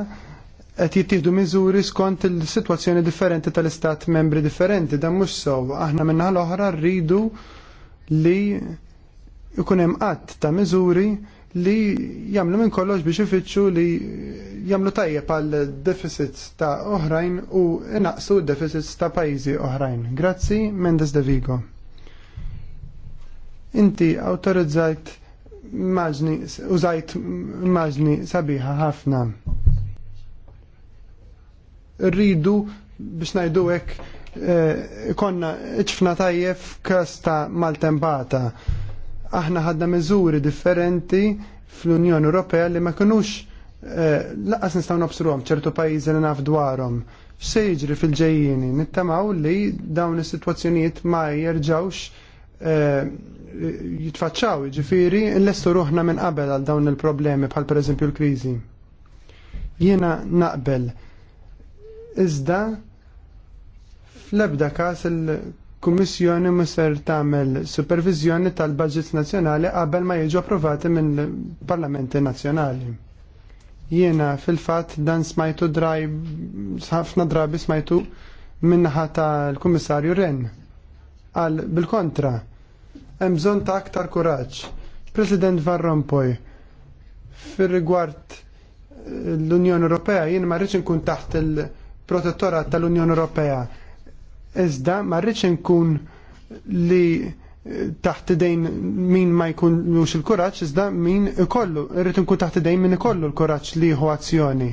Speaker 2: qed jittieħdu miżuri skont il-sitwazzjoni differenti tal-istat membri differenti dan mhux sew. Aħna minnaħa l-oħra rridu li ikun hemm qatt ta' miżuri li jagħmlu minn kollox biex ifittxu li jagħmlu tajjeb għal deficits ta' oħrajn u inaqsu deficits ta' pajjiżi oħrajn. Grazzi, Mendes de Vigo. Inti awtorizzajt maġni, użajt maġni sabiħa ħafna rridu biex ngħidu hekk eh, konna ċfna tajjef kasta maltempata. Aħna ħadna miżuri differenti fl-Unjoni Ewropea li ma kinux eh, laqas nistgħu nobsruhom ċertu pajjiżi li naf dwarhom. Se jiġri fil-ġejjini nittamaw li dawn is-sitwazzjonijiet ma jerġawx eh, jitfaċċaw, ġifiri, l-lestu ruħna minn qabel għal dawn il-problemi bħal per eżempju l-krizi. Jiena naqbel iżda fl-ebda każ il-Kummissjoni miser tagħmel supervizjoni tal-budgets nazzjonali qabel ma jiġu approvati mill-Parlamenti nazzjonali. Jiena fil-fatt dan smajtu draj, ħafna drabi smajtu minnaħa tal-Kummissarju Ren. Għal bil-kontra, hemm bżonn ta' aktar kuraġġ. President Van Rompuy, fir rigward eh, l-Unjoni Ewropea jien ma rridx inkun taħt il- protettorat tal-Unjoni Ewropea. Iżda ma rridx inkun li eh, taħt idejn min ma jkunux il-kuraġġ, iżda min ikollu, rrid inkun taħt idejn min ikollu l-kuraġġ li jieħu azzjoni.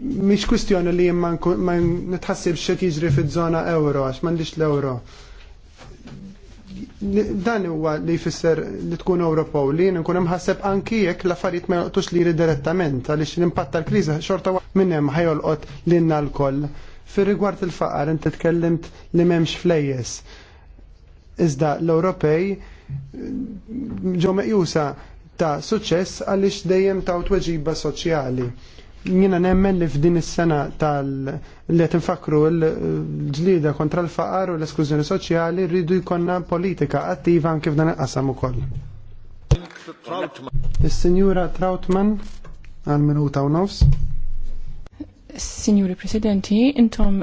Speaker 2: Mhix kwistjoni li ma nitħassibx x'qed jiġri fiż-żona euro għax m'għandix l-euro dan huwa li jfisser li tkun u li nkun hemm ħaseb anki jekk l-affarijiet ma joqtux liri direttament għaliex l-impatt tal-kriżi xorta minn hemm ħajolqot lilna l-koll. Fir-rigward il-faqar inti tkellimt li m'hemmx flejjes. Iżda l-Ewropej eh, ġew meqjusa ta' suċċess għaliex dejjem taw tweġiba soċjali. Jina nemmen li f'din is-sena tal li qed infakru l-ġlida kontra l-faqar u l-esklużjoni soċjali rridu jkollna politika attiva anke f'dan il-qasam ukoll. Is-Sinjura Trautman għal minuta u nofs. Signori
Speaker 3: Presidenti, intom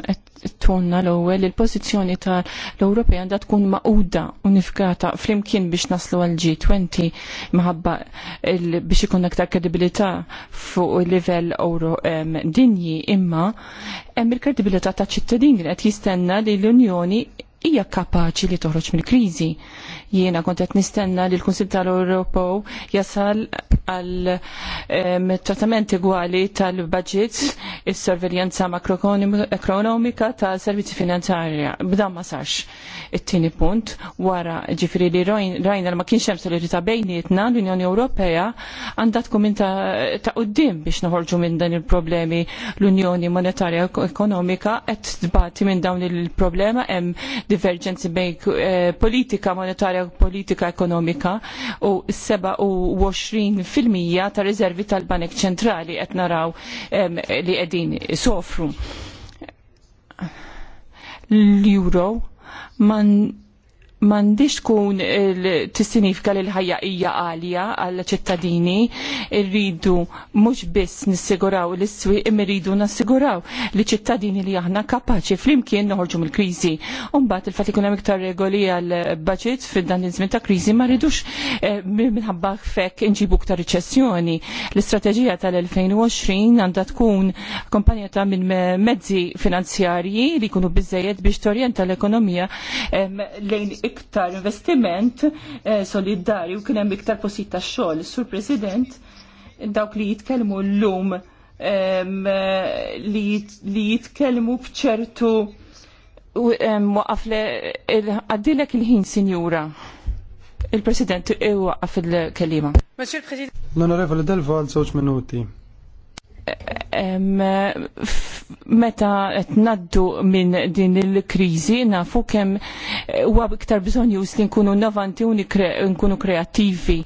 Speaker 3: tonna l-ewwel il-pożizzjoni tal-Ewropej għandha tkun maquda unifikata flimkien biex naslu għal G20 minħabba biex ikun aktar kredibilità fuq il-livell euro dinji imma hemm il-kredibilità ta' ċittadini qed jistenna li l-Unjoni hija kapaċi li toħroġ mill-kriżi. Jiena kont qed nistenna li l-Kunsill tal-Ewropew jasal għal trattament igwali tal-budget is-sorveljanza makroekonomika ta' servizzi finanzjarja. B'dan ma sarx. It-tieni punt wara ġifieri li rajna ma kienx hemm solidarjetà bejnietna l-Unjoni Ewropea għandha tkun ta' quddiem biex noħorġu minn dan il-problemi l-Unjoni Monetarja Ekonomika qed tbati minn dawn il-problema hemm divergenzi bejn eh, politika monetarja monetarja u politika ekonomika u 27% ta' rizervi tal-Banek ċentrali qed naraw li qegħdin sofru. L-euro man mandiġ kun tissinifika li l-ħajja hija għalja għall ċittadini rridu mhux biss nissiguraw l issu imma rridu nassiguraw li ċittadini li aħna kapaċi flimkien noħorġu mill-kriżi. Umbat il fat ikun hemm iktar regoli għal budget fid-dan iż-żmien ta' kriżi ma rridux eh, minħabba fekk inġibu iktar riċessjoni. L-istrateġija tal-2020 għandha tkun kompanjata minn mezzi finanzjarji li jkunu biżejjed biex torjenta l-ekonomija lejn iktar investiment eh, solidari u kien hemm iktar posit ta' xogħol. Sur President, dawk li jitkellmu llum eh, li jitkellmu bċertu waqaf għaddilek il-ħin, sinjura. Il-President, waqaf il-kelima.
Speaker 2: Monsieur president l Delvo għal minuti
Speaker 3: meta qed ngħaddu minn din il-kriżi nafu kemm eh, huwa iktar bżonn jus li nkunu navanti u nkunu kreattivi.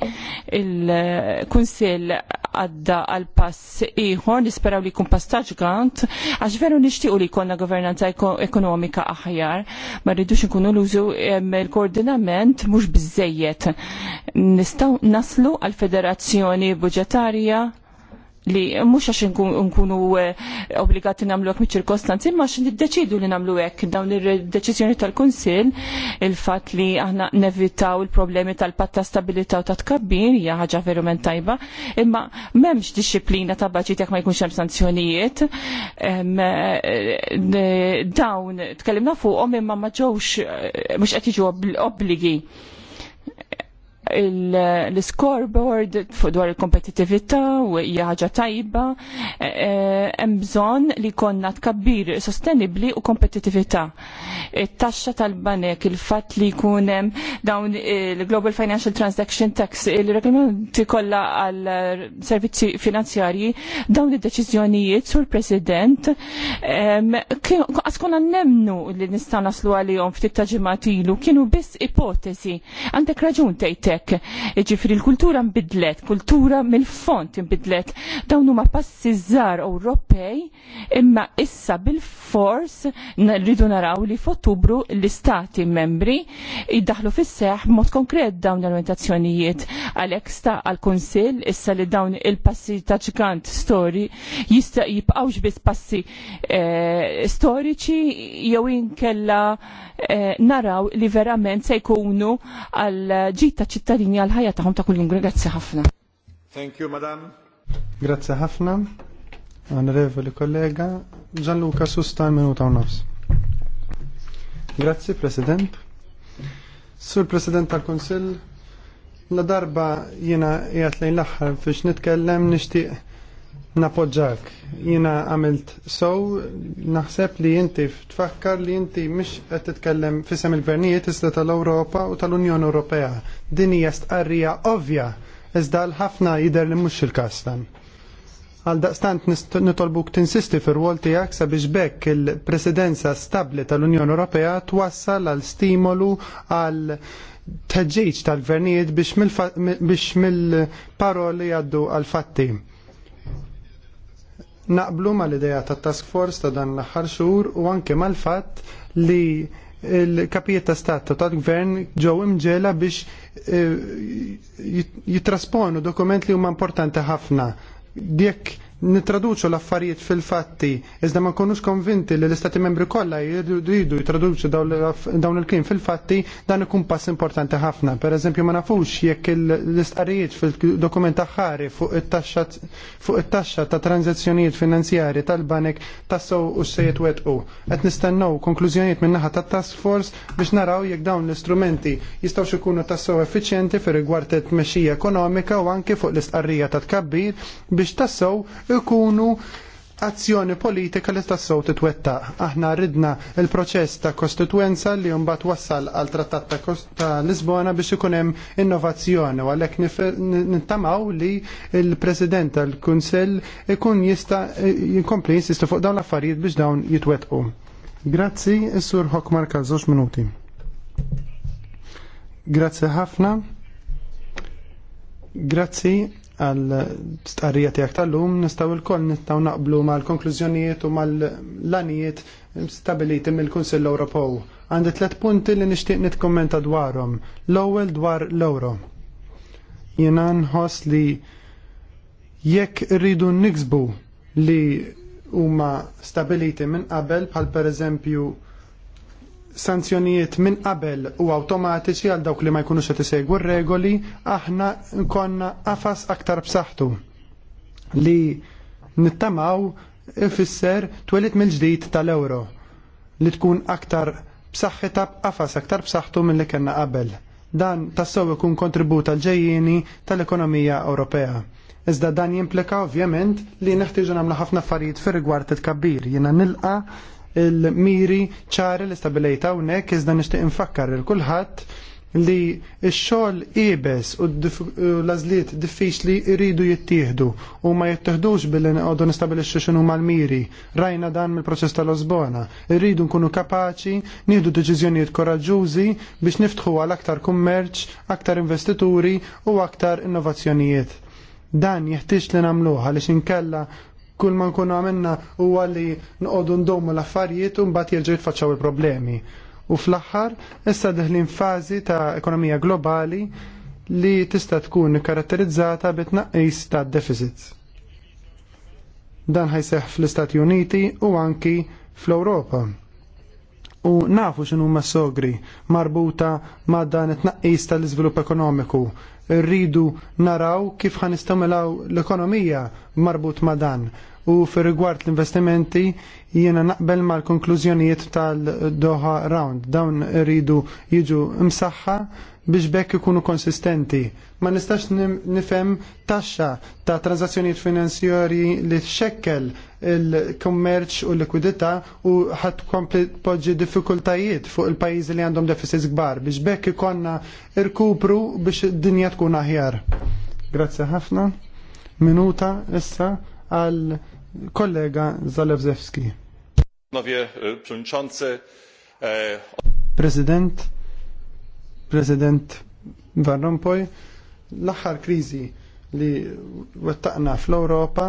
Speaker 3: Il-Kunsill għadda għal pass ieħor nisperaw li jkun pass grant għax veru nixtiequ li jkollna governanza ekonomika aħjar ma rridux nkunu l-użu il-koordinament mhux biżejjed. Nistgħu naslu għal federazzjoni budġetarja li mhux għax nkunu eh, obbligati nagħmlu hekk miċ-ċirkostanzi, imma għax niddeċidu li nagħmlu hekk dawn ir-deċiżjoni tal-Kunsill il-fatt li aħna nevitaw il-problemi tal-patt ta' stabilità u ta' tkabbir hija ħaġa verument tajba, imma m'hemmx disċiplina ta' baġit jekk ma jkunx hemm sanzjonijiet. Eh, eh, dawn tkellimna fuqhom imma ma ġewx mhux qed jiġu obbligi l-scoreboard fuq dwar il-kompetitività u hija ħaġa tajba e, e, hemm bżonn li jkollna tkabbir sostenibbli u kompetitività. It-taxxa tal-banek il-fatt li jkun hemm dawn il-Global Financial Transaction Tax il-reglamenti kollha għal servizzi finanzjarji dawn id-deċiżjonijiet sur President konna nemnu li nistgħu naslu għalihom ftit ta' ġimgħat ilu kienu biss ipotezi. Għandek raġun hekk hekk. Ġifri l-kultura mbidlet, kultura mill-font mbidlet. Dawn huma passi żgħar Ewropej imma issa bil-fors rridu naraw li f'Ottubru l-istati membri jiddaħlu fis-seħ mod konkret dawn l-orientazzjonijiet għalhekk sta għall-Kunsill issa li dawn il-passi ta' ġigant storji jista' jibqgħux biss passi eh, storiċi jew inkella eh, naraw li verament se jkunu għal ġita ċittadini ċittadini għal ħajja tagħhom ta' kuljum. Grazzi ħafna.
Speaker 2: Thank you, madam. Grazzi ħafna. Onorevoli kollega Gianluca Susta minuta u nofs. Grazzi, President. Sur President tal-Konsil, la darba jiena jgħat lejn l-axħar fiex nitkellem nishtiq napoġġak. Jina għamilt sow, naħseb li jinti tfakkar li jinti mish qed titkellem fisem il-gvernijiet iżda tal-Ewropa u tal-Unjoni Ewropea. Din hija stqarrija ovvja, iżda l-ħafna jidher li mhux il-każ dan. Għal daqstant nitolbuk tinsisti fir-rwol tiegħek sabiex bekk il-presidenza stabli tal-Unjoni Ewropea twassal għal stimolu għal teġġiġ tal-gvernijiet biex mill-paroli għaddu għal-fatti Naqblu mal-ideja ta' task force ta' dan l-aħħar xhur u anke mal-fatt li il-kapijiet ta' stat ta' tal-gvern ġew imġela biex eh, jitrasponu dokument li huma importanti ħafna. Dik nitraduċu l-affarijiet fil-fatti, iżda ma nkunux konvinti li l-Istati membri kollha jridu jitraduċu dawn il-kien fil-fatti, dan ikun pass importanti ħafna. Per eżempju, ma nafux jekk l istarijiet fil-dokument aħħari fuq it-taxxa ta' tranzazzjonijiet finanzjari tal-banek tassew u sejjed wetqu. Qed nistennew konklużjonijiet min-naħa tat-task force biex naraw jekk dawn l-istrumenti jistaw xikunu tassew effiċjenti fir rigward it-tmexxija ekonomika u anke fuq l-istqarrija ta' tkabbir biex tassew ikunu azzjoni politika li tassew titwetta. Aħna ridna il-proċess ta' kostituenza li mbagħad wassal għal trattat ta' Lisbona biex ikun hemm innovazzjoni u għalhekk nittamaw li il-President tal-Kunsell ikun jista' jinkompli jinsistu fuq dawn l-affarijiet biex dawn jitwettqu. Grazzi, is-sur Hokmar kal żewġ minuti. Grazzi ħafna. Grazzi għal starrija tiegħek tal-lum nistgħu lkoll nistgħu naqblu mal-konklużjonijiet u mal-lanijiet stabiliti mill-Kunsill Ewropew. Għandi tliet punti li nixtieq nitkommenta dwarhom. L-ewwel dwar l-euro. Jiena nħoss li jekk rridu niksbu li huma stabiliti minn qabel bħal pereżempju eżempju sanzjonijiet minn qabel u awtomatiċi għal dawk li ma jkunux qed isegwu regoli, aħna konna qafas aktar b'saħħtu li nittamaw ifisser twelit mill-ġdid tal-euro li tkun aktar b'saħħitha b'qafas aktar b'saħħtu milli li kellna qabel. Dan tassew ikun kontribut għal ġejjieni tal-ekonomija Ewropea. Iżda dan jimplika ovvjament li neħtieġu nagħmlu ħafna affarijiet fir rigward it Jiena nilqa' il-miri ċari li stabilejta hawnhekk iżda nixtieq infakkar il kulħadd li x-xogħol ibes u l diffiċ diffiċli iridu jittieħdu u ma jittihdux billi nqogħdu nistabilixxu x'inhu mal-miri. Rajna dan mill-proċess tal-Osbona. Irridu nkunu kapaċi nieħdu deċizjoniet koraġġużi biex niftħu għal aktar kummerċ, aktar investituri u aktar innovazzjonijiet. Dan jeħtieġ li nagħmluha għaliex inkella kull ma nkunu għamilna huwa li nqogħdu ndomu l-affarijiet u mbagħad jirġu jitfacċaw il-problemi. U fl-aħħar issa deħlin fażi ta' ekonomija globali li tista' tkun karatterizzata bit-tnaqqis ta' deficits. Dan ħajseħ fl-Istati Uniti u anki fl-Ewropa u nafu xinu ma sogri marbuta ma dan it-naqqis tal izvilup ekonomiku. Rridu naraw kif ħanistamilaw l-ekonomija marbut ma dan u fir rigward l-investimenti jiena naqbel mal-konklużjonijiet tal-Doha Round. Dawn rridu jiġu msaħħa biex bekk ikunu konsistenti. Ma nistax nifhem taxxa ta' transazzjonijiet finanzjarji li txekkel il-kommerċ u l-likwidità u ħat kompli poġġi diffikultajiet fuq il-pajjiżi li għandhom deficits kbar biex bekk ikonna irkupru biex id-dinja tkun aħjar. Grazzi ħafna. Minuta issa għal Kollega Zalewski.
Speaker 3: Panowie e, przewodniczący. E,
Speaker 2: prezydent, prezydent Van Rompuy, l-aħħar kriżi li wettaqna fl-Ewropa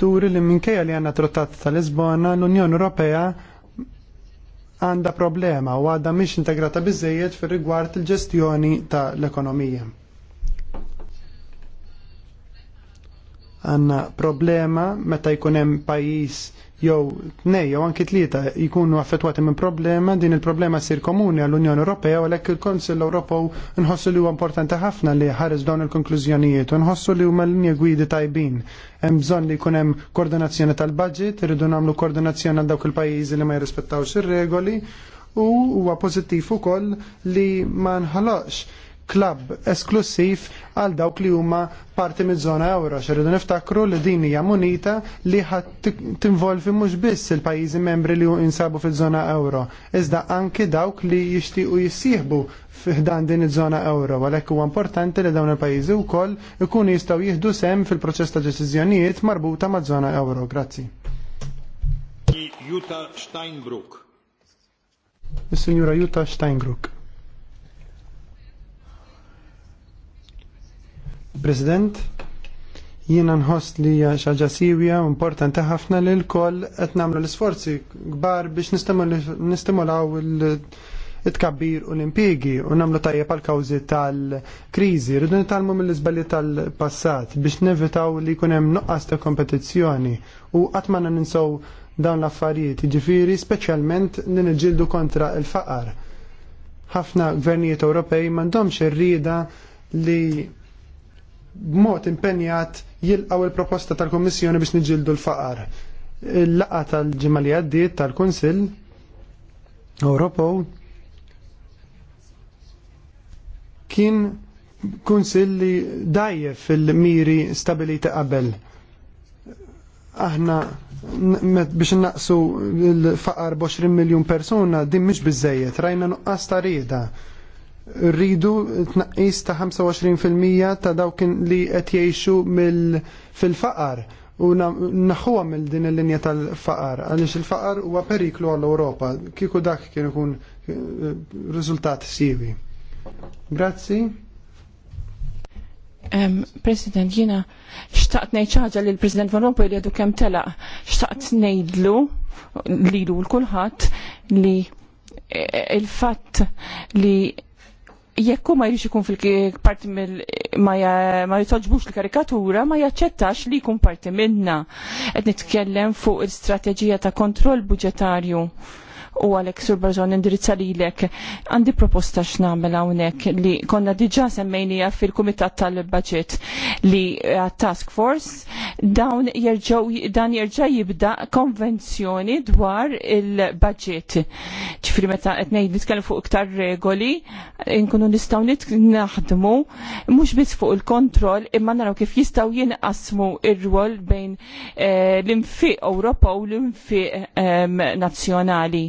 Speaker 2: turi li minkejja li għanna trattat tal-Lisbona l-Unjoni Europea għanda problema u għadha mhix integrata biżejjed fir rigward il-ġestjoni tal-ekonomija. għanna problema meta jkun hemm pajjiż jew tnej jew anki tlieta jkunu affettwati minn problema, din il-problema sir komuni għall-Unjoni Ewropea u għalhekk il-Konsill Ewropew nħossu li huwa importanti ħafna li ħares dawn il-konklużjonijiet u nħossu li huma linja gwidi tajbin. Hemm bżonn li jkun hemm koordinazzjoni tal-budget, irridu nagħmlu koordinazzjoni għal dawk il-pajjiżi li ma jirrispettawx ir-regoli u huwa pożittiv ukoll li ma nħaloqx klabb esklusiv għal dawk li huma parti minn żona euro. Xeridu niftakru li din hija munita li ħadd tinvolvi mhux biss il-pajjiżi membri li jinsabu fiż-żona euro, iżda anki dawk li jixtiequ jissieħbu fiħdan din iż-żona euro, għalhekk huwa importanti li dawn il-pajjiżi wkoll ikunu jistgħu jieħdu sem fil-proċess ta' deċiżjonijiet marbuta maż-żona euro. Grazzi.
Speaker 1: Jutta Steinbrück.
Speaker 2: Il-Signora Jutta Steinbrück. President, jiena nħoss li hija xaġa siwja importanti ħafna li l-koll qed nagħmlu l-isforzi kbar biex nistimulaw il-tkabbir u l-impjiegi u nagħmlu tajjeb għal kawżi tal-kriżi. Rridu nitalmu mill-iżbalji tal-passat biex nevitaw li jkun hemm nuqqas ta' kompetizzjoni u qatt ma ninsew dawn l-affarijiet, jiġifieri speċjalment li niġġieldu kontra l-faqar. Ħafna gvernijiet Ewropej m'għandhomx ir-rieda li b'mod impenjat jilqaw il-proposta tal-Kommissjoni biex niġildu l-faqar. Il-laqa tal ġimali li għaddiet tal-Kunsill Ewropew kien kunsill li dajjef fil-miri stabilita qabel. Aħna biex naqsu l-faqar b'20 miljon persuna din mhix biżejjed, rajna nuqqas ta' rieda rridu tnaqqis ta' 25% ta' dawk li qed jgħixu fil-faqar u naħuha mill din il-linja tal-faqar għaliex il-faqar huwa periklu għall-Ewropa kieku dak kien ikun eh, riżultat sievi. Grazzi.
Speaker 3: Um, President, jina xtaqt nejt ċaġa li l-President Van Rompuy li għadu kem tela xtaqt ngħidlu li l-kulħat li eh, il-fat li jekku ma jrix ikun fil-parti mill ma jitoġbux l-karikatura ma jaċċettax li jkun parti minna. Qed nitkellem fuq il-strateġija ta' kontroll budġetarju u għalek sur indirizza li lek. Għandi proposta xnamela hawnhekk li konna diġà semmejnija fil-Kumitat tal-Budget li eh, task force dawn jerġgħu dan jerġa' jibda konvenzjoni dwar il-budget. ċifri meta qed ngħid nitkellem fuq iktar regoli, nkunu nistgħu naħdmu mhux biss fuq il-kontroll imma naraw kif jistgħu jinqasmu ir-rwol bejn eh, l-infiq Ewropa u l-infiq ehm, nazzjonali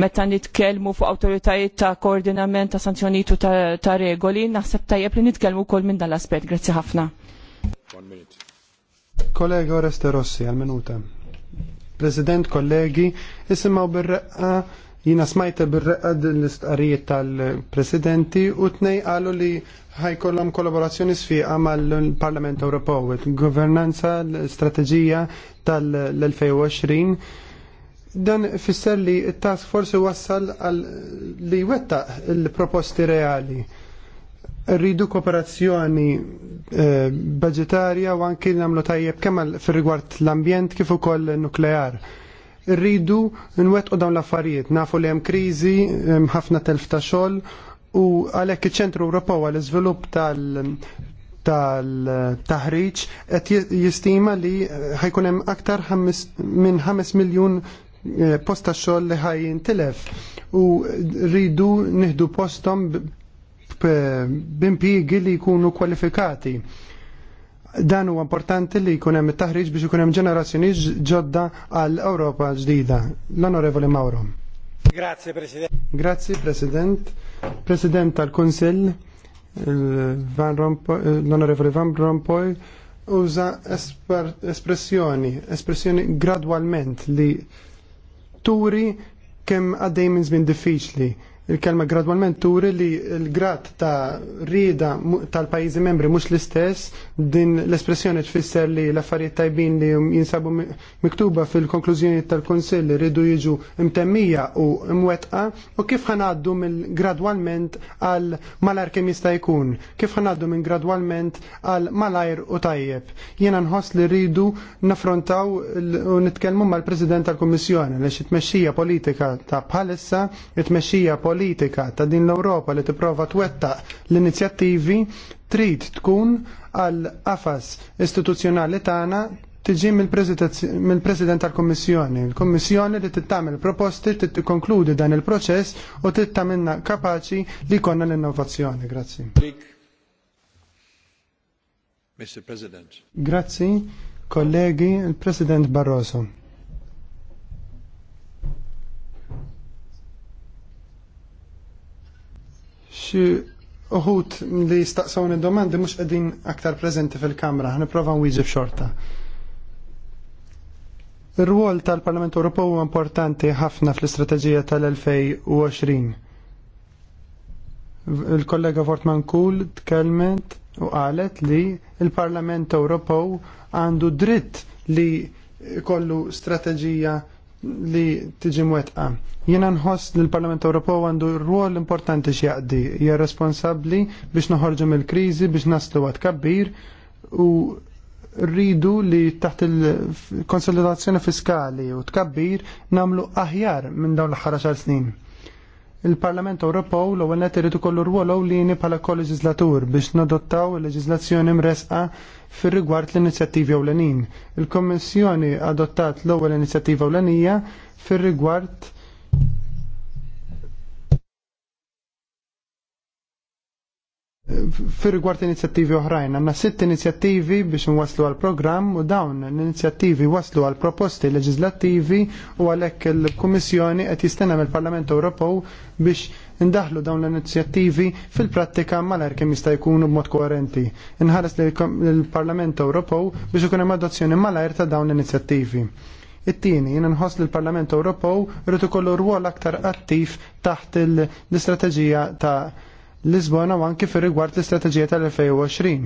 Speaker 3: meta nitkellmu fuq awtoritajiet ta' koordinament ta' sanzjonijiet u ta, regoli, naħseb tajjeb li nitkellmu wkoll minn dan l-aspett. Grazzi ħafna.
Speaker 2: Kollega Oreste Rossi, għal-minuta. President, kollegi, isimaw bil-reqqa jina smajta bil-reqqa l-istqarijiet tal-presidenti u tnej għalu li ħajkollhom kollaborazzjoni sfiqa mal-Parlament Ewropew, governanza, l-strateġija tal-2020 dan fisser li task force wassal għal li wetta l proposti reali. Rridu kooperazzjoni eh, budgetarja u anki namlu tajjeb kemm fil-rigward l-ambjent kif ukoll nuklear rridu nwettqu dawn l-affarijiet, nafu li hemm kriżi, hemm ħafna telf ta' xogħol u għalhekk iċ-ċentru Ewropew għall iżvilupp tal tal-taħriġ qed jistima li ħajkun hemm aktar minn 5 miljun Eh, posta xogħol li ħaj tilef u rridu nieħdu postom b'impjiegi li jkunu kwalifikati. Dan huwa importanti li jkun hemm it-taħriġ biex ikun hemm ġenerazzjoni ġodda għal Ewropa ġdida. L-Onorevoli Mauro. Grazie President. Grazie President. President tal-Kunsill, eh, eh, l-Onorevoli Van Rompuy, uża espressjoni, espressjoni gradwalment li vetturi kemm għaddej minn żmien diffiċli il-kelma gradwalment turi li l-grad ta' rida tal-pajizi membri mhux l-istess, din l-espressjoni tfisser li l-affarijiet tajbin li jinsabu miktuba fil-konklużjoni tal-Konsill ridu jiġu imtemmija u imwetqa u kif ħanaddu mill gradwalment għal malar kemm jista' jkun, kif ħanaddu minn gradwalment għal malajr u tajjeb. Jiena nħoss li rridu naffrontaw u nitkellmu mal-President tal-Kummissjoni li it-tmexxija politika ta' bħalissa, it-tmexxija politika politika ta' din l-Ewropa li tipprova twettaq l-inizjattivi trid tkun għal qafas istituzzjonali tagħna tiġi mill-President tal-Kommissjoni. Il-Kommissjoni li tittamil proposti, tikkonkludi dan il-proċess u tittaminna kapaċi li konna l-innovazzjoni. Grazzi. Mr. President. Grazzi, kollegi, il-President Barroso. Xi uħut li staqsawni domandi mhux qegħdin aktar preżenti fil-Kamra, Nipprova nwieġeb xorta. Ir-rwol tal-Parlament Ewropew huwa importanti ħafna fl-istrateġija tal-2020. Il-kollega Fortman Kuhl tkellmet u qalet li l parlament Ewropew għandu dritt li kollu strateġija li tiġi mwetqa. Jiena nħoss li l-Parlament Ewropew għandu rwol importanti x'jaqdi, hija responsabbli biex noħorġu mill-kriżi biex naslu għad kabbir u rridu li taħt il-konsolidazzjoni fiskali u tkabbir namlu aħjar minn dawn l-ħara snin il-Parlament Ewropew l-ewwel nett irid ikollu rwol ewlieni bħala koleġislatur biex nadottaw il-leġiżlazzjoni mresqa fir-rigward l-inizjattivi ewlenin. Il-Kommissjoni adottat l-ewwel inizjattiva ewlenija fir-rigward Fir rigward inizjattivi oħrajn, għanna sitt inizjattivi biex nwaslu għal programm u dawn l-inizjattivi waslu għal proposti leġislattivi u għalhekk il-Kummissjoni qed jistenna mill-Parlament Ewropew biex indaħlu dawn l-inizjattivi fil-prattika malajr kemm jista' jkunu b'mod koerenti. Inħares l-Parlament Ewropew biex ikun hemm adozzjoni malajr ta' dawn l-inizjattivi. It-tieni, jien nħoss li l-Parlament Ewropew rrid ikollu rwol aktar attiv taħt l-istrateġija ta' Lisbona u anke fir-rigward l-istrateġija tal-2020.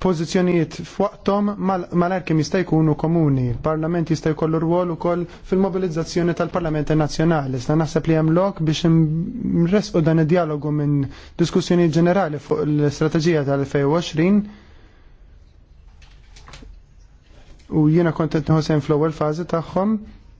Speaker 2: Pożizzjonijiet f'waqthom mal kemm jista' jkunu komuni. Il-Parlament jista' jkollu rwol ukoll fil-mobilizzazzjoni tal-Parlament Nazzjonali. Sta naħseb li hemm lok biex nresqu dan id-dialogu minn diskussjoni ġenerali fuq l-istrateġija tal-2020 u jiena kontent nħossem fl-ewwel fażi tagħhom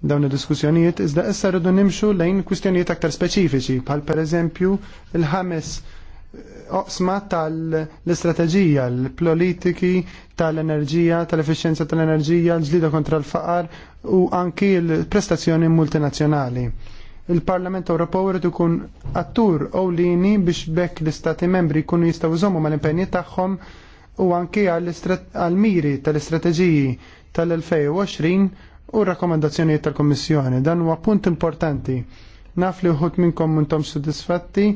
Speaker 2: dawn id-diskussjonijiet iżda issa rridu nimxu lejn kwistjonijiet aktar speċifiċi bħal pereżempju il-ħames eh, oqsma tal-istrateġija, l-politiki tal-enerġija, tal-efficienza tal-enerġija, l-ġlida kontra l-faqar u anki l-prestazzjoni multinazzjonali. Il-Parlament Ewropew irid ikun attur ewlieni biex bekk l-istati membri jkunu jistgħu jżommu mal-impenji tagħhom u anki għall-miri tal-istrateġiji tal-2020 u rakkomandazzjonijiet tal-Kommissjoni. Dan huwa punt importanti. Naf li uħut minnkom muntom sudisfatti,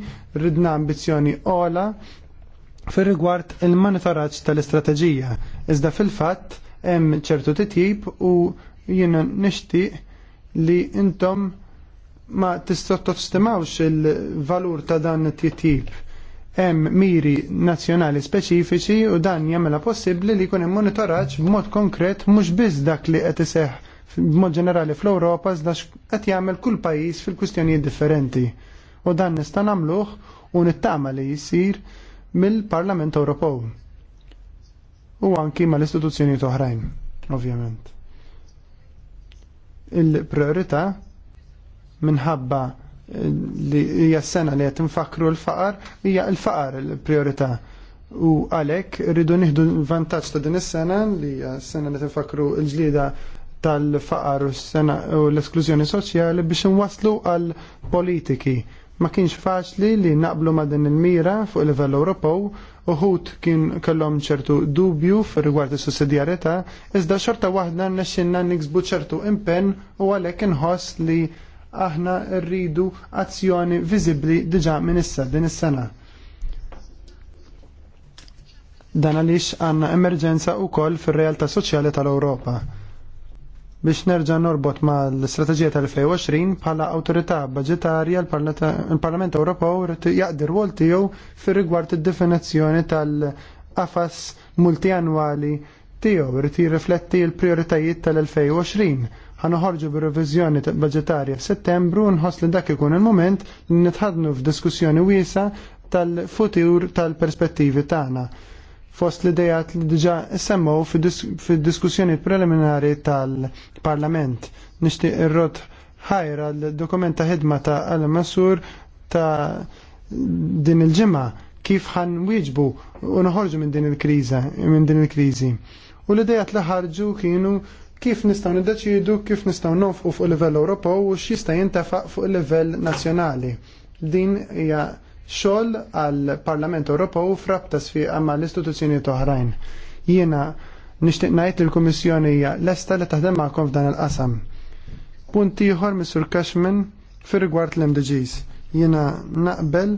Speaker 2: ridna ambizzjoni ola fir rigward il-monitoraġġ tal-istrateġija. Iżda fil-fatt hemm ċertu titjib u jiena nixtieq li intom ma tistottotimawx il-valur ta' dan it-titjib hemm miri nazzjonali speċifiċi u dan jagħmilha possibbli li jkun hemm monitoraġġ b'mod konkret mhux biss dak li qed iseħħ mod ġenerali fl-Ewropa iżda qed jagħmel kull pajjiż fil-kwistjonijiet differenti. U dan nista' nagħmluh u nittama li jsir mill-Parlament Ewropew. U anki mal-istituzzjonijiet oħrajn, ovvjament. Il-priorità minħabba eh, li hija s-sena li qed infakru l-faqar hija l-faqar il-priorità. U għalhekk rridu nieħdu vantaġġ ta' din is-sena li hija s-sena li tinfakru l-ġlieda tal-faqar u l-esklużjoni soċjali biex nwaslu għal politiki. Ma kienx faċli li naqblu ma din il-mira fuq il-livell Ewropew uħut kien kellhom ċertu dubju rigward is-sussidjarjetà, iżda xorta waħda nexxinna niksbu ċertu impenn u għalhekk inħoss li aħna rridu azzjoni viżibbli diġà minn issa din is-sena. Dan għaliex għandna emerġenza wkoll fir-realtà soċjali tal-Ewropa biex nerġa' norbot ma l-istrateġija tal-2020 bħala awtorità budgetarja l-Parlament Ewropew jaqdir wol tiegħu fir-rigward id-definizzjoni tal-qafas multianwali tiegħu irid jirrifletti l-prijoritajiet tal-2020. Ħanoħorġu bir-reviżjoni budgetarja f'Settembru nħoss li dak ikun il-mument li nitħadnu f'diskussjoni wiesa tal-futur tal-perspettivi tagħna fost l-idejat li diġa semmow fil-diskussjoni preliminari tal-Parlament. Nishti irrot ħajra l dokumenta ħidma ta' għal-Massur ta' din il-ġimma kif ħan wieġbu u nħorġu minn din il-kriza, minn din il-krizi. U l-idejat li ħarġu kienu kif nistaw niddeċidu, kif nistaw nofqu fuq il level Ewropew u jista' jintefaq fuq il-livell nazzjonali. Din hija xogħol għal Parlament Ewropew frabta sfiqa ma' l-istituzzjoni oħrajn. Jiena nixtieq ngħid il-Kummissjoni hija lesta li taħdem magħkom f'dan il-qasam. Punt ieħor Mr. Cashman fir-rigward l-MDGs. Jiena naqbel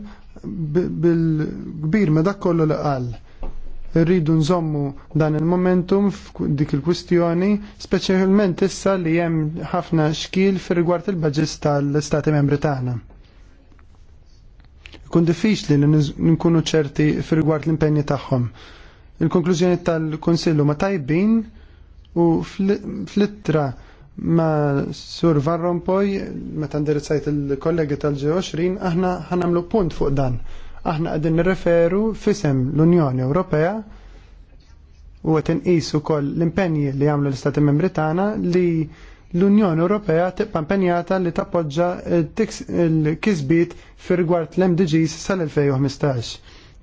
Speaker 2: bil-kbir ma dak kollu li qal rridu nżommu dan il-momentum f'dik il-kwistjoni, speċjalment issa li hemm ħafna xkil fir rigward il-budgets tal istati Membri tagħna kun diffiċli li nkunu ċerti fil-rigward l-impenni tagħhom. Il-konklużjoni tal-Konsillu ma tajbin u fl-ittra ma Sur Varrompoj, meta ndirizzajt il-kollegi tal-G20, aħna ħanamlu punt fuq dan. Aħna qegħdin nirreferu fisem l-Unjoni Ewropea u qed inqisu kol l-impenji li għamlu l-Istati Membri tagħna li l-Unjoni Ewropea tibqa' impenjata li tappoġġa l-kisbit fir-rigward l-MDGs sal-2015.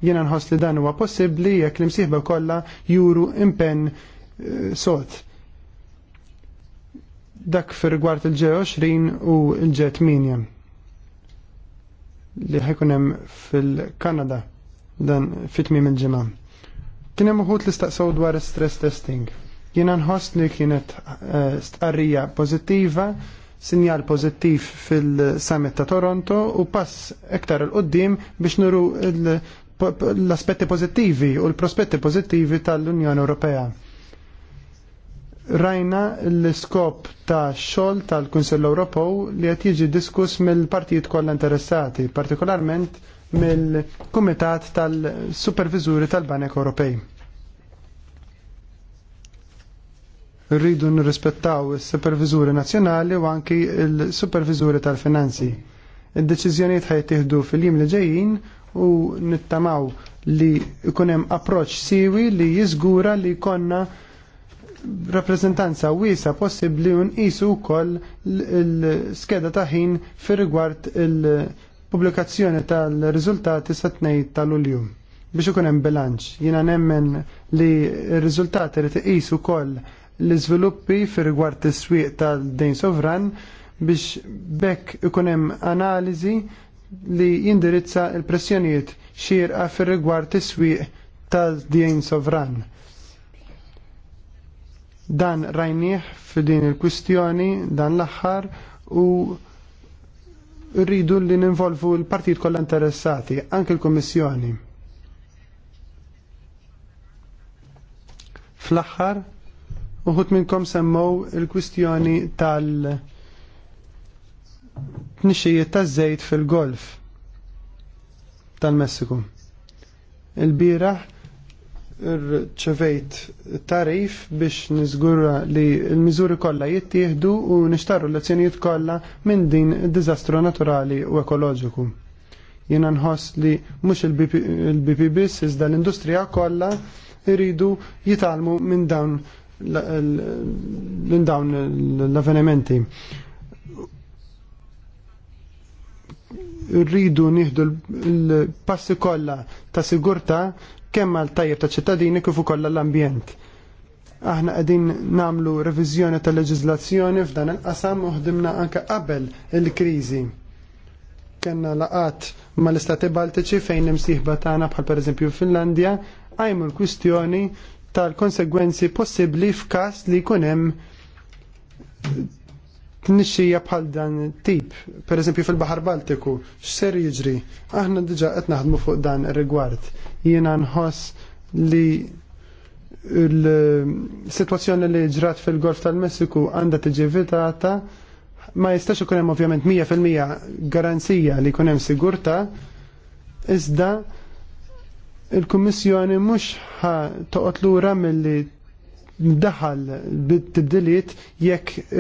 Speaker 2: Jiena nħoss li dan huwa possibbli jekk l-imsieħba kollha juru impenn eh, sod dak fir rigward il-G20 u l g 8 li ħajkun hemm fil-Kanada dan fit-tmiem il-ġimgħa. Kien hemm uħud li staqsew dwar stress testing. Jiena nħost li kienet eh, stqarrija pożittiva, sinjal pożittiv fil-summit ta' Toronto u pass iktar il-qoddim biex nuru l-aspetti pozittivi u l-prospetti pożittivi tal-Unjoni Ewropea. Rajna l-skop ta' xol tal-Kunsell Ewropew li qed jiġi diskuss mill-partijiet kollha interessati, partikolarment mill-Kumitat tal-Supervizuri tal-Banek Ewropej rridu nirrispettaw is-superviżuri nazzjonali u anki l-superviżuri tal-finanzi. Id-deċiżjonijiet ħajtieħdu fil-jiem li ġejjin u nittamaw li jkun hemm approċċ siwi li jiżgura li jkollna rappreżentanza wiesa possibbli u nqisu wkoll l-skeda ta' ħin fir-rigward il-pubblikazzjoni tal-riżultati sa tnejn tal ulju biex ikun hemm bilanċ. Jiena nemmen li r-riżultati rriti isu wkoll l-iżviluppi fir rigward is-swieq tal-dejn sovran biex bekk ikun hemm analiżi li jindirizza l-pressjonijiet xierqa fir rigward is-swieq tal-dejn sovran. Dan rajnieh f'din il-kwistjoni dan l-aħħar u rridu li ninvolvu l-partit kollha interessati, anke l-Kummissjoni. Fl-aħħar Uħut minnkom semmow il-kwistjoni tal- tnixijiet ta' żejt fil-golf tal-Messiku. Il-biraħ irċevejt tarif biex niżgura li l-miżuri kollha jittieħdu u nixtarru l-azzjonijiet kollha minn din id-diżastru naturali u ekoloġiku. Jiena nħoss li mhux il bpbs iżda l-industrija kollha iridu jitalmu minn dawn l-dawn l-avvenimenti. Rridu nieħdu l-passi kollha ta' sigurtà kemm għal tajjeb ta' ċittadini kif ukoll l-ambjent. Aħna qegħdin namlu reviżjoni tal leġiżlazzjoni f'dan il-qasam u ħdimna anke qabel il-kriżi. Kenna laqat mal-Istati Baltiċi fejn imsieħba tagħna bħal pereżempju Finlandja għajmu l-kwistjoni tal-konsegwenzi possibbli f'każ li jkun hemm tnixxija bħal dan tip, per eżempju fil-Baħar Baltiku, x'ser jiġri? Aħna diġà qed naħdmu fuq dan ir-rigward. Jiena nħoss li l-sitwazzjoni li ġrat fil-Golf tal-Messiku għandha tiġi vitata, ma jistax ikun hemm ovvjament 100% garanzija li jkun hemm sigurtà iżda il-Kummissjoni mhux toqgħod lura milli daħal bit-tibdiliet jekk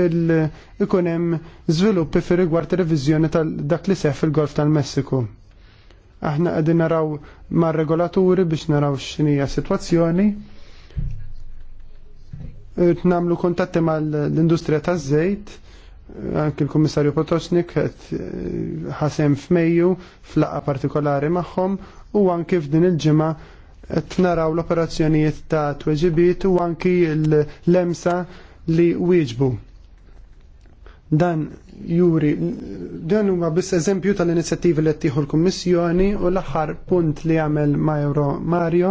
Speaker 2: ikun hemm żviluppi fi rigward reviżjoni tal dak li seħ fil-Golf tal-Messiku. Aħna qegħdin naraw mar-regolaturi biex naraw x'inhija sitwazzjoni. Namlu kontatti mal-industrija taż-żejt, anke l-Kummissarju Potosnik ħasem f'Mejju f'laqqa partikolari magħhom u anki f'din il-ġimgħa qed naraw l-operazzjonijiet ta' tweġibiet u anki l-lemsa li wieġbu. Dan juri, dan huwa biss eżempju tal-inizjattivi li tieħu l-Kummissjoni u l-aħħar punt li għamel Euro Mario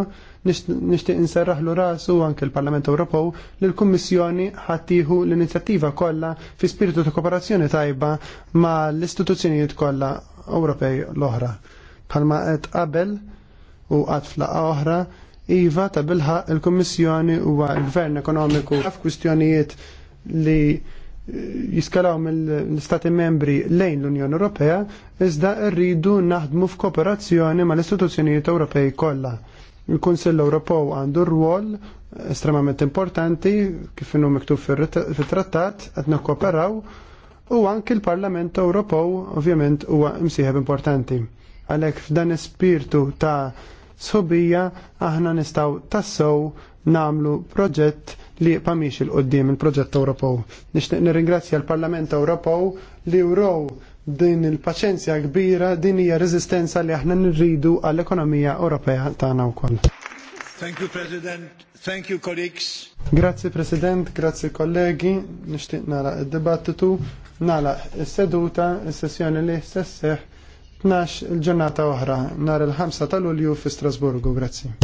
Speaker 2: nixtieq inserraħlu rasu anke l-Parlament Ewropew li l-Kummissjoni ħattieħu l-inizjattiva kollha fi spiritu ta' kooperazzjoni tajba ma' l-istituzzjonijiet kollha Ewropej l-oħra. Palma qed qabel u qatt flaqa oħra, iva ta' bilħa il-Kummissjoni huwa l-Gvern Ekonomiku għaf kwistjonijiet li eh, jiskalaw mill-Stati membri lejn l-Unjoni Ewropea, iżda rridu naħdmu f'kooperazzjoni mal istituzzjonijiet Ewropej kollha. Il-Kunsill Ewropew għandu rwol estremament importanti kif inhu miktub fit-trattat qed nikkooperaw u anki l-Parlament Ewropew ovvjament huwa msieħeb importanti. Għalhekk f'dan ispirtu ta' sobija aħna nistgħu tassew namlu proġett li pamiex il-qoddim il-proġett Ewropew. Nixtieq nirringrazzja l-Parlament Ewropew li wrow din il-paċenzja kbira din hija reżistenza li aħna nirridu għall-ekonomija Ewropea tagħna wkoll. Thank you, President. Thank you, colleagues. Grazzi, President. Grazzi, kollegi. Nixtieq nara id-dibattitu. Nala il seduta s-sessjoni li s-sesseħ 12 il-ġurnata oħra nhar il-5 ta' Lulju fi Strasburgu. Grazzi.